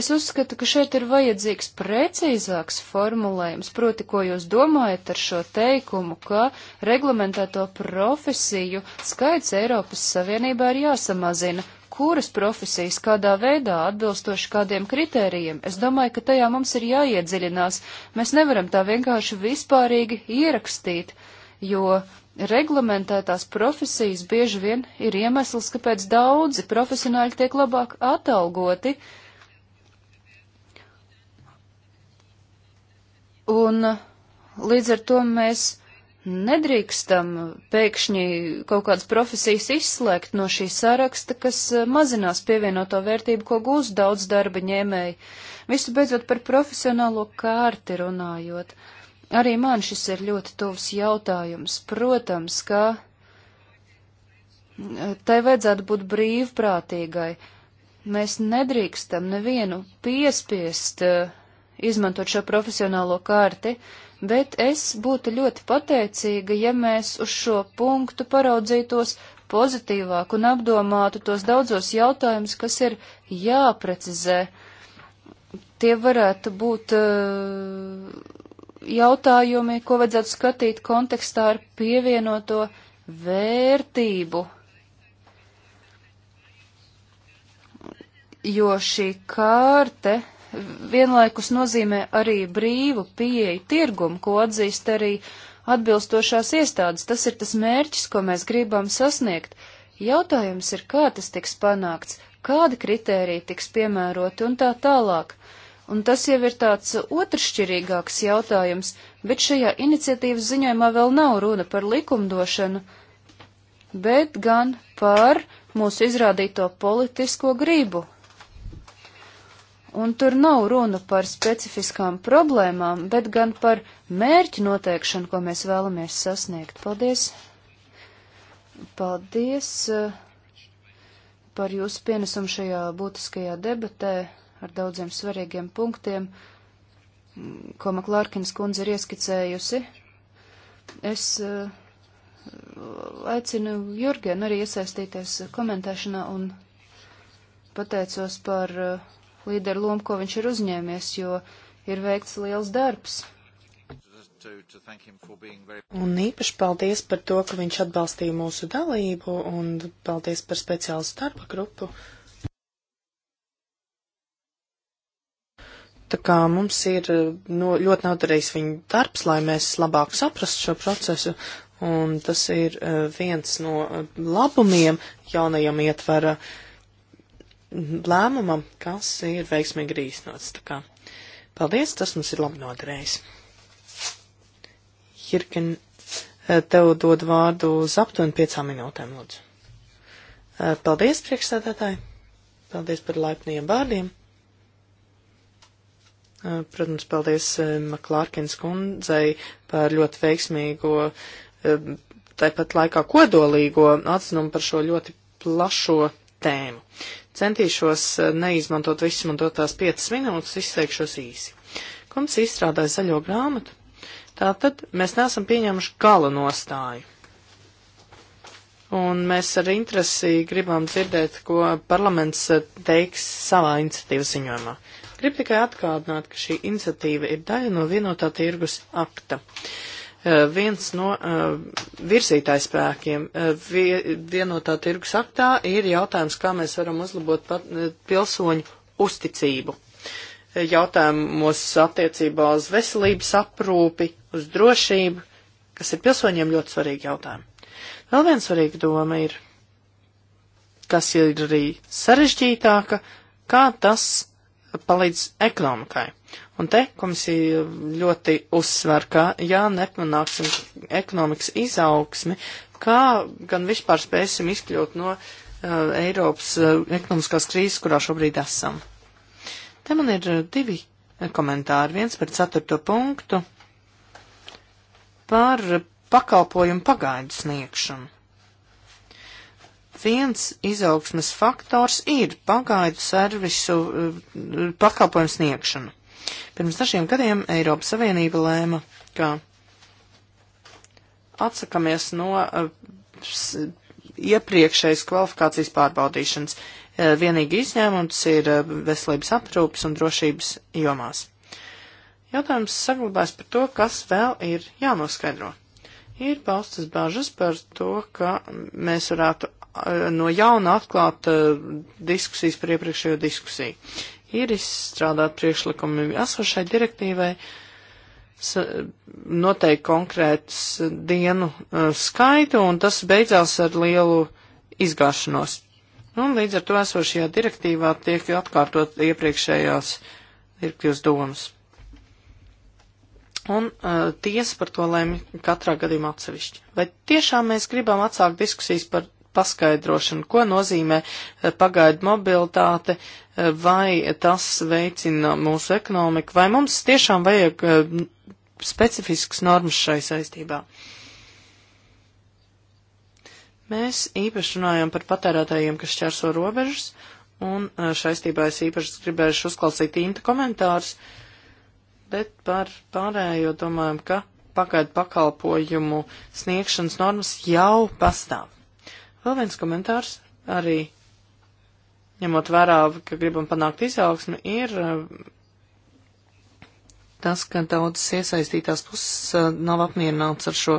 Es uzskatu, ka šeit ir vajadzīgs precīzāks formulējums, proti, ko jūs domājat ar šo teikumu, ka reglamentēto profesiju skaits Eiropas Savienībā ir jāsamazina, kuras profesijas kādā veidā atbilstoši kādiem kritērijiem, es domāju, ka tajā mums ir jāiedziļinās. Mēs nevaram tā vienkārši vispārīgi ierakstīt, jo reglamentētās profesijas bieži vien ir iemesls, kāpēc daudzi profesionāļi tiek labāk atalgoti. Un līdz ar to mēs Nedrīkstam pēkšņi kaut kādas profesijas izslēgt no šī saraksta, kas eh, mazinās pievienoto vērtību, ko gūs daudz darba ņēmēji. Visu beidzot par profesionālo kārti runājot. Arī man šis ir ļoti tuvs jautājums. Protams, ka eh, tai vajadzētu būt brīvprātīgai. Mēs nedrīkstam nevienu piespiest eh, izmantot šo profesionālo kārti. Uh, bet es būtu ļoti pateicīga, ja mēs uz šo punktu paraudzītos pozitīvāk un apdomātu tos daudzos jautājumus, kas ir jāprecizē. Tie varētu būt eh, jautājumi, ko vajadzētu skatīt kontekstā ar pievienoto vērtību. Jo šī kārte vienlaikus nozīmē arī brīvu pieeju tirgumu, ko atzīst arī atbilstošās iestādes. Tas ir tas mērķis, ko mēs gribam sasniegt. Jautājums ir, kā tas tiks panākts, kādi kritēriji tiks piemēroti un tā tālāk. Un tas jau ir tāds otršķirīgāks jautājums, bet šajā iniciatīvas ziņojumā vēl nav runa par likumdošanu, bet gan par mūsu izrādīto politisko gribu un tur nav runa par specifiskām problēmām, bet gan par mērķu noteikšanu, ko mēs vēlamies sasniegt. Paldies! Paldies eh, par jūsu pienesumu šajā būtiskajā debatē ar daudziem svarīgiem punktiem, mm, ko Maklārkins kundze ir ieskicējusi. Es eh, aicinu Jurgenu arī iesaistīties komentēšanā un pateicos par uh, līderu lomu, ko viņš ir uzņēmies, jo ir veikts liels darbs. Un īpaši paldies par to, ka viņš atbalstīja mūsu dalību un paldies par speciālu starpa grupu. Tā kā mums ir no, nu, ļoti noderīgs viņa darbs, lai mēs labāk saprastu šo procesu, un tas ir eh, viens no eh, labumiem jaunajam ietvera uh, lēmumam, kas ir veiksmīgi rīsnots. Tā kā paldies, tas mums ir labi noderējis. Hirken, eh, tev dod vārdu uz aptuveni piecām minūtēm, lūdzu. Eh, paldies, priekšstādātāji! Paldies par laipniem vārdiem! Eh, protams, paldies Maklārkins kundzei par ļoti veiksmīgo, tāpat laikā kodolīgo atzinumu par šo ļoti plašo tēmu. Centīšos eh, neizmantot visu man dotās 5 minūtes, izteikšos īsi. Komisija izstrādāja zaļo grāmatu, tātad mēs neesam pieņēmuši gala nostāju. Un mēs ar interesi gribam dzirdēt, ko parlaments eh, teiks savā iniciatīvas ziņojumā. Gribu tikai atgādināt, ka šī iniciatīva ir daļa no vienotā tirgus akta. Uh, Eh, viens no eh, virzītājspēkiem eh, vienotā tirgus aktā ir jautājums, kā mēs varam uzlabot pat, pilsoņu uzticību jautājumos attiecībā uz veselības aprūpi, uz drošību, kas ir pilsoņiem ļoti svarīgi jautājumi. Vēl viena svarīga doma ir, kas ir arī sarežģītāka, kā tas palīdz ekonomikai. Un te komisija ļoti uzsver, ka ja nepanāksim ekonomikas izaugsmi, kā gan vispār spēsim izkļūt no uh, Eiropas uh, ekonomiskās krīzes, kurā šobrīd esam. Te man ir uh, divi komentāri. Viens par ceturto punktu par pakalpojumu pagaidu sniegšanu. Viens izaugsmes faktors ir pagaidu servisu uh, pakalpojumu sniegšana. Pirms dažiem gadiem Eiropas Savienība lēma, ka atsakamies no eh, iepriekšējas kvalifikācijas pārbaudīšanas. Eh, vienīgi izņēmums ir eh, veselības aprūpas un drošības jomās. Jautājums saglabājas par to, kas vēl ir jānoskaidro. Ir paustas bažas par to, ka mēs varētu no jauna atklāt diskusijas par iepriekšējo diskusiju ir izstrādāt priekšlikumi esošai direktīvai, noteikti konkrētas dienu uh, skaitu, un tas beidzās ar lielu izgāšanos. Nu, un līdz ar to esošajā direktīvā tiek atkārtot iepriekšējās direktīvas domas. Un uh, tiesa par to lēma katrā gadījumā atsevišķi. Vai tiešām mēs gribam atsākt diskusijas par paskaidrošanu, ko nozīmē eh, pagaidu mobilitāte, eh, vai tas veicina mūsu ekonomiku, vai mums tiešām vajag eh, specifisks normas šai saistībā. Mēs īpaši runājam par patērētājiem, kas šķērso robežas, un šaistībā es īpaši gribējuši uzklausīt īnta komentārus, bet par pārējo domājam, ka pagaidu pakalpojumu sniegšanas normas jau pastāv. Vēl viens komentārs arī ņemot vērā, ka gribam panākt izaugsmi, ir eh, tas, ka daudzas iesaistītās puses eh, nav apmierināts ar šo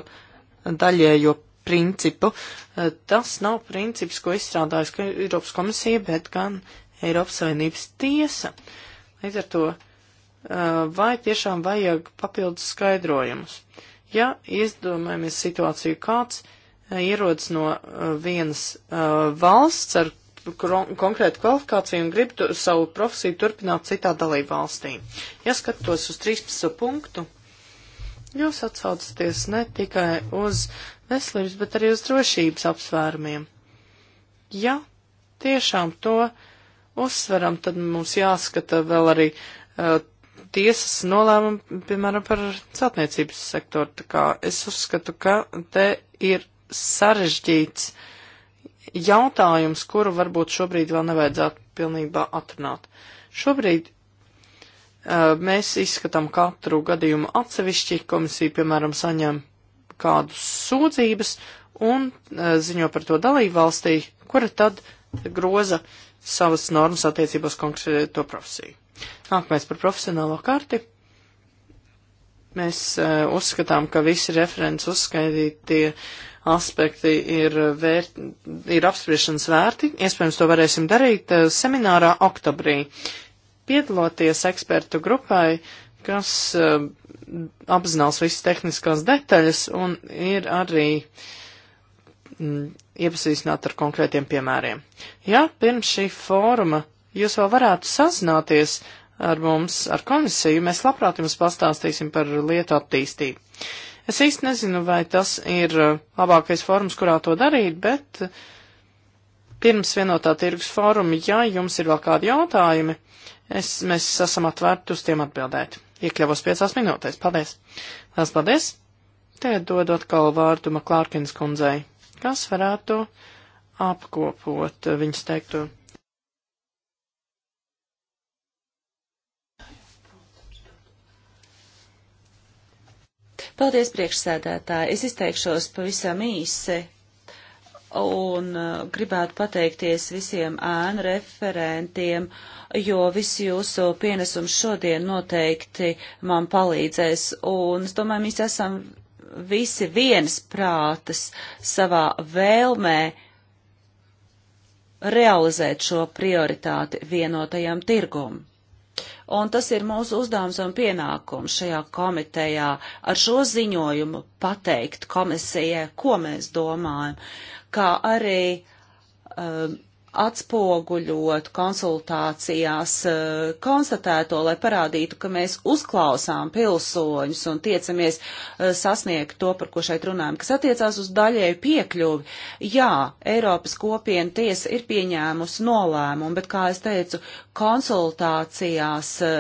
daļējo principu. Eh, tas nav princips, ko izstrādājas Eiropas komisija, bet gan Eiropas Savienības tiesa. Līdz ar to, vai tiešām vajag papildus skaidrojumus? Ja iedomājamies situāciju kāds, uh, Eh, ierodas no eh, vienas eh, valsts ar konkrētu kvalifikāciju un grib tu, savu profesiju turpināt citā dalību valstī. Ja skatos uz 13. punktu, jūs atsaucaties ne tikai uz veselības, bet arī uz drošības apsvērumiem. Ja tiešām to uzsveram, tad mums jāskata vēl arī uh, tiesas nolēmumi, piemēram, par celtniecības sektoru. Tā kā es uzskatu, ka te ir sarežģīts jautājums, kuru varbūt šobrīd vēl nevajadzētu pilnībā atrunāt. Šobrīd uh, mēs izskatām katru gadījumu atsevišķi, komisija, piemēram, saņem kādus sūdzības un uh, ziņo par to dalību valstī, kura tad groza savas normas attiecībos konkrēto profesiju. Nākamais par profesionālo karti. Mēs uh, uzskatām, ka visi referents uzskaitītie aspekti ir, vērt, ir apspriešanas vērti. Iespējams, to varēsim darīt uh, seminārā oktobrī. Piedaloties ekspertu grupai, kas uh, apzinās visas tehniskās detaļas un ir arī mm, iepazīstināt ar konkrētiem piemēriem. Ja pirms šī fóruma jūs vēl varētu sazināties ar mums, ar komisiju, mēs labprāt jums pastāstīsim par lietu attīstību. Es īsti nezinu, vai tas ir uh, labākais forums, kurā to darīt, bet uh, pirms vienotā tirgus fóruma, ja jums ir vēl kādi jautājumi, es, mēs esam atvērti uz tiem atbildēt. Iekļavos piecās minūtēs. Paldies! Lielas paldies! Te dod atkal vārdu Maklārkins kundzei, kas varētu apkopot uh, viņas teikto. Paldies, priekšsēdētāji. Es izteikšos pavisam īsi un uh, gribētu pateikties visiem ēnu referentiem, jo visi jūsu pienesums šodien noteikti man palīdzēs. Un es domāju, mēs esam visi vienas prātas savā vēlmē realizēt šo prioritāti vienotajam tirgumam. Un tas ir mūsu uzdevums un pienākums šajā komitejā ar šo ziņojumu pateikt komisijai, ko mēs domājam, kā arī um, atspoguļot konsultācijās e, konstatēto, lai parādītu, ka mēs uzklausām pilsoņus un tiecamies e, sasniegt to, par ko šeit runājam, kas attiecās uz daļēju piekļuvi. Jā, Eiropas kopiena tiesa ir pieņēmusi nolēmumu, bet, kā es teicu, konsultācijās e,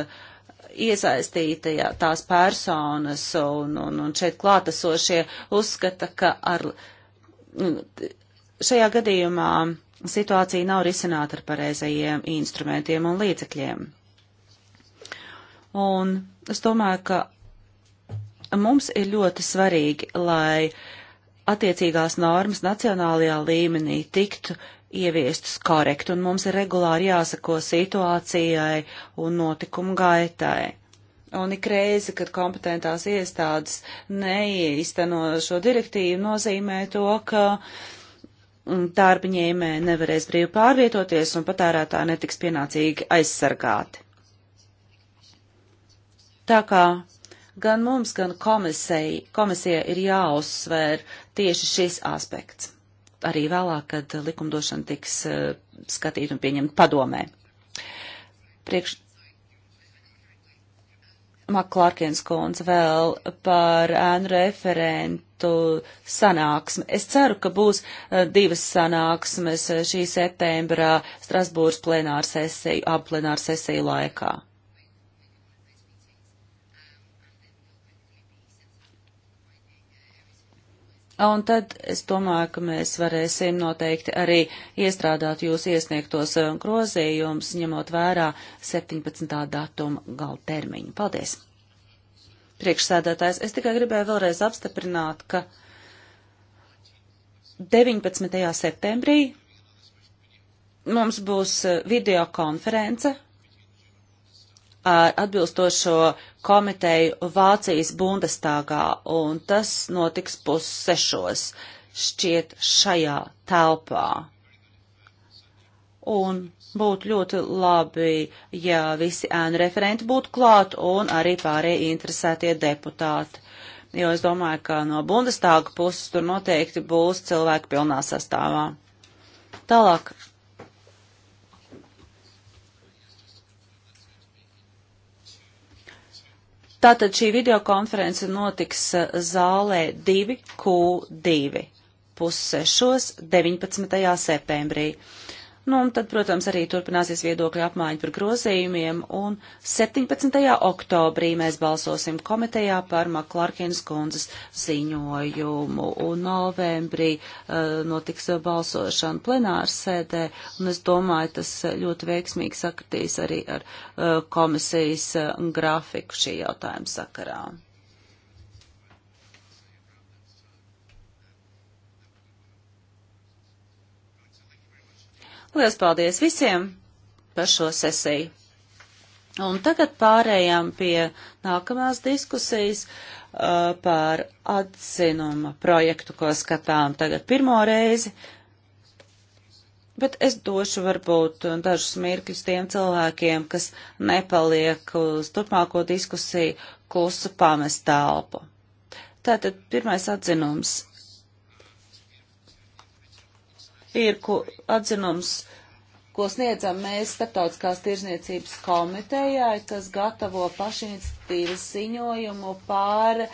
iesaistītajā tās personas un, un, un šeit klātesošie uzskata, ka ar šajā gadījumā situācija nav risināta ar pareizajiem instrumentiem un līdzekļiem. Un es domāju, ka mums ir ļoti svarīgi, lai attiecīgās normas nacionālajā līmenī tiktu ieviestas korekti, un mums ir regulāri jāsako situācijai un notikumu gaitai. Un ik reizi, kad kompetentās iestādes neīsteno šo direktīvu, nozīmē to, ka uh, darbņēmē nevarēs brīvi pārvietoties un patērētāji netiks pienācīgi aizsargāti. Tā kā gan mums, gan komisija, komisija ir jāuzsver tieši šis aspekts. Arī vēlāk, kad likumdošana tiks eh, skatīta un pieņemta padomē. Priekš Maklārkins kundze vēl par ēnu referentu datu sanāksme. Es ceru, ka būs eh, divas sanāksmes eh, šī septembrā Strasbūras plenāra sesija, ap plenāra sesija laikā. Un tad es domāju, ka mēs varēsim noteikti arī iestrādāt jūs iesniegtos eh, grozījums, ņemot vērā 17. datuma galtermiņu. Paldies! priekšsēdētājs. Es tikai gribēju vēlreiz apstiprināt, ka 19. septembrī mums būs eh, video konference ar atbilstošo komiteju Vācijas Bundestāgā, un tas notiks pussešos šķiet šajā telpā. Un Būtu ļoti labi, ja visi ēnu referenti būtu klāt un arī pārējie interesētie deputāti. Jo es domāju, ka no Bundestāga puses tur noteikti būs cilvēki pilnā sastāvā. Tālāk Tātad šī videokonference notiks eh, zālē 2Q2 pussešos 19. septembrī. Nu, un tad, protams, arī turpināsies viedokļu apmaiņa par grozījumiem, un 17. oktobrī mēs balsosim komitejā par Maklārkienas kundzes ziņojumu, un novembrī uh, notiks balsošana plenārs sēdē, un es domāju, tas ļoti veiksmīgi sakritīs arī ar uh, komisijas uh, grafiku šī jautājuma sakarā. Lielas paldies visiem par šo sesiju. Un tagad pārējām pie nākamās diskusijas uh, par atzinuma projektu, ko skatām tagad pirmo reizi. Bet es došu varbūt dažus mirkļus tiem cilvēkiem, kas nepaliek uz turpmāko diskusiju klusu pamest telpu. Tātad pirmais atzinums ir ko, atzinums, ko sniedzam mēs starptautiskās tirzniecības komitejai, kas gatavo pašiniciatīvas ziņojumu pār eh,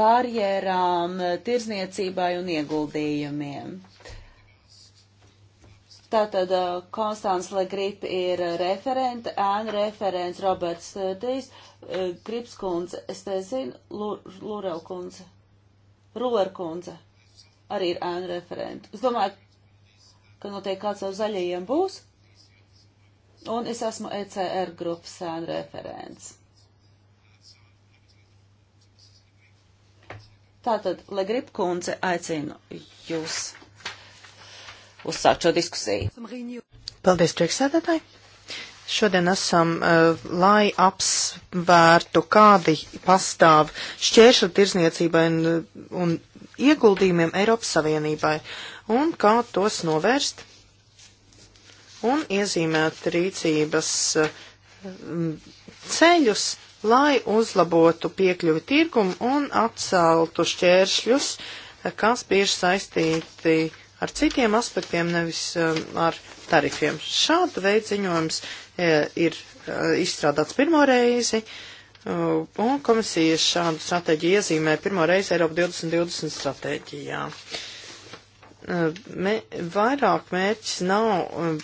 barjerām eh, tirzniecībai un ieguldījumiem. Tātad eh, Konstants Legrip ir referente, ēna referents Roberts Tīs, Grips kundze, es te zinu, Lurel kundze, Ruler kundze arī ir ēna referente. Es domāju, ka noteikti kāds no zaļajiem būs, un es esmu ECR grupas sēna referents. Tātad, Legrip kundze, aicinu jūs uzsākt šo diskusiju. Paldies, priekšsēdētāji! Šodien esam, uh, lai apsvērtu, kādi pastāv šķēršļi tirzniecībai un, eh, un ieguldījumiem Eiropas Savienībai. Uh, un kā tos novērst un iezīmēt rīcības ceļus, lai uzlabotu piekļuvi tirgumu un atceltu šķēršļus, kas bieži saistīti ar citiem aspektiem, nevis ar tarifiem. Šāda veida ziņojums e, ir e, izstrādāts pirmo reizi, un komisija šādu stratēģiju iezīmē pirmo reizi Eiropa 2020 stratēģijā. Mē, vairāk mērķis nav um,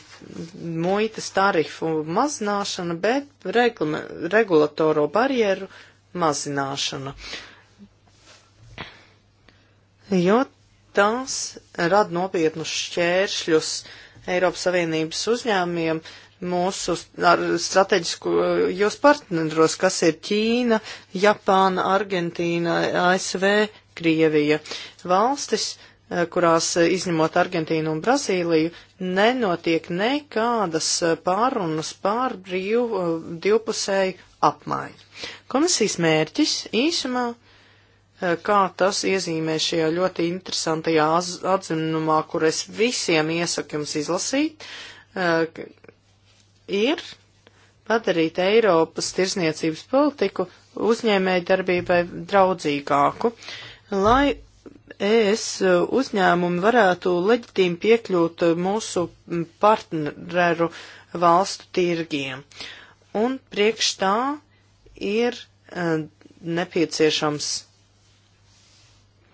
muitas tarifu mazināšana, bet reglame, regulatoro barjeru mazināšana. Jo tās rada nopietnus šķēršļus Eiropas Savienības uzņēmumiem mūsu strateģiskajos uh, partneros, kas ir Ķīna, Japāna, Argentīna, ASV, Krievija. Valstis, uh, Eh, kurās eh, izņemot Argentīnu un Brazīliju, nenotiek nekādas eh, pārunas pār brīvu divpusēju apmaiņu. Komisijas mērķis īsumā, kā tas iezīmē šajā ļoti interesantajā atzinumā, kur es visiem iesaku jums izlasīt, ir padarīt Eiropas tirzniecības politiku uzņēmējdarbībai draudzīgāku, lai ES uzņēmumi varētu leģitīmi piekļūt mūsu partneru valstu tirgiem. Un priekš tā ir e, nepieciešams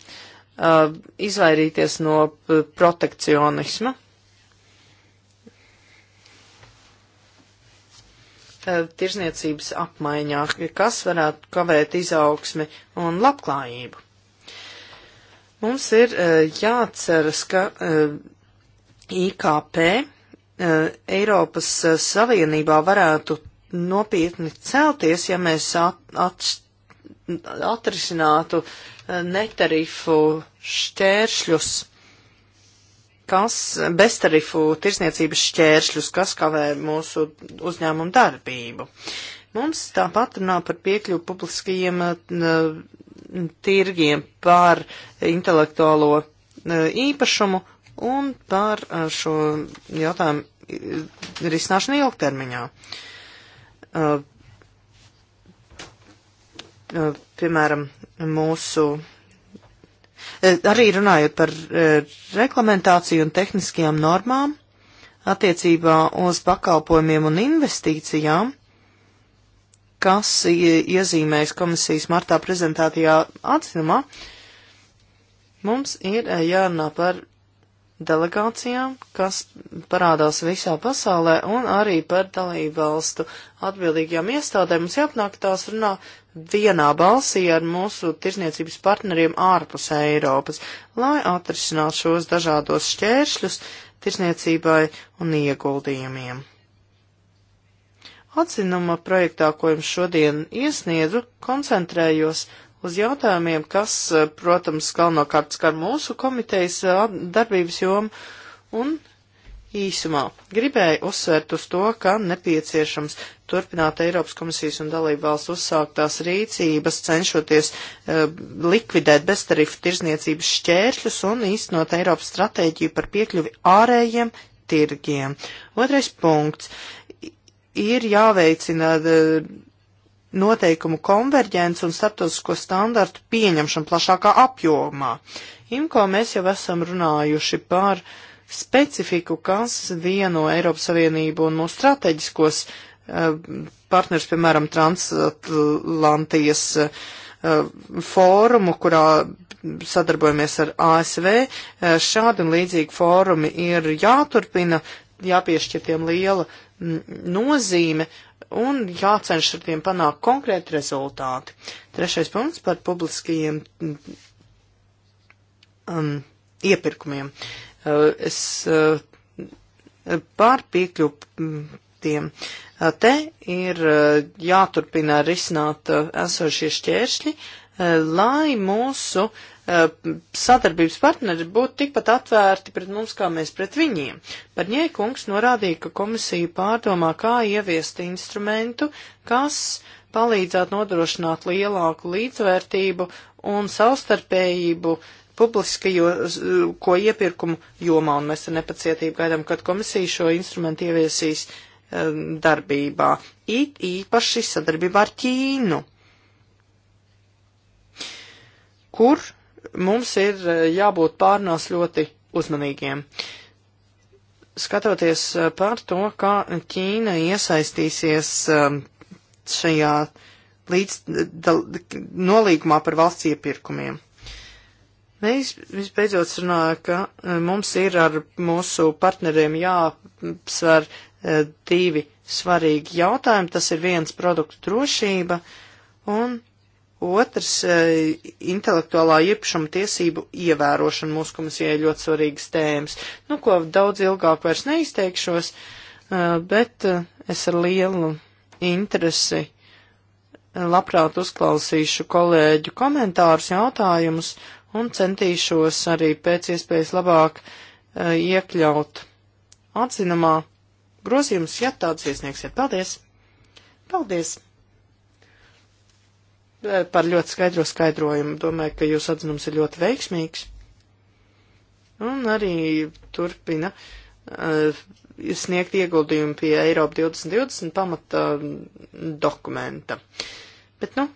e, izvairīties no protekcionisma. E, tirzniecības apmaiņā, kas varētu kavēt izaugsmi un labklājību. Mums ir e, jāatceras, ka e, IKP e, Eiropas Savienībā varētu nopietni celties, ja mēs at, at, atrisinātu netarifu šķēršļus, kas beztarifu tirsniecības šķēršļus, kas kavē mūsu uzņēmumu darbību. Mums tāpat runā par piekļuvu publiskajiem tirgiem, par intelektuālo e, īpašumu un par e, šo jautājumu risināšanu ilgtermiņā. E, piemēram, mūsu arī runājot par reglamentāciju un tehniskajām normām attiecībā uz pakalpojumiem un investīcijām kas iezīmēs komisijas martā prezentētajā atzinumā, mums ir eh, jārunā par delegācijām, kas parādās visā pasaulē, un arī par dalību valstu atbildīgajām iestādēm. Mums jāpanāk tās runā vienā balsī ar mūsu tirzniecības partneriem ārpus Eiropas, lai atrisinās šos dažādos šķēršļus tirzniecībai un ieguldījumiem. Atzinuma projektā, ko jums šodien iesniedzu, koncentrējos uz jautājumiem, kas, eh, protams, galvenokārt skar mūsu komitejas eh, darbības jomu, un īsumā gribēju uzsvērt uz to, ka nepieciešams turpināt Eiropas komisijas un dalību valsts uzsāktās rīcības, cenšoties uh, likvidēt beztarifu tirzniecības šķēršļus un īstenot Eiropas stratēģiju par piekļuvi ārējiem tirgiem. Otrais punkts ir jāveicina eh, noteikumu konverģence un starptautisko standartu pieņemšana plašākā apjomā. IMCO mēs jau esam runājuši par specifiku, kas vieno Eiropas Savienību un mūsu strateģiskos eh, partners, piemēram, Transatlantijas eh, fórumu, kurā sadarbojamies ar ASV. Šādi un līdzīgi fórumi ir jāturpina, jāpiešķir tiem liela uh, nozīme un jācenš ar tiem panākt konkrēti rezultāti. Trešais punkts par publiskajiem um, iepirkumiem. Uh, es uh, pār piekļuvu tiem. Uh, te ir uh, jāturpina risināt uh, esošie šķēršļi, uh, lai mūsu eh, sadarbības partneri būtu tikpat atvērti pret mums, kā mēs pret viņiem. Barņēkungs norādīja, ka komisija pārdomā, kā ieviest instrumentu, kas palīdzētu nodrošināt lielāku līdzvērtību un savstarpējību publiskajos iepirkumu jomā, un mēs ar nepacietību gaidām, kad komisija šo instrumentu ieviesīs eh, darbībā, it īpaši sadarbībā ar Ķīnu kur mums ir eh, jābūt pārnās ļoti uzmanīgiem. Skatoties eh, par to, kā Ķīna iesaistīsies eh, šajā līdz nolīgumā par valsts iepirkumiem. Mēs visbeidzot runāju, ka mums ir ar mūsu partneriem jāapsver divi svarīgi jautājumi. Tas ir viens produktu drošība un Otrs eh, - intelektuālā īpašuma tiesību ievērošana mūsu komisijai ļoti svarīgas tēmas. Nu, ko daudz ilgāk vairs neizteikšos, eh, bet eh, es ar lielu interesi labprāt uzklausīšu kolēģu komentārus, jautājumus un centīšos arī pēc iespējas labāk uh, iekļaut atzinumā grozījumus, ja tāds iesniegsiet. Paldies! Paldies! par ļoti skaidro skaidrojumu. Domāju, ka jūsu atzinums ir ļoti veiksmīgs. Un arī turpina uh, sniegt ieguldījumu pie Eiropa 2020 pamata mm, dokumenta. Bet, nu,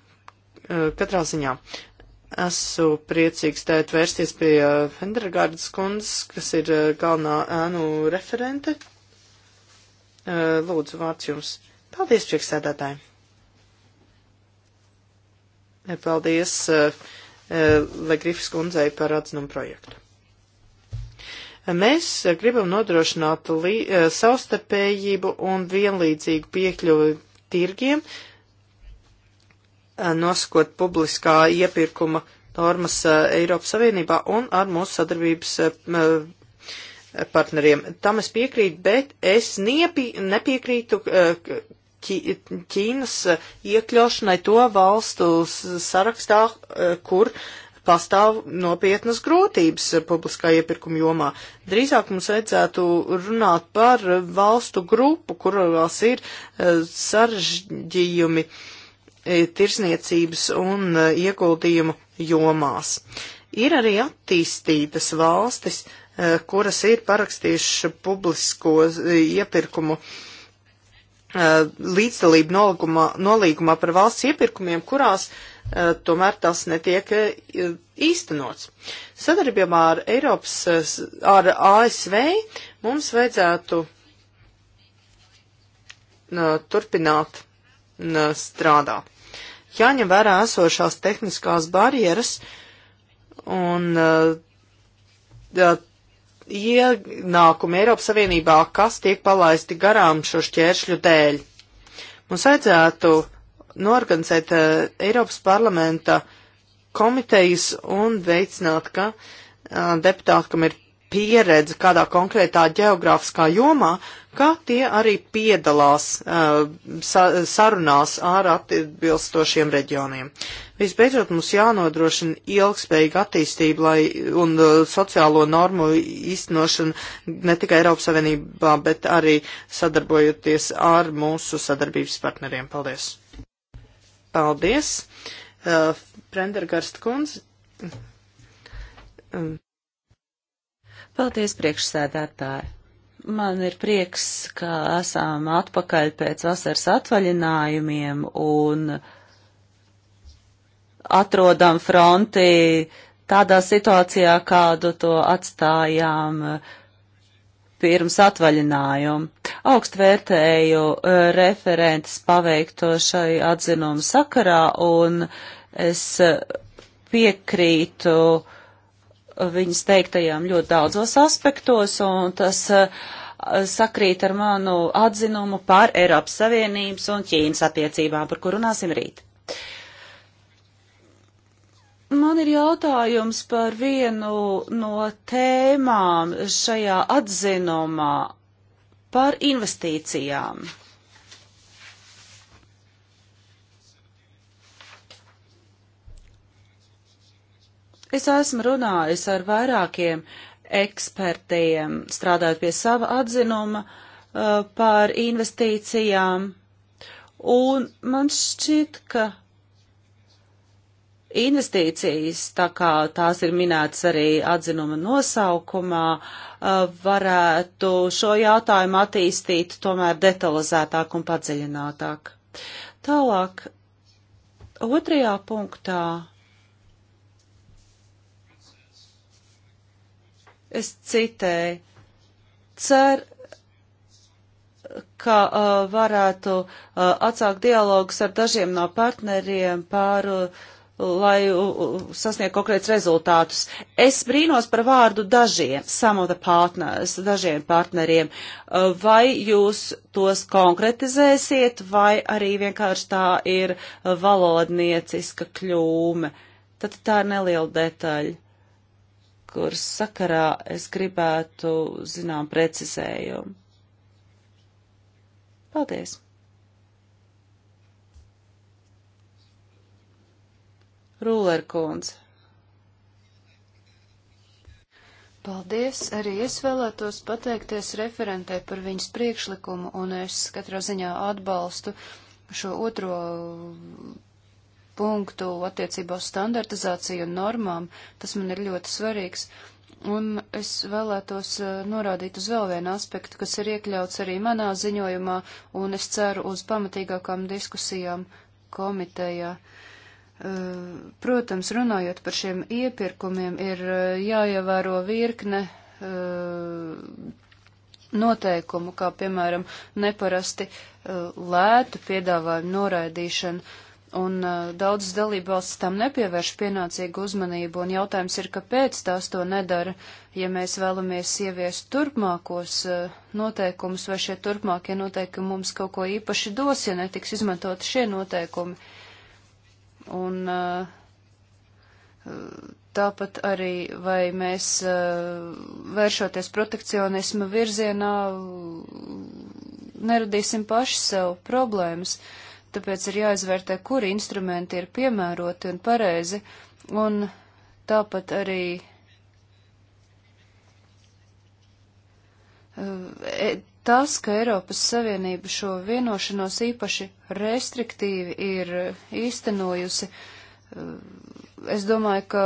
uh, katrā ziņā esmu priecīgs tēt vērsties pie uh, eh, Fendergārdas kundzes, kas ir uh, galvenā ēnu referente. Uh, lūdzu, vārds jums. Paldies, priekšsēdētāji! Paldies eh, eh, Legrifas kundzei par atzinumu projektu. Mēs gribam nodrošināt eh, savstarpējību un vienlīdzīgu piekļuvi tirgiem, nosakot publiskā iepirkuma normas Eiropas Savienībā un ar mūsu sadarbības partneriem. Tam es piekrītu, bet es nepiekrītu Ķīnas iekļaušanai to valstu sarakstā, e, kur pastāv nopietnas grūtības publiskā iepirkuma jomā. Drīzāk mums vajadzētu runāt par valstu grupu, kurās ir e, sarežģījumi e, tirsniecības un ieguldījumu jomās. Ir arī attīstītas valstis, kuras ir parakstījušas publisko iepirkumu uh, Uh, līdzdalību nolīgumā, nolīgumā par valsts iepirkumiem, kurās uh, tomēr tas netiek uh, īstenots. Sadarbībā ar Eiropas, ar ASV mums vajadzētu turpināt strādāt. Jāņem vērā esošās tehniskās barjeras un ienākumi Eiropas Savienībā, kas tiek palaisti garām šo šķēršļu dēļ. Mums vajadzētu norganizēt uh, Eiropas parlamenta komitejas un veicināt, ka uh, deputāti, kam ir pieredze kādā konkrētā geogrāfiskā jomā, ka tie arī piedalās uh, sa sarunās ar atbilstošiem reģioniem. Visbeidzot, mums jānodrošina ilgspējīga attīstība lai, un uh, sociālo normu īstenošana ne tikai Eiropas Savienībā, bet arī sadarbojoties ar mūsu sadarbības partneriem. Paldies! Paldies! Uh, Prendergast kundze. Um Paldies, priekšsēdētāji! Man ir prieks, ka esam atpakaļ pēc vasaras atvaļinājumiem un atrodam fronti tādā situācijā, kādu to atstājām pirms atvaļinājumu. Augst vērtēju e, referentes paveikto šai atzinumu sakarā un es piekrītu uh, viņas teiktajām ļoti daudzos aspektos, un tas eh, sakrīt ar manu atzinumu par Eiropas Savienības un Ķīnas attiecībām, par kur runāsim rīt. Man ir jautājums par vienu no tēmām šajā atzinumā par investīcijām. Es esmu runājis ar vairākiem ekspertiem, strādājot pie sava atzinuma uh, par investīcijām, un man šķiet, ka investīcijas, tā kā tās ir minētas arī atzinuma nosaukumā, uh, varētu šo jautājumu attīstīt tomēr detalizētāk un padziļinātāk. Tālāk, otrajā punktā Es citēju, cer, ka uh, varētu uh, atsākt dialogus ar dažiem no partneriem par, uh, lai uh, sasniegtu konkrēts rezultātus. Es brīnos par vārdu dažiem, some of the partners, dažiem partneriem. Uh, vai jūs tos konkretizēsiet, vai arī vienkārši tā ir uh, valodnieciska kļūme? Tad tā ir neliela detaļa kuras sakarā es gribētu zinām precizējumu. Paldies! Rūlerkundze. Paldies! Arī es vēlētos pateikties referentē par viņas priekšlikumu, un es katrā ziņā atbalstu šo otro punktu attiecībā uz standartizāciju un normām. Tas man ir ļoti svarīgs. Un es vēlētos eh, norādīt uz vēl vienu aspektu, kas ir iekļauts arī manā ziņojumā, un es ceru uz pamatīgākām diskusijām komitejā. Eh, protams, runājot par šiem iepirkumiem, ir eh, jāievēro virkne noteikumu, kā piemēram neparasti lētu piedāvājumu noraidīšanu un uh, daudzas dalībvalstis tam nepievērš pienācīgu uzmanību, un jautājums ir, kāpēc tās to nedara, ja mēs vēlamies ieviest turpmākos uh, noteikumus, vai šie turpmākie noteikumi mums kaut ko īpaši dos, ja netiks izmantot šie noteikumi. Un uh, tāpat arī, vai mēs uh, vēršoties protekcionisma virzienā, mm, neradīsim paši sev problēmas. Uh, tāpēc ir jāizvērtē, kuri instrumenti ir piemēroti un pareizi, un tāpat arī eh, e, tas, ka Eiropas Savienība šo vienošanos īpaši restriktīvi ir īstenojusi, eh, es domāju, ka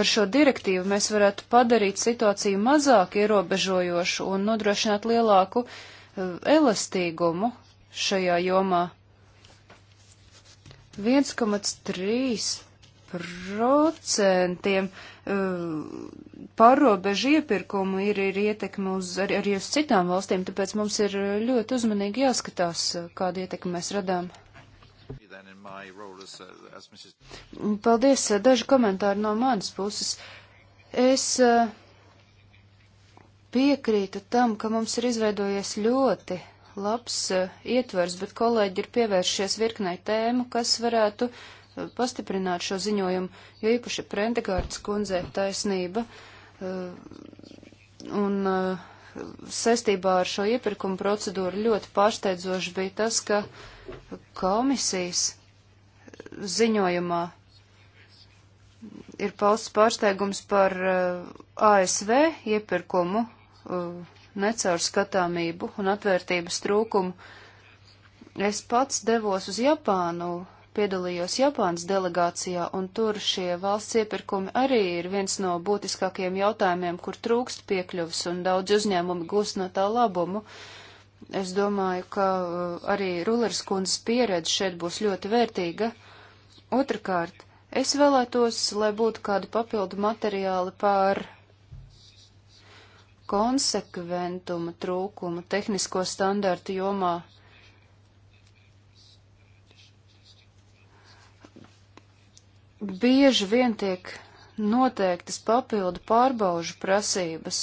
ar šo direktīvu mēs varētu padarīt situāciju mazāk ierobežojošu un nodrošināt lielāku eh, elastīgumu šajā jomā. 1,3% uh, pārobežu iepirkumu ir, ir ietekme uz, ar, arī uz citām valstīm, tāpēc mums ir uh, ļoti uzmanīgi jāskatās, uh, kādu ietekmi mēs radām. Paldies, daži komentāri no manas puses. Es piekrītu tam, ka mums ir izveidojies ļoti labs uh, ietvers, bet kolēģi ir pievēršies virknei tēmu, kas varētu uh, pastiprināt šo ziņojumu, jo īpaši Prendegārdas kundzē taisnība. Uh, un saistībā ar šo iepirkumu procedūru ļoti pārsteidzoši bija tas, ka komisijas ziņojumā ir pausts pārsteigums par ASV iepirkumu. Uh, necaurskatāmību un atvērtības trūkumu. Es pats devos uz Japānu, piedalījos Japānas delegācijā, un tur šie valsts iepirkumi arī ir viens no būtiskākajiem jautājumiem, kur trūkst piekļuvs, un daudz uzņēmumi gūst no tā labumu. Es domāju, ka uh, arī Ruleris kundzes pieredze šeit būs ļoti vērtīga. Otrakārt, es vēlētos, lai būtu kādi papildu materiāli par konsekventuma trūkumu tehnisko standartu jomā. Bieži vien tiek noteiktas papildu pārbaužu prasības,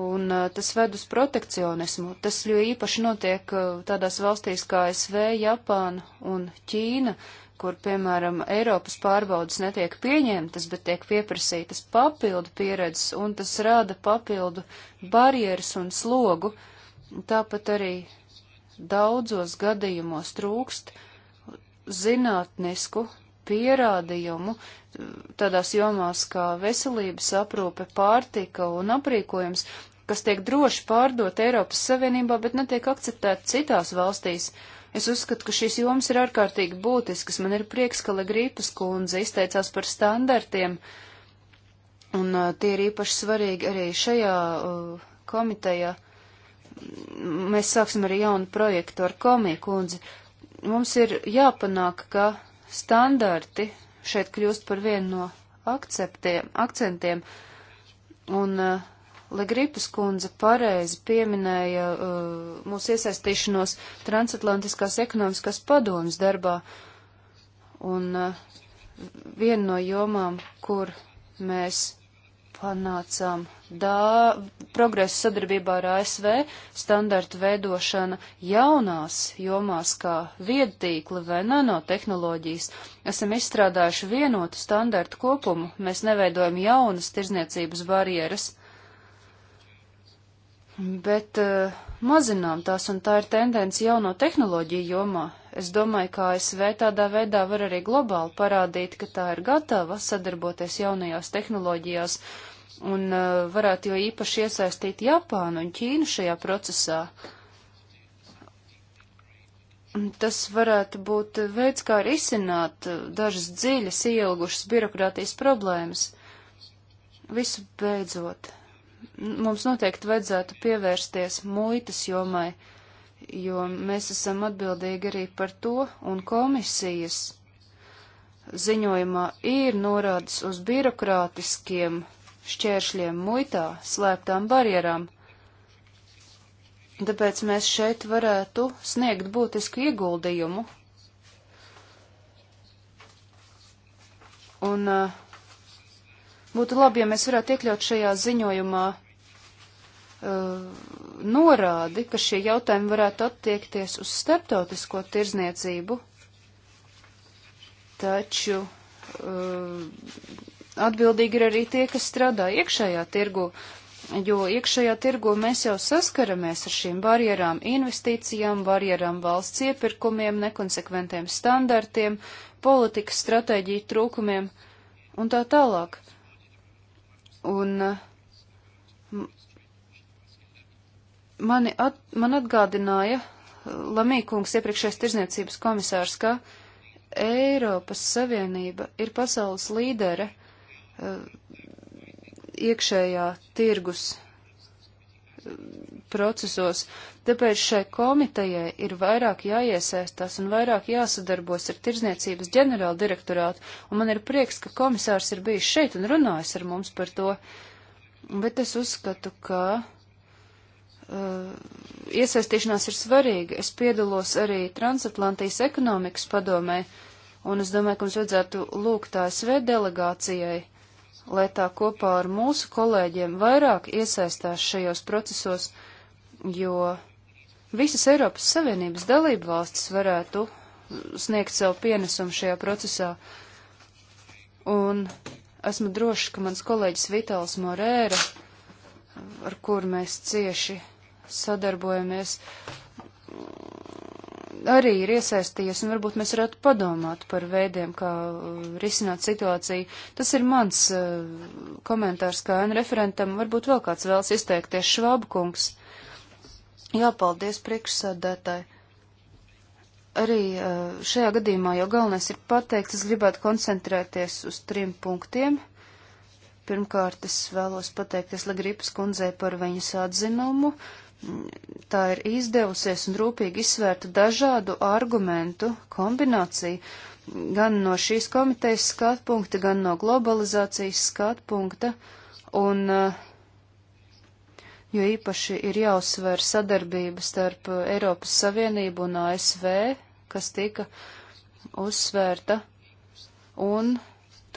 un uh, tas ved uz protekcionismu. Tas ļoti īpaši notiek uh, tādās valstīs kā SV, Japāna un Ķīna, uh, kur, piemēram, Eiropas pārbaudas netiek pieņemtas, bet tiek pieprasītas papildu pieredzes, un tas rada papildu barjeras un slogu. Tāpat arī daudzos gadījumos trūkst zinātnisku pierādījumu tādās jomās kā veselības aprūpe, pārtika un aprīkojums, kas tiek droši pārdot Eiropas Savienībā, bet netiek akceptēt citās valstīs. Uh, Es uzskatu, ka šīs jomas ir ārkārtīgi būtiskas. Man ir prieks, ka Legrīpas kundze izteicās par standartiem, un uh, tie ir īpaši svarīgi arī šajā uh, komitejā. Mēs sāksim arī jaunu projektu ar komiju kundzi. Mums ir jāpanāk, ka standarti šeit kļūst par vienu no akceptiem, akcentiem, un uh, Legripas kundze pareizi pieminēja uh, mūsu iesaistīšanos transatlantiskās ekonomiskās padomas darbā, un uh, viena no jomām, kur mēs panācām dā, progresu sadarbībā ar ASV, standartu veidošana jaunās jomās kā viedtīkli vai nanotehnoloģijas. Esam izstrādājuši vienotu standartu kopumu, mēs neveidojam jaunas tirzniecības barjeras bet uh, mazinām tās, un tā ir tendence jauno tehnoloģiju jomā. Es domāju, ka ASV tādā veidā var arī globāli parādīt, ka tā ir gatava sadarboties jaunajās tehnoloģijās, un uh, varētu jo īpaši iesaistīt Japānu un Ķīnu šajā procesā. Tas varētu būt veids, kā risināt eh, dažas dziļas ielgušas birokrātijas problēmas. Visu beidzot, mums noteikti vajadzētu pievērsties muitas jomai, jo mēs esam atbildīgi arī par to, un komisijas ziņojumā ir norādes uz birokrātiskiem šķēršļiem muitā, slēptām barjerām. Tāpēc mēs šeit varētu sniegt būtisku ieguldījumu. Un uh, būtu labi, ja mēs varētu iekļaut šajā ziņojumā Uh, norādi, ka šie jautājumi varētu attiekties uz starptautisko tirzniecību, taču uh, atbildīgi ir arī tie, kas strādā iekšējā tirgu, jo iekšējā tirgu mēs jau saskaramies ar šīm barjerām investīcijām, barjerām valsts iepirkumiem, nekonsekventiem standartiem, politikas stratēģiju trūkumiem un tā tālāk. Un uh, mani at, man atgādināja uh, Lamīkungs, iepriekšējais tirzniecības komisārs, ka Eiropas Savienība ir pasaules līdere uh, iekšējā tirgus uh, procesos, tāpēc šai komitejai ir vairāk jāiesaistās un vairāk jāsadarbos ar Tirzniecības ģenerāla direktorātu, un man ir prieks, ka komisārs ir bijis šeit un runājis ar mums par to, bet es uzskatu, ka Uh, iesaistīšanās ir svarīga. Es piedalos arī Transatlantijas ekonomikas padomē, un es domāju, ka mums vajadzētu lūgt ASV delegācijai, lai tā kopā ar mūsu kolēģiem vairāk iesaistās šajos procesos, jo visas Eiropas Savienības dalību valstis varētu sniegt savu pienesumu šajā procesā. Un esmu drošs, ka mans kolēģis Vitāls Morēra, ar kuru mēs cieši sadarbojamies, arī ir iesaistījies, un varbūt mēs varētu padomāt par veidiem, kā uh, risināt situāciju. Tas ir mans uh, komentārs kā referentam, varbūt vēl kāds vēlas izteikties Švabkungs. Jā, paldies priekšsādētāji arī uh, šajā gadījumā jau galvenais ir pateikt, es gribētu koncentrēties uz trim punktiem. Pirmkārt, es vēlos pateikties Legripas kundzei par viņas atzinumu. Uh, tā ir izdevusies un rūpīgi izsvērta dažādu argumentu kombinācija, gan no šīs komitejas skatu punkta, gan no globalizācijas skatu punkta, un eh, jo īpaši ir jāuzsver sadarbība starp eh, Eiropas Savienību un ASV, kas tika uzsvērta, un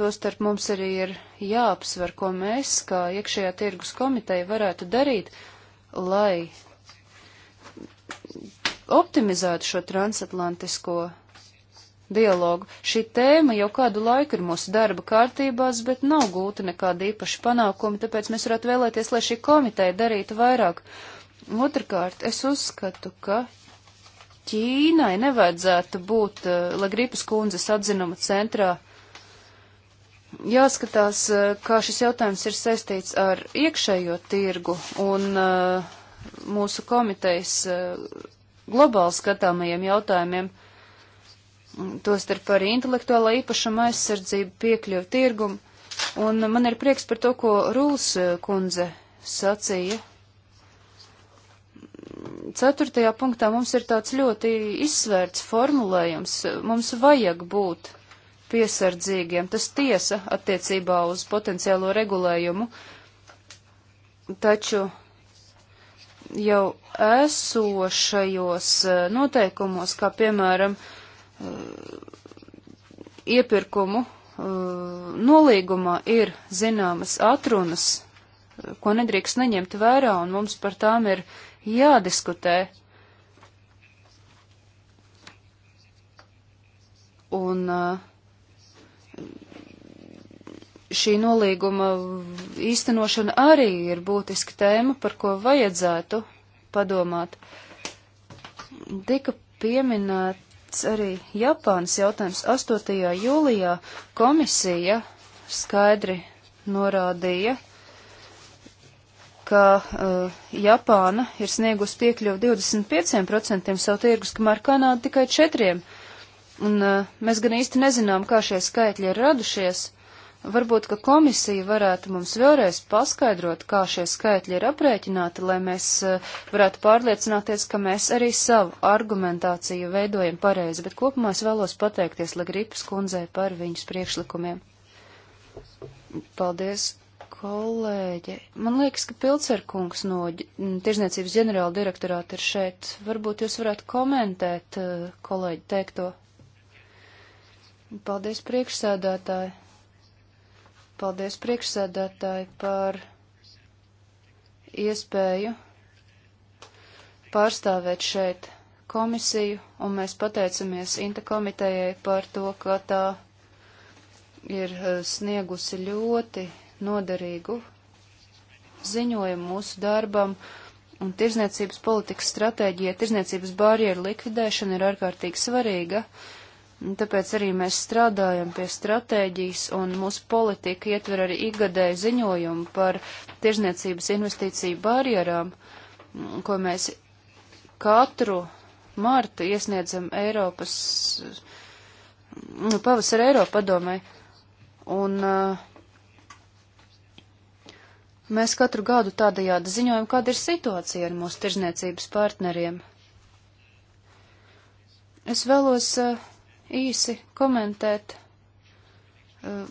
tostarp mums arī ir jāapsver, ko mēs, kā iekšējā tirgus komiteja, varētu darīt, lai optimizētu šo transatlantisko dialogu. Šī tēma jau kādu laiku ir mūsu darba kārtībās, bet nav gūta nekāda īpaša panākuma, tāpēc mēs varētu vēlēties, lai šī komiteja darītu vairāk. Otrakārt, es uzskatu, ka Ķīnai nevajadzētu būt uh, eh, Lagripas kundzes atzinuma centrā jāskatās, eh, kā šis jautājums ir saistīts ar iekšējo tirgu un eh, mūsu komitejas eh, globāli skatāmajiem jautājumiem, tostarp arī intelektuālā īpašuma aizsardzība piekļuva tirgumu. Un man ir prieks par to, ko Rūls kundze sacīja. Ceturtajā punktā mums ir tāds ļoti izsvērts formulējums. Mums vajag būt piesardzīgiem. Tas tiesa attiecībā uz potenciālo regulējumu, taču jau esošajos eh, noteikumos, kā piemēram eh, iepirkumu eh, nolīgumā, ir zināmas atrunas, ko nedrīkst neņemt vērā, un mums par tām ir jādiskutē. Un uh, šī nolīguma īstenošana arī ir būtiska tēma, par ko vajadzētu padomāt. Tika pieminēts arī Japānas jautājums. 8. jūlijā komisija skaidri norādīja, ka uh, Japāna ir sniegus piekļuvu 25% savu tirgus, kamēr Kanāda tikai 4%. Un uh, mēs gan īsti nezinām, kā šie skaitļi ir radušies. Uh, Varbūt, ka komisija varētu mums vēlreiz paskaidrot, kā šie skaitļi ir aprēķināti, lai mēs eh, varētu pārliecināties, ka mēs arī savu argumentāciju veidojam pareizi, bet kopumā es vēlos pateikties Lagripas kundzei par viņas priekšlikumiem. Paldies, kolēģi. Man liekas, ka Pilcerkungs no Tirzniecības ģenerāla direktorāta ir šeit. Varbūt jūs varētu komentēt eh, kolēģi teikto. Paldies, priekšsēdētāji. Paldies priekšsēdētāji par iespēju pārstāvēt šeit komisiju, un mēs pateicamies Inta komitejai par to, ka tā ir eh, sniegusi ļoti noderīgu ziņojumu mūsu darbam, un tirzniecības politikas stratēģija, tirzniecības barjeru likvidēšana ir ārkārtīgi svarīga. Uh, Un tāpēc arī mēs strādājam pie stratēģijas, un mūsu politika ietver arī ikgadēju ziņojumu par tirzniecības investīciju barjerām, ko mēs katru martu iesniedzam Eiropas, nu, pavasara Eiropa padomē. Un uh, mēs katru gadu tādajādi ziņojam, kāda ir situācija ar mūsu tirzniecības partneriem. Es vēlos uh, īsi komentēt uh,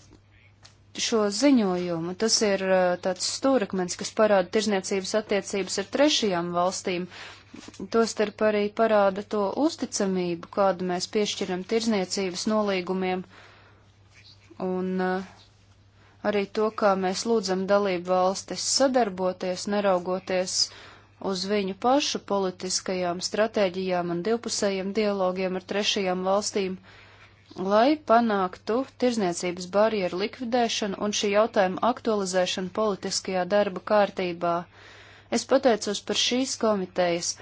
šo ziņojumu. Tas ir uh, tāds stūrakmens, kas parāda tirzniecības attiecības ar trešajām valstīm. Tostarp arī parāda to uzticamību, kādu mēs piešķiram tirzniecības nolīgumiem un uh, arī to, kā mēs lūdzam dalību valstis sadarboties, neraugoties uh, uz viņu pašu politiskajām stratēģijām un divpusējiem dialogiem ar trešajām valstīm, lai panāktu tirzniecības barjeru likvidēšanu un šī jautājuma aktualizēšanu politiskajā darba kārtībā. Es pateicos par šīs komitejas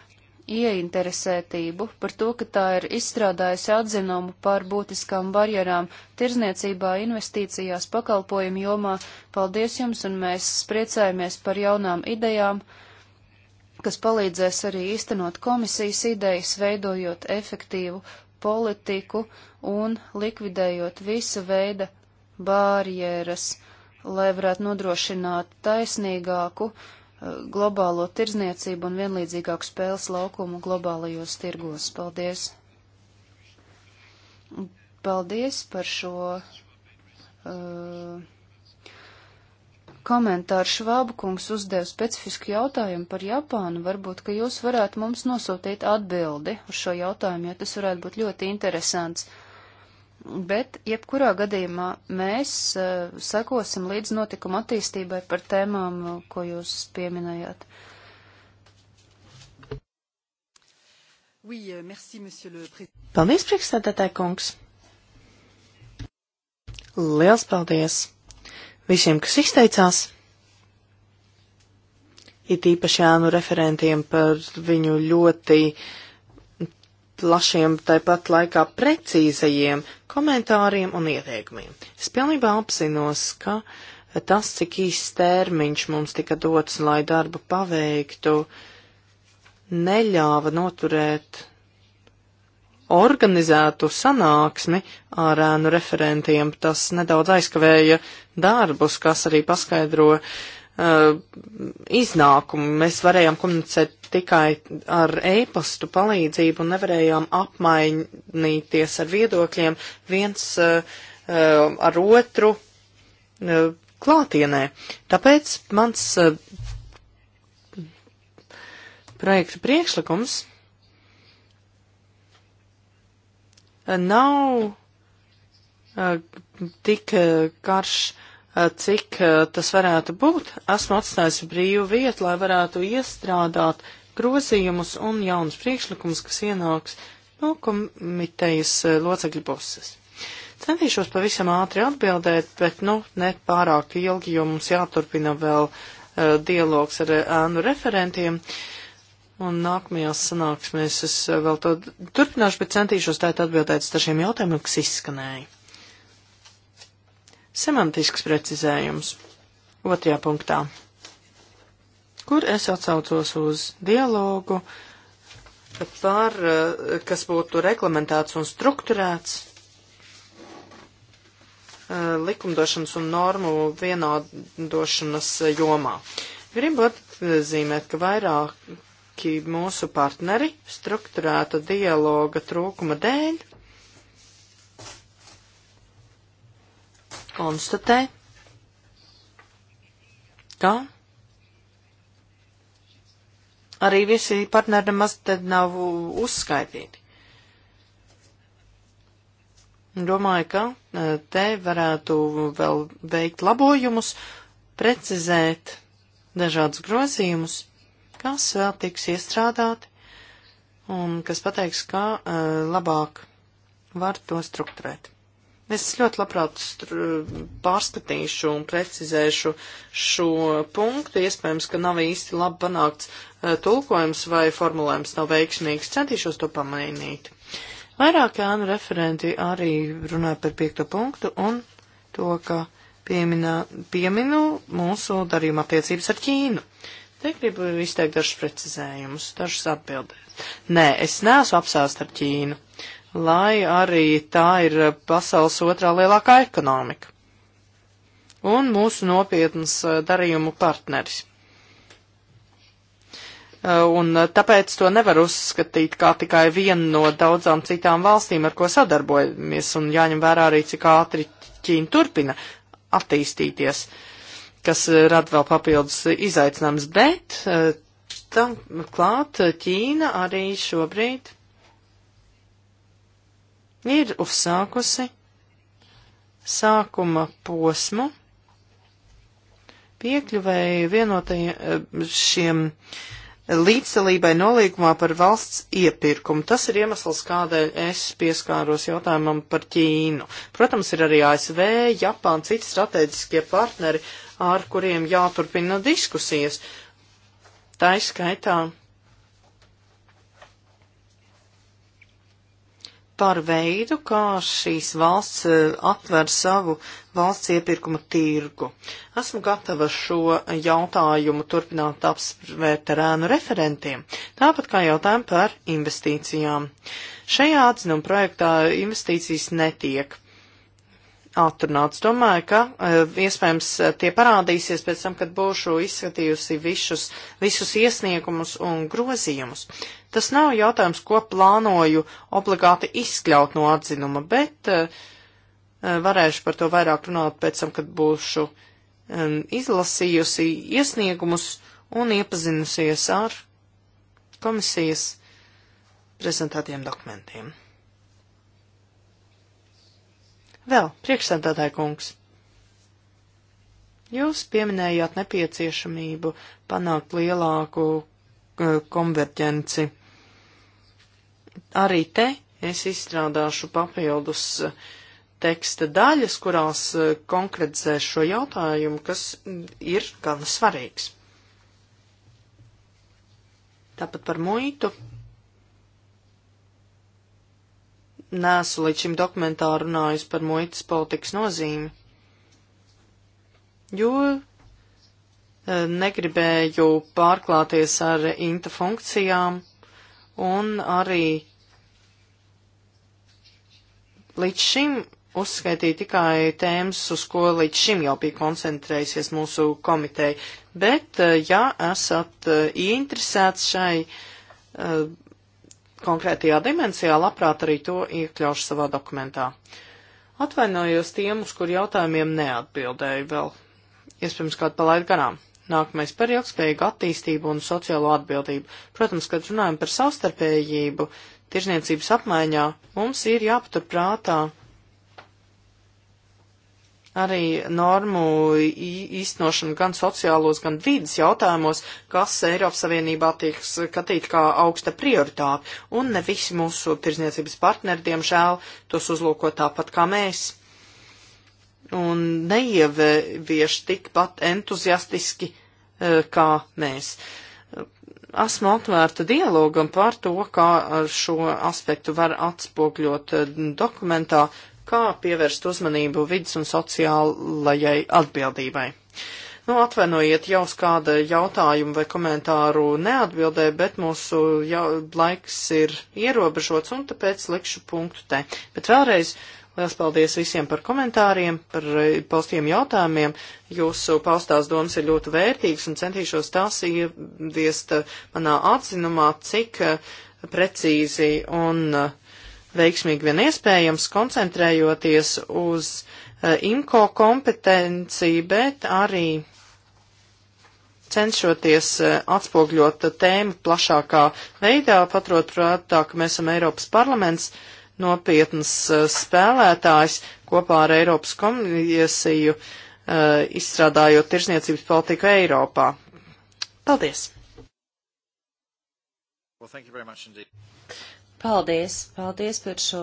ieinteresētību, par to, ka tā ir izstrādājusi atzinumu par būtiskām barjerām tirzniecībā, investīcijās, pakalpojumu jomā. Paldies jums, un mēs priecājamies par jaunām idejām kas palīdzēs arī īstenot komisijas idejas, veidojot efektīvu politiku un likvidējot visa veida bārjeras, lai varētu nodrošināt taisnīgāku eh, globālo tirzniecību un vienlīdzīgāku spēles laukumu globālajos tirgos. Paldies! Paldies par šo. Uh, komentāru Švābu kungs uzdeva specifisku jautājumu par Japānu. Varbūt, ka jūs varētu mums nosūtīt atbildi uz šo jautājumu, jo tas varētu būt ļoti interesants. Bet, jebkurā gadījumā, mēs uh, sekosim līdz notikuma attīstībai par tēmām, eh, ko jūs pieminējāt. Oui, euh, merci, le... Paldies, priekšstādātāji kungs! Liels paldies! visiem, kas izteicās, it īpaši Jānu referentiem par viņu ļoti plašiem, tāpat laikā precīzajiem komentāriem un ieteikumiem. Es pilnībā apzinos, ka tas, cik īsts termiņš mums tika dots, lai darbu paveiktu, neļāva noturēt organizētu sanāksmi ar ēnu referentiem. Tas nedaudz aizkavēja darbus, kas arī paskaidro uh, iznākumu. Mēs varējām komunicēt tikai ar e-pastu palīdzību un nevarējām apmainīties ar viedokļiem viens uh, uh, ar otru uh, klātienē. Tāpēc mans uh, projekta priekšlikums nav eh, tik eh, karš, eh, cik tas varētu būt. Esmu atstājis brīvu vietu, lai varētu iestrādāt grozījumus un jaunus priekšlikumus, kas ienāks no komitejas locekļu puses. Centīšos pavisam ātri atbildēt, bet, nu, ne pārāk ilgi, jo mums jāturpina vēl uh, dialogs ar ēnu referentiem. Uh, Un nākamajās sanāksmēs es eh, vēl to turpināšu, bet centīšos tēt atbildēt uz šiem jautājumiem, kas izskanēja. Semantisks precizējums. Otrajā punktā. Kur es atsaucos uz dialogu, par, eh, kas būtu reglamentēts un strukturēts, eh, likumdošanas un normu vienādošanas jomā. Gribu atzīmēt, ka vairāk vairāki mūsu partneri struktūrēta dialoga trūkuma dēļ konstatē, ka arī visi partneri nemaz te nav uzskaitīti. Domāju, ka e, te varētu vēl veikt labojumus, precizēt dažādus grozījumus kas vēl tiks iestrādāti un kas pateiks, kā uh, labāk var to strukturēt. Es ļoti labprāt pārskatīšu un precizēšu šo punktu. Iespējams, ka nav īsti labi panākts uh, tulkojums vai formulējums nav veiksmīgs. Centīšos to pamainīt. Vairāk ēnu referenti arī runāja par piekto punktu un to, ka pieminā, pieminu mūsu darījuma attiecības ar Ķīnu. Uh, Te gribu izteikt dažus precizējumus, dažus atbildēt. Nē, es neesmu apsēst ar Ķīnu, lai arī tā ir pasaules otrā lielākā ekonomika un mūsu nopietnas eh, darījumu partneris. Eh, un eh, tāpēc to nevar uzskatīt kā tikai vienu no daudzām citām valstīm, ar ko sadarbojamies, un jāņem vērā arī, cik ātri Ķīna turpina attīstīties. Uh, kas eh, rada vēl papildus izaicinājums, bet eh, tam klāt eh, Ķīna arī šobrīd ir uzsākusi sākuma posmu piekļuvēju vienotajiem šiem līdzdalībai nolīgumā par valsts iepirkumu. Tas ir iemesls, kādēļ es pieskāros jautājumam par Ķīnu. Protams, ir arī ASV, Japāna, citi strateģiskie partneri, uh, ar kuriem jāturpina diskusijas. Tā izskaitā par veidu, kā šīs valsts eh, atver savu valsts iepirkuma tirgu. Esmu gatava šo jautājumu turpināt apsvērt ar ēnu referentiem, tāpat kā jautājumu par investīcijām. Šajā atzinuma projektā investīcijas netiek atrunāts. Domāju, ka eh, iespējams tie parādīsies pēc tam, kad būšu izskatījusi visus, visus iesniegumus un grozījumus. Tas nav jautājums, ko plānoju obligāti izskļaut no atzinuma, bet eh, eh, varēšu par to vairāk runāt pēc tam, kad būšu izlasījusi iesniegumus un iepazinusies ar komisijas prezentētiem dokumentiem. Vēl, priekšsēdētāja kungs, jūs pieminējāt nepieciešamību panākt lielāku eh, konverģenci. Arī te es izstrādāšu papildus eh, teksta daļas, kurās eh, konkretizēšu šo jautājumu, kas mm, ir gan svarīgs. Tāpat par muitu nesu līdz šim dokumentā runājusi par muitas politikas nozīmi, jo e, negribēju pārklāties ar inta funkcijām un arī līdz šim uzskaitīju tikai tēmas, uz ko līdz šim jau bija koncentrējusies mūsu komiteja. Bet, e, ja esat e, ieinteresēts šai konkrētajā dimensijā labprāt arī to iekļaušu savā dokumentā. Atvainojos tiem, uz kur jautājumiem neatbildēju vēl. Iespējams, kādu palaid garām. Nākamais par ilgspējīgu attīstību un sociālo atbildību. Protams, kad runājam par savstarpējību, tirzniecības apmaiņā, mums ir jāpaturprātā arī normu īstenošanu gan sociālos, gan vīdas jautājumos, kas Eiropas Savienībā tiek skatīt kā augsta prioritāte, un ne visi mūsu tirzniecības partneri, diemžēl, tos uzlūko tāpat kā mēs. Un neievieš tikpat entuziastiski e, kā mēs. Esmu atvērta dialogam par to, kā šo aspektu var atspokļot e, dokumentā, kā pievērst uzmanību vidas un sociālajai atbildībai. Nu, atvainojiet, jau uz kāda jautājuma vai komentāru neatbildē, bet mūsu jau, laiks ir ierobežots un tāpēc likšu punktu te. Bet vēlreiz Liels paldies visiem par komentāriem, par paustiem jautājumiem. Jūsu paustās domas ir ļoti vērtīgas un centīšos tās ieviest manā atzinumā, cik precīzi un uh, veiksmīgi vien iespējams, koncentrējoties uz uh, IMCO kompetenciju, bet arī cenšoties uh, atspogļot tēmu plašākā veidā, paturot prātā, ka mēs esam Eiropas parlaments, nopietnas uh, spēlētājs kopā ar Eiropas komisiju, izstrādājot tirsniecības politiku Eiropā. Paldies! Well, Paldies, paldies par šo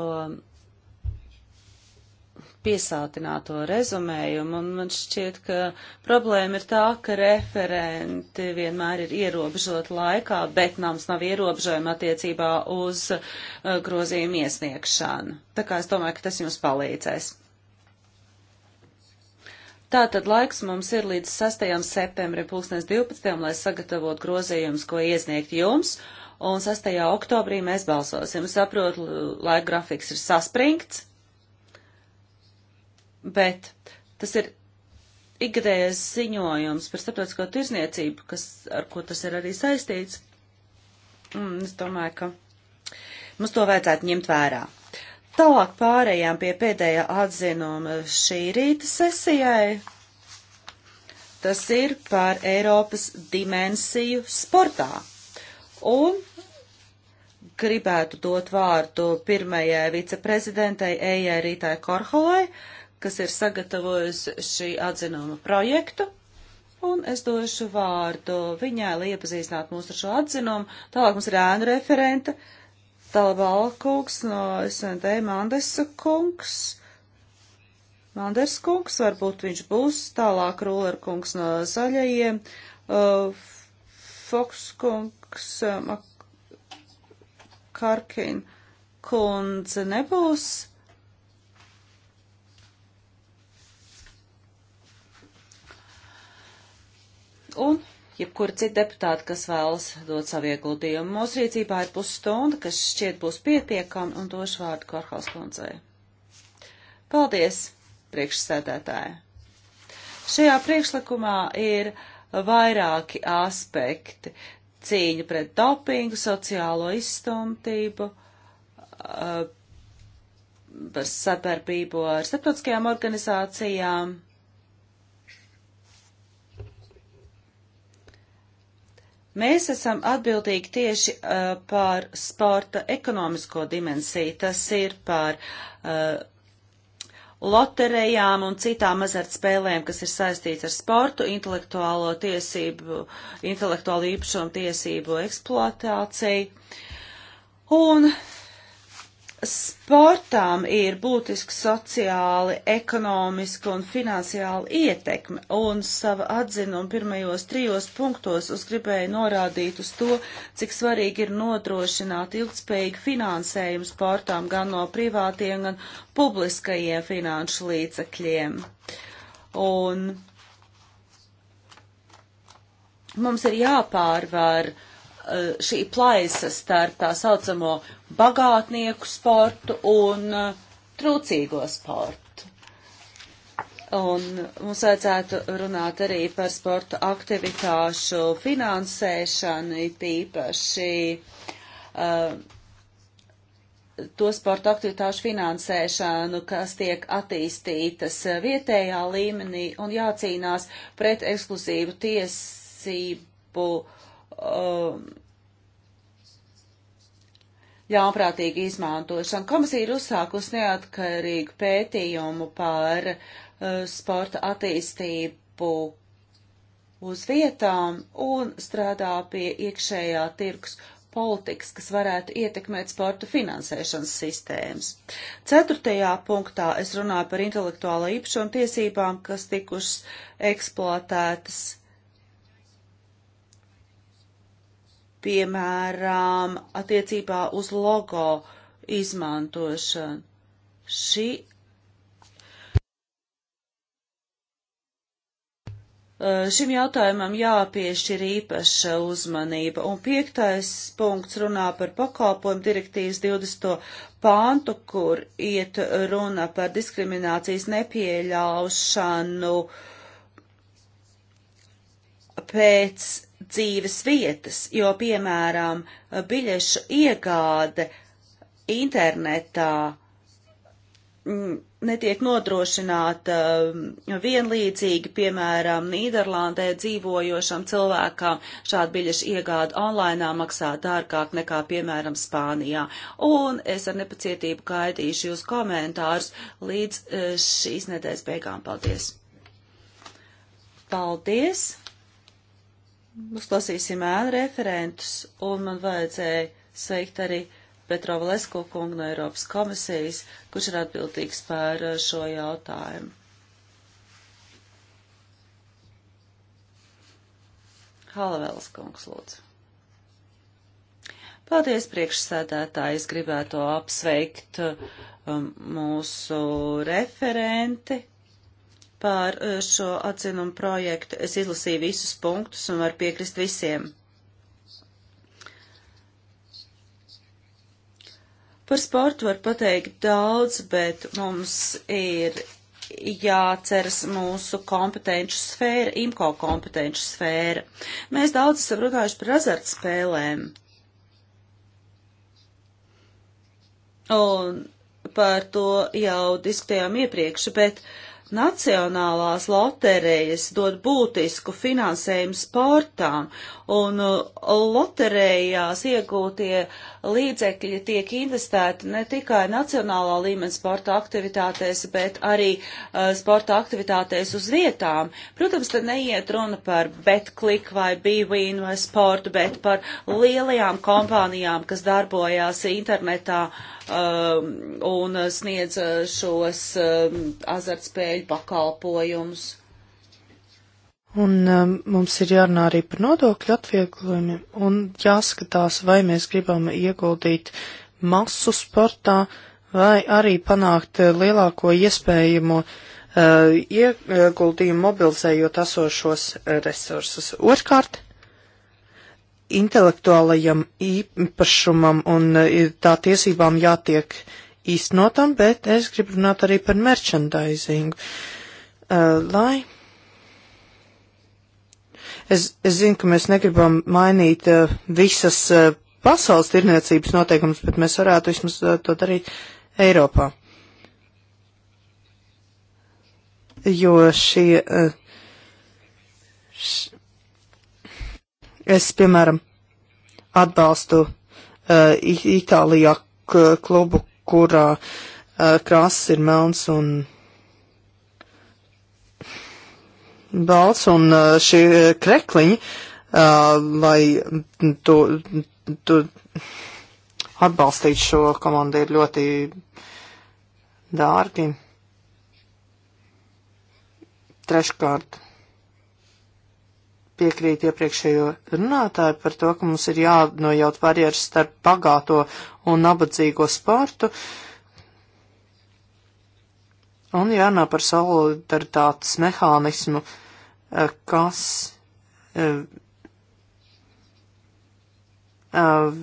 piesātināto rezumējumu, un man šķiet, ka problēma ir tā, ka referenti vienmēr ir ierobežot laikā, bet mums nav ierobežojuma attiecībā uz uh, grozījumu iesniegšanu. Tā kā es domāju, ka tas jums palīdzēs. Tātad laiks mums ir līdz 6. septembrim 2012, lai sagatavot grozījumus, ko iesniegt jums, un 6. oktobrī mēs balsosim. Saprotu, laika grafiks ir saspringts, bet tas ir ikgadējais ziņojums par starptautisko tirzniecību, kas, ar ko tas ir arī saistīts. Un mm, es domāju, ka mums to vajadzētu ņemt vērā. Tālāk pārējām pie pēdējā atzinuma šī rīta sesijai. Tas ir par Eiropas dimensiju sportā. Un gribētu dot vārdu pirmajai viceprezidentei Ejai Rītai Korholai, kas ir sagatavojusi šī atzinuma projektu. Un es došu vārdu viņai, lai iepazīstinātu mūs ar šo atzinumu. Tālāk mums ir ēnu referente Talabalkungs no SND Mandesa kungs. Manders kungs, varbūt viņš būs, tālāk Rūler kungs no zaļajiem, uh, Foks kungs, Marks eh, Karkin kundze nebūs. Un jebkura cita deputāta, kas vēlas dot savu ieguldījumu. Mūsu rīcībā ir pusstunda, kas šķiet būs pietiekama, un došu vārdu Korhals kundzei. Paldies, priekšsēdētāji! Šajā priekšlikumā ir vairāki aspekti cīņu pret dopingu, sociālo izstumtību, par uh, sadarbību ar starptautiskajām organizācijām. Mēs esam atbildīgi tieši uh, par sporta ekonomisko dimensiju, tas ir par uh, loterejām un citām azartspēlēm, kas ir saistīts ar sportu, intelektuālo tiesību, intelektuālo īpašumu tiesību eksploatāciju. Un sportām ir būtiski sociāli, ekonomiski un finansiāli ietekme, un sava atzinuma pirmajos trijos punktos uz gribēju norādīt uz to, cik svarīgi ir nodrošināt ilgspējīgu finansējumu sportām gan no privātiem, gan publiskajiem finanšu līdzekļiem. Un mums ir jāpārvar uh, Eh, šī plaisa starp tā saucamo bagātnieku sportu un eh, trūcīgo sportu. Un mums vajadzētu runāt arī par sporta aktivitāšu finansēšanu, it īpaši uh, to sporta aktivitāšu finansēšanu, kas tiek attīstītas vietējā līmenī un jācīnās pret ekskluzīvu tiesību uh, um, ļaunprātīga izmantošana. Komisija ir uzsākusi neatkarīgu pētījumu par uh, sporta attīstību uz vietām un strādā pie iekšējā tirgus politikas, kas varētu ietekmēt sporta finansēšanas sistēmas. Ceturtajā punktā es runāju par intelektuālo īpašumu tiesībām, kas tikušas eksploatētas piemēram, attiecībā uz logo izmantošanu. Šī e, Šim jautājumam jāpiešķir īpaša uzmanība, un piektais punkts runā par pakalpojumu direktīvas 20. pāntu, kur iet runa par diskriminācijas nepieļaušanu pēc dzīves vietas, jo, piemēram, biļešu iegāde internetā mm, netiek nodrošināta mm, vienlīdzīgi, piemēram, Nīderlandē dzīvojošam cilvēkam šāda biļešu iegāda online maksā dārgāk nekā, piemēram, Spānijā. Un es ar nepacietību gaidīšu jūs komentārus līdz eh, šīs nedēļas beigām. Paldies! Paldies! uzklausīsim ēnu referentus, un man vajadzēja sveikt arī Petro Valesko kungu no Eiropas komisijas, kurš ir atbildīgs par eh, šo jautājumu. Halavēls kungs, lūdzu. Paldies, priekšsēdētāji, es gribētu apsveikt um, mūsu referenti par eh, šo atzinumu projektu. Es izlasīju visus punktus un varu piekrist visiem. Par sportu var pateikt daudz, bet mums ir jāceras mūsu kompetenču sfēra, IMCO kompetenču sfēra. Mēs daudz esam runājuši par azartspēlēm. Un par to jau diskutējām iepriekš, bet uh, Nacionālās loterijas dod būtisku finansējumu sportām, un uh, loterijās iegūtie uh, līdzekļi tiek investēti ne tikai nacionālā līmeņa sporta aktivitātēs, bet arī uh, sporta aktivitātēs uz vietām. Protams, te neiet runa par BetClick vai BWIN vai sportu, bet par lielajām kompānijām, kas darbojās internetā um, un sniedz uh, šos um, azartspēļu pakalpojumus. Un um, mums ir jārunā arī par nodokļu atvieglojumiem un jāskatās, vai mēs gribam ieguldīt masu sportā vai arī panākt uh, lielāko iespējamo uh, ieguldījumu mobilizējot esošos uh, resursus. Otkārt, intelektuālajam īpašumam un uh, tā tiesībām jātiek īstenotam, bet es gribu runāt arī par merchandising, lai Es, es zinu, ka mēs negribam mainīt uh, visas uh, pasaules tirniecības noteikumus, bet mēs varētu vismaz uh, to darīt Eiropā. Jo šie. Uh, š... Es, piemēram, atbalstu uh, Itālijā klubu, kurā uh, krāsas ir melns un balts un uh, šie krekliņi, uh, lai tu, tu atbalstītu šo komandu ir ļoti dārgi. Treškārt piekrīt iepriekšējo runātāju par to, ka mums ir jānojaut barjeras starp bagāto un nabadzīgo sportu. Un jārunā par solidaritātes mehānismu uh, Eh, kas eh, eh,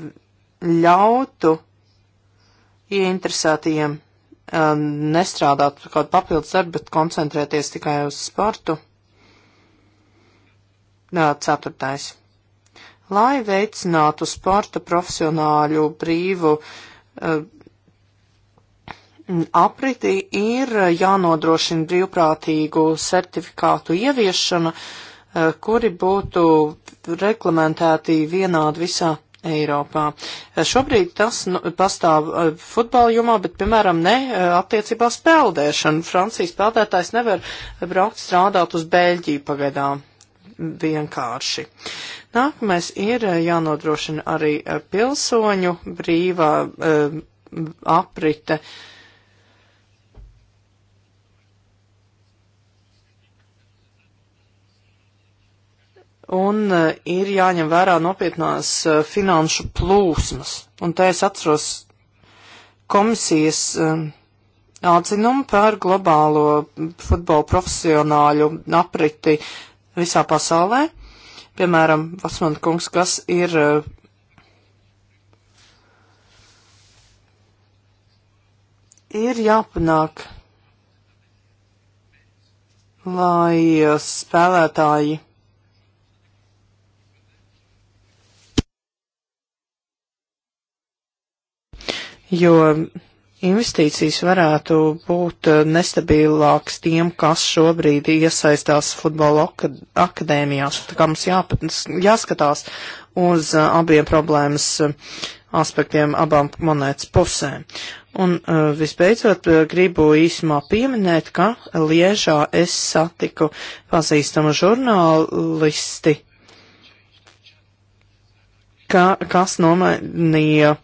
ļautu ieinteresētajiem nestrādāt kādu papildus darbu, bet koncentrēties tikai uz sportu. Ceturtais. Lai veicinātu sporta profesionāļu brīvu Mm, apritī ir eh, jānodrošina brīvprātīgu certifikātu ieviešana, eh, kuri būtu reglamentēti vienādi visā Eiropā. Eh, šobrīd tas nu, pastāv futbola jomā, bet, piemēram, ne attiecībā spēldēšanu. Francijas spēlētājs nevar braukt strādāt uz Bēļģiju pagaidām vienkārši. Nākamais ir jānodrošina arī pilsoņu brīvā aprite. Uh, un eh, ir jāņem vērā nopietnās eh, finanšu plūsmas. Un tā es atceros komisijas eh, atzinumu par globālo futbola profesionāļu apriti visā pasaulē. Piemēram, Vasmanta kungs, kas ir ir jāpanāk, lai spēlētāji jo investīcijas varētu būt nestabilāks tiem, kas šobrīd iesaistās futbola akadēmijās. Tā kā mums jāpat, jāskatās uz uh, abiem problēmas uh, aspektiem, abām monētas pusēm. Un uh, visbeidzot, gribu īsumā pieminēt, ka Liežā es satiku pazīstamu žurnālisti, ka, kas nomainīja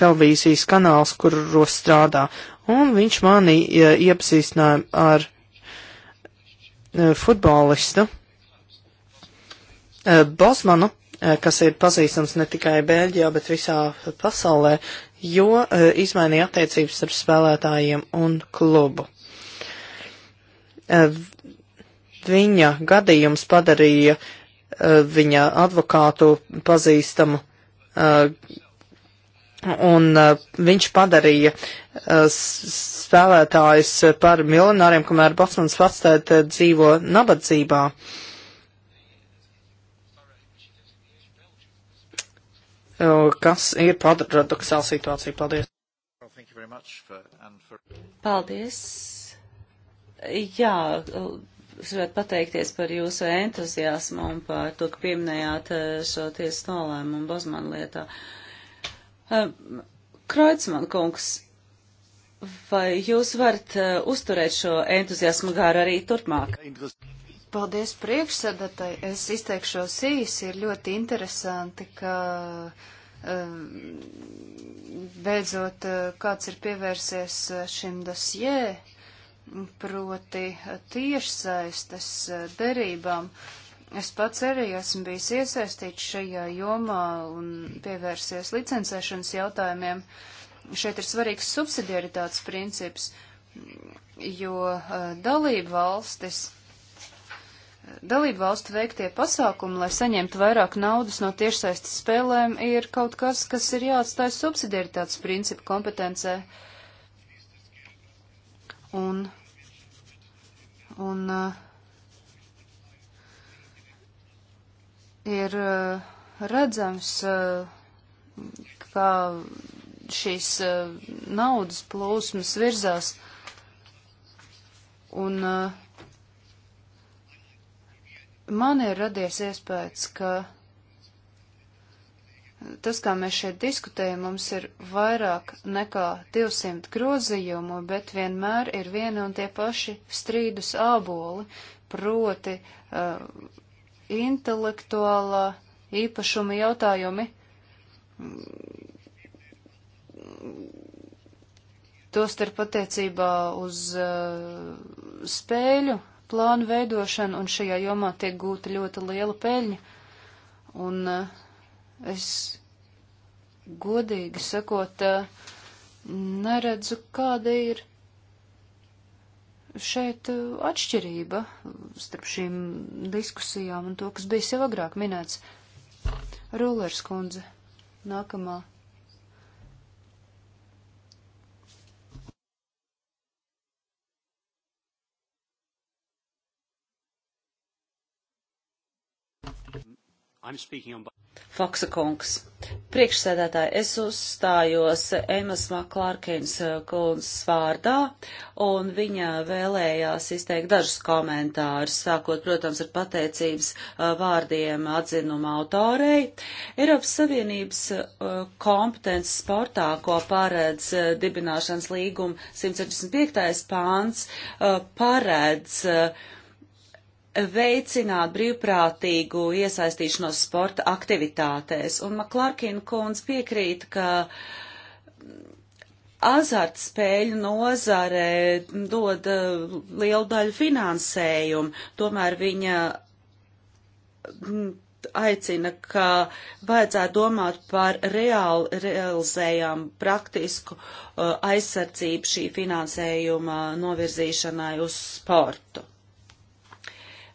televīzijas kanāls, kuros strādā. Un viņš mani e, iepazīstināja ar e, futbolistu e, Bosmanu, kas ir pazīstams ne tikai Bēļģijā, bet visā pasaulē, jo izmainīja attiecības ar spēlētājiem un klubu. Viņa gadījums padarīja viņa advokātu pazīstamu Un uh, viņš padarīja uh, spēlētājus uh, par miljonāriem, kamēr Batsmans pats tēt, uh, dzīvo nabadzībā. Uh, kas ir paradoxāla situācija? Paldies. Paldies. Jā, es varētu pateikties par jūsu entuziasmu un par to, ka pieminējāt uh, šo tiesas nolēmumu Bozmanu lietā. Uh, Hm, Kreutzmann kungs, vai jūs varat hm, uzturēt šo entuziasmu gāru arī turpmāk? Paldies priekšsēdētāji. Es izteikšos īsi. Ir ļoti interesanti, ka hm, beidzot kāds ir pievērsies šim dosjē, proti tiešsaistes derībām. Es pats arī esmu bijis iesaistīts šajā jomā un pievērsies licencēšanas jautājumiem. Šeit ir svarīgs subsidiaritātes princips, jo dalību valstis. Dalību valstu veiktie pasākumi, lai saņemtu vairāk naudas no tiešsaistes spēlēm, ir kaut kas, kas ir jāatstāj subsidiaritātes principu kompetencē. Un, un uh, ir eh, redzams, eh, kā šīs eh, naudas plūsmas virzās. Un man ir radies iespējas, ka tas, kā mēs šeit diskutējam, mums ir vairāk nekā 200 grozījumu, bet vienmēr ir viena un tie paši strīdus āboli, proti uh, intelektuālā īpašuma jautājumi. Tostarp attiecībā uz uh, spēļu plānu veidošanu, un šajā jomā tiek gūta ļoti liela peļņa. Un uh, es godīgi sakot, uh, neredzu, kāda ir šeit uh, atšķirība starp šīm diskusijām un to, kas bijis jau agrāk minēts. Rulers kundze, nākamā. I'm speaking on Foksa kungs. Priekšsēdētāji, es uzstājos Emas Maklārkins eh, kundzes vārdā, un viņa vēlējās izteikt dažus komentārus, sākot, protams, ar pateicības eh, vārdiem atzinuma autorei. Eiropas Savienības eh, kompetences sportā, ko paredz dibināšanas līguma 165. pāns, paredz veicināt brīvprātīgu iesaistīšanos sporta aktivitātēs. Un Maklārkina kundze piekrīt, ka azartspēļu nozare dod uh, lielu daļu finansējumu, tomēr viņa mm, aicina, ka vajadzētu domāt par reāli realizējām praktisku uh, aizsardzību šī finansējuma novirzīšanai uz sportu.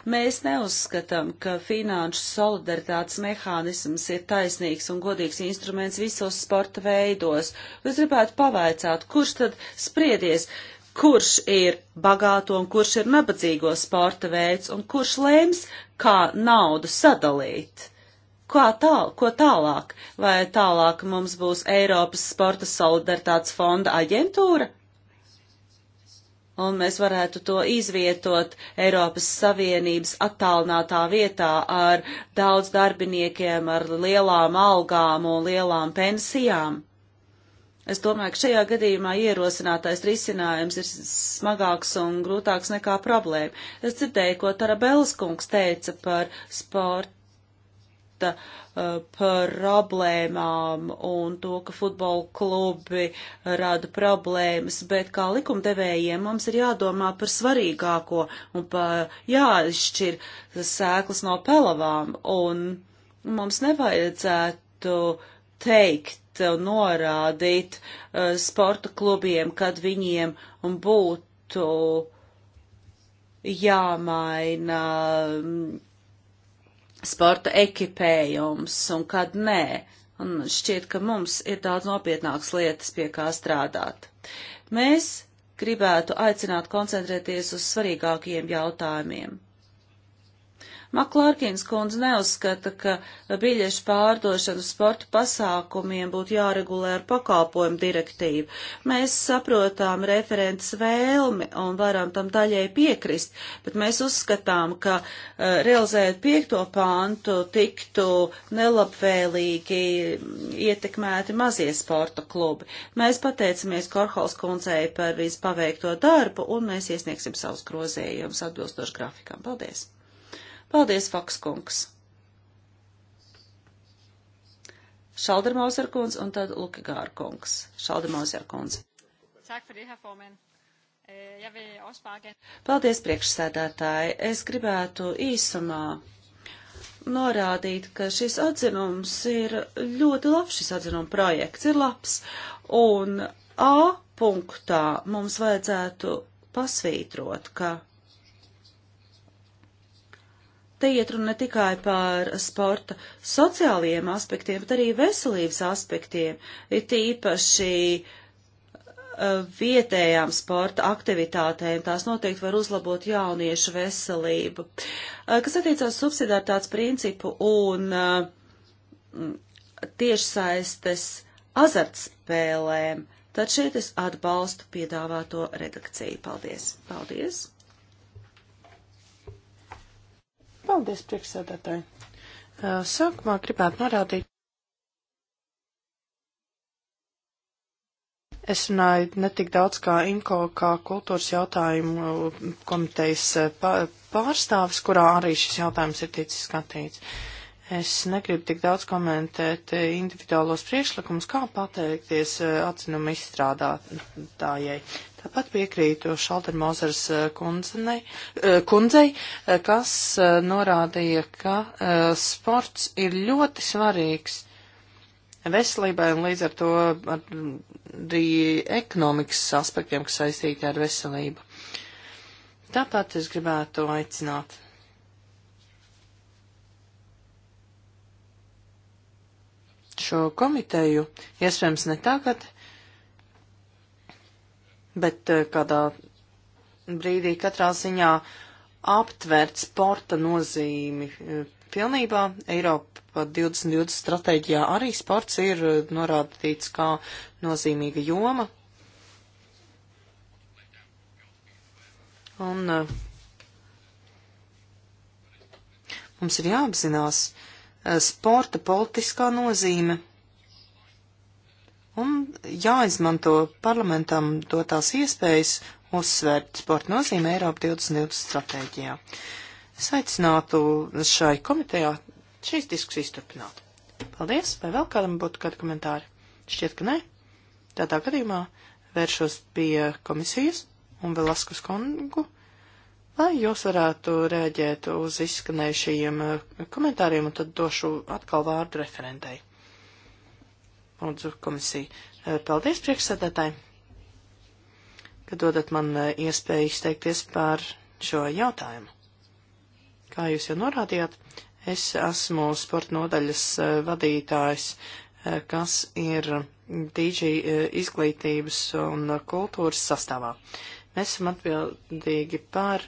Mēs neuzskatām, ka finanšu solidaritātes mehānisms ir taisnīgs un godīgs instruments visos sporta veidos. Es gribētu pavaicāt, kurš tad spriedies, kurš ir bagāto un kurš ir nabadzīgo sporta veids un kurš lēms, kā naudu sadalīt kā tāl, ko tālāk? Vai tālāk mums būs Eiropas sporta solidaritātes fonda aģentūra? un mēs varētu to izvietot Eiropas Savienības attālinātā vietā ar daudz darbiniekiem, ar lielām algām un lielām pensijām. Es domāju, ka šajā gadījumā ierosinātais risinājums ir smagāks un grūtāks nekā problēma. Es dzirdēju, ko Tarabels kungs teica par sportu sporta uh, problēmām un to, ka futbola klubi rada problēmas, bet kā likumdevējiem mums ir jādomā par svarīgāko un par jāizšķir sēklas no pelavām. Un mums nevajadzētu teikt un norādīt uh, sporta klubiem, kad viņiem būtu jāmaina um, sporta ekipējums un kad nē. Un šķiet, ka mums ir daudz nopietnākas lietas, pie kā strādāt. Mēs gribētu aicināt koncentrēties uz svarīgākajiem jautājumiem. Maklārkins kundze neuzskata, ka biļešu pārdošanu sporta pasākumiem būtu jāregulē ar pakalpojumu direktīvu. Mēs saprotām referents vēlmi un varam tam daļai piekrist, bet mēs uzskatām, ka uh, realizējot piekto pāntu tiktu nelabvēlīgi ietekmēti mazie sporta klubi. Mēs pateicamies Korhols kundzei par vispaveikto darbu un mēs iesniegsim savus grozējumus atbilstoši grafikam. Paldies! Paldies, Fokskungs! Šaldemauserkundz un tad Lukagārkungs. Šaldemauserkundz. Øh, Paldies, priekšsēdētāji. Es gribētu īsumā norādīt, ka šis atzinums ir ļoti labs, šis atzinuma projekts ir labs, un A punktā mums vajadzētu pasvītrot, ka Te iet runa ne tikai par sporta sociālajiem aspektiem, bet arī veselības aspektiem. Ir tīpaši eh, vietējām sporta aktivitātēm. Tās noteikti var uzlabot jauniešu veselību. Eh, kas attiecās subsidārtāts principu un eh, tiešsaistes azartspēlēm, tad šeit es atbalstu piedāvāto redakciju. Paldies! Paldies! Paldies, priekšsēdētāji. Sākumā gribētu norādīt. Es runāju netik daudz kā INKO, kā kultūras jautājumu komitejas pārstāvis, kurā arī šis jautājums ir ticis skatīts. Uh, Es negribu tik daudz komentēt eh, individuālos priekšlikumus, kā pateikties eh, atzinumu izstrādātājai. Tāpat piekrītu Šalter Mozers eh, kundzenei, kundzei, kas norādīja, ka sports ir ļoti svarīgs veselībai un līdz ar to arī ekonomikas aspektiem, kas saistīti ar veselību. Tāpat es gribētu aicināt šo komiteju, iespējams ne tagad, bet eh, kādā brīdī katrā ziņā aptvērt sporta nozīmi eh, pilnībā. Eiropa 2020 stratēģijā arī sports ir eh, norādīts kā nozīmīga joma. Un mums ir jāapzinās, Eh, sporta politiskā nozīme. Un jāizmanto parlamentam dotās iespējas uzsvērt sporta nozīme Eiropa 2020 stratēģijā. Es aicinātu šai komitejā šīs diskusijas turpināt. Paldies, vai vēl kādam būtu kādi komentāri? Šķiet, ka nē. Tādā gadījumā vēršos pie komisijas un vēl askus kongu Vai jūs varētu rēģēt uz izskanējušajiem eh, komentāriem, un tad došu atkal vārdu referentei? Lūdzu, komisija. Eh, paldies, priekšsēdētāji, ka dodat man eh, iespēju izteikties par šo jautājumu. Kā jūs jau norādījāt, es esmu sporta nodaļas vadītājs, kas ir DG izglītības un kultūras sastāvā. Uh, Mēs esam atbildīgi par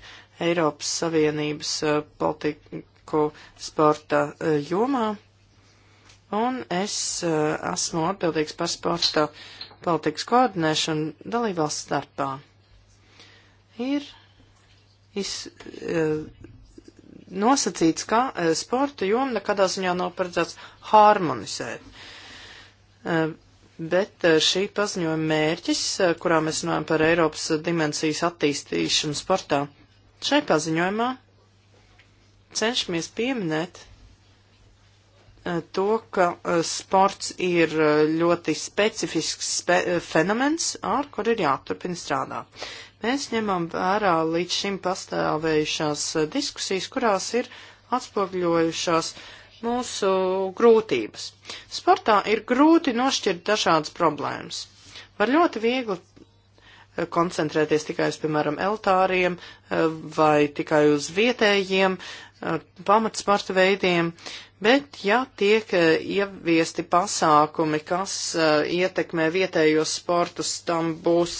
Eiropas Savienības eh, politiku sporta eh, jomā, un es eh, esmu atbildīgs par sporta politikas koordinēšanu dalībvalsts starpā. Ir iz, nosacīts, ka sporta joma nekādā ziņā nav paredzēts harmonizēt. Bet eh, šī paziņojuma mērķis, eh, kurā mēs runājam par Eiropas dimensijas attīstīšanu sportā, šai paziņojumā cenšamies pieminēt eh, to, ka sports ir ļoti specifisks spe fenomens, ar kur ir jāturpina strādāt. Mēs ņemam vērā līdz šim pastāvējušās diskusijas, kurās ir atspogļojušās uh, mūsu grūtības. Sportā ir grūti nošķirt dažādas problēmas. Var ļoti viegli eh, koncentrēties tikai uz, piemēram, eltāriem eh, vai tikai uz vietējiem eh, pamatsporta veidiem, bet ja tiek ieviesti pasākumi, kas ietekmē vietējos sportus, tam būs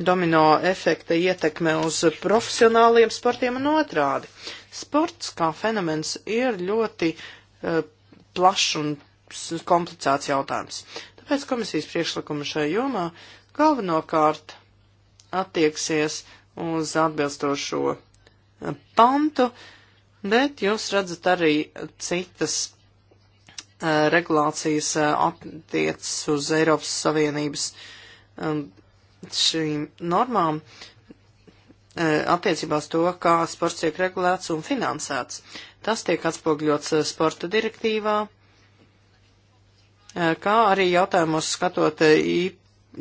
domino efekta ietekme uz profesionāliem sportiem un otrādi. Sports kā fenomens ir ļoti uh, Uh, plašs un komplicēts jautājums. Tāpēc komisijas priekšlikumi šajā jomā galvenokārt attieksies uz atbilstošo uh, pantu, bet jūs redzat arī citas uh, regulācijas uh, attiecas uz Eiropas Savienības um, šīm normām uh, attiecībās to, kā sports tiek regulēts un finansēts. Tas tiek atspogļots eh, sporta direktīvā, eh, kā arī jautājumos skatot eh,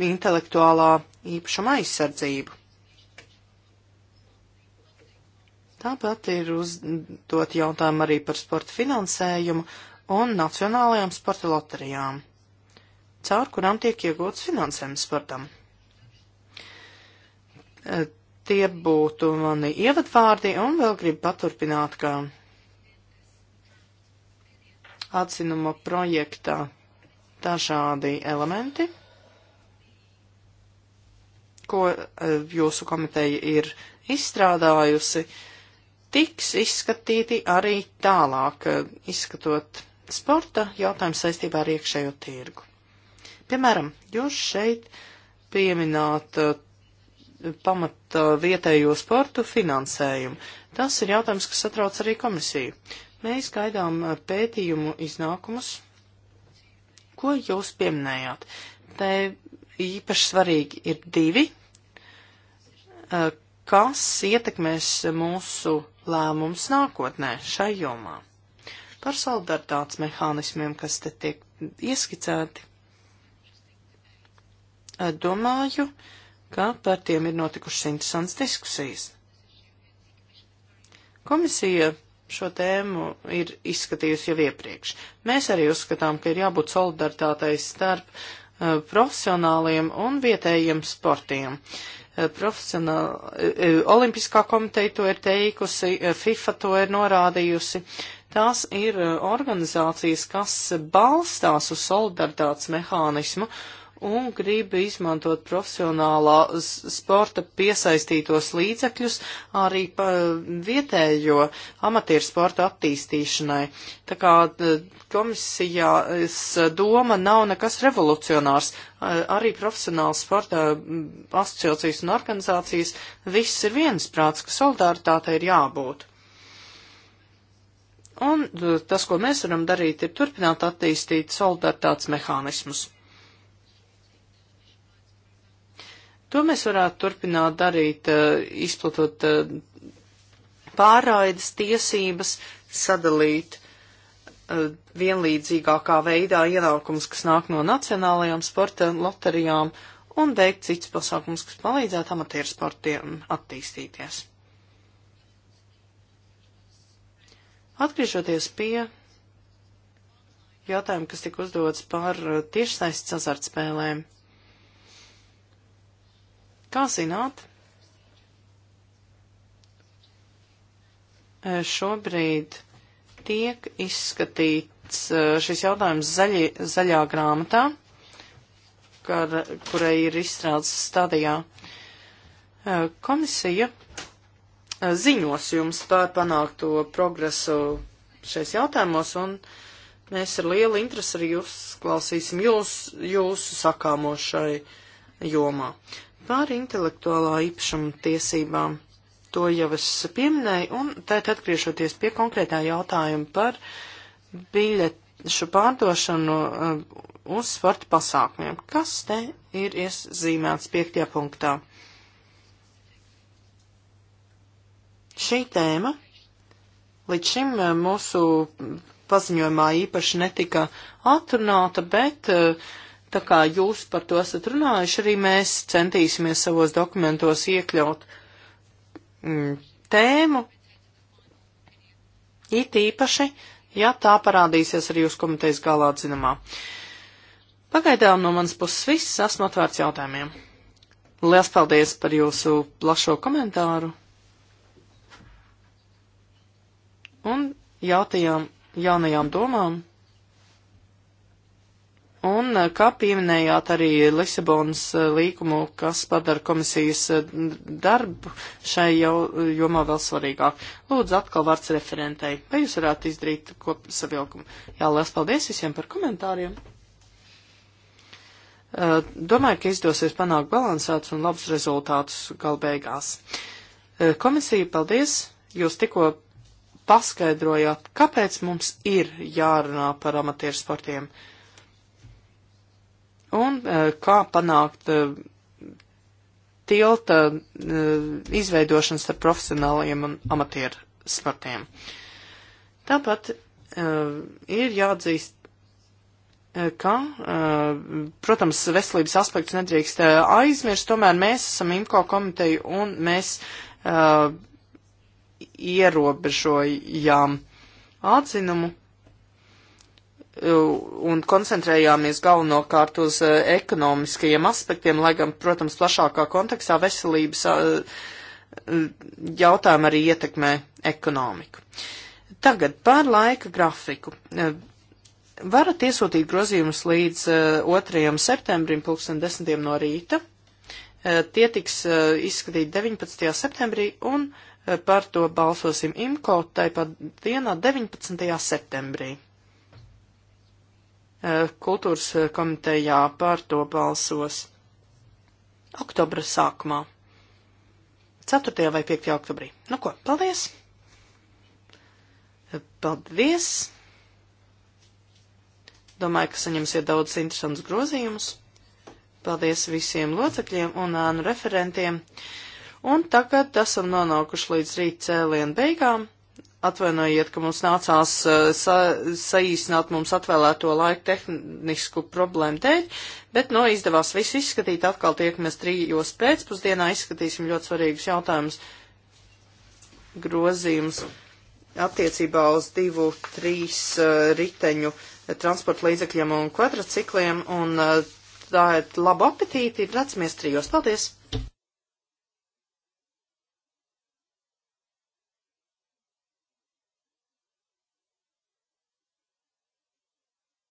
intelektuālā īpašuma aizsardzību. Tāpat ir uzdot jautājumu arī par sporta finansējumu un nacionālajām sporta loterijām, caur kurām tiek iegūts finansējums sportam. Tie būtu mani ievadvārdi, un vēl gribu paturpināt, ka atzinuma projektā dažādi elementi, ko e, jūsu komiteja ir izstrādājusi, tiks izskatīti arī tālāk, e, izskatot sporta jautājumu saistībā ar iekšējo tirgu. Piemēram, jūs šeit piemināt e, pamata vietējo sportu finansējumu. Tas ir jautājums, kas satrauc arī komisiju. Mēs gaidām eh, pētījumu iznākumus, ko jūs pieminējāt. Te īpaši svarīgi ir divi, eh, kas ietekmēs mūsu lēmums nākotnē šai jomā. Par solidaritātes mehānismiem, kas te tiek ieskicēti, eh, domāju, ka par tiem ir notikušas interesants diskusijas. Komisija šo tēmu ir izskatījusi jau iepriekš. Mēs arī uzskatām, ka ir jābūt solidaritātei starp uh, profesionāliem un vietējiem sportiem. Uh, eh, profesionāli, uh, eh, Olimpiskā komiteja to ir teikusi, FIFA to ir norādījusi. Tās ir organizācijas, kas balstās uz solidaritātes mehānismu un grib izmantot profesionālā sporta piesaistītos līdzekļus arī vietējo amatieru sporta attīstīšanai. Tā kā komisijas doma nav nekas revolucionārs. Arī profesionāls sporta asociācijas un organizācijas viss ir viensprāts, ka solidaritāte ir jābūt. Un tas, ko mēs varam darīt, ir turpināt attīstīt solidaritātes mehānismus. To mēs varētu turpināt darīt, eh, izplatot eh, pārraides tiesības, sadalīt eh, vienlīdzīgākā veidā ienākums, kas nāk no nacionālajām sporta loterijām, un veikt cits pasākums, kas palīdzētu amatieru sportiem attīstīties. Atgriežoties pie jautājuma, kas tika uzdots par tiešsaistes azartspēlēm. spēlēm. Kā zināt, eh, šobrīd tiek izskatīts eh, šis jautājums zaļi, zaļā grāmatā, kar, kurai ir izstrādes stadijā. Eh, komisija ziņos jums par panākto progresu šais jautājumos, un mēs ar lielu interesi arī jūs klausīsim jūs, jūsu sakāmo šai jomā. Par intelektuālā īpašuma tiesībām. To jau es pieminēju, un tad atgriežoties pie konkrētā jautājuma par biļešu pārdošanu uh, uz sporta pasākumiem. Kas te ir iezīmēts piektajā punktā? Šī tēma līdz šim uh, mūsu paziņojumā īpaši netika atrunāta, bet uh, Tā kā jūs par to esat runājuši, arī mēs centīsimies savos dokumentos iekļaut mm, tēmu, it īpaši, ja tā parādīsies arī jūsu komitejas galā atzinumā. Pagaidām no manas puses viss, esmu atvērts jautājumiem. Lielas paldies par jūsu plašo komentāru. Un jautājām jaunajām domām. Un eh, kā pieminējāt arī Lisabonas eh, līkumu, kas padara komisijas eh, darbu šai jau, jomā vēl svarīgāk. Lūdzu, atkal vārds referentei. Vai jūs varētu izdarīt kopsavilkumu? Jā, liels paldies visiem par komentāriem. Domāju, ka izdosies panākt balansēts un labs rezultātus galbeigās. Komisija, paldies! Jūs tikko paskaidrojāt, kāpēc mums ir jārunā par amatieru sportiem. Uh, un e, kā panākt e, tilta e, izveidošanu starp profesionāliem un amatieru sportiem. Tāpat ir jāatzīst, ka, protams, veselības aspekts nedrīkst aizmirst, tomēr mēs esam IMCO komiteju un mēs ierobežojām atzinumu un koncentrējāmies galvenokārt uz eh, ekonomiskajiem aspektiem, lai gan, protams, plašākā kontekstā veselības eh, jautājumi arī ietekmē ekonomiku. Tagad par laika grafiku. Eh, varat iesūtīt grozījumus līdz 2. septembrim, 2010. no rīta. Tie tiks izskatīti 19. septembrī un par to balsosim IMCO tāpat dienā 19. septembrī. Eh, kultūras eh, komitejā par to balsos oktobra sākumā. 4. vai 5. oktobrī. Nu ko, paldies! Eh, paldies! Domāju, ka saņemsiet daudz interesantus grozījumus. Paldies visiem locekļiem un ānu referentiem. Un tagad esam nonākuši līdz rīt cēlienu beigām. Atvainojiet, ka mums nācās eh, sa saīsināt mums atvēlēto laiku tehnisku problēmu dēļ, bet, no, nu, izdevās visu izskatīt. Atkal tiekamies trījos pēcpusdienā, izskatīsim ļoti svarīgus jautājumus grozījums attiecībā uz divu, trīs uh, riteņu eh, transporta līdzekļiem un kvadracikliem, un uh, tā ir laba apetīti, redzamies trijos. Paldies!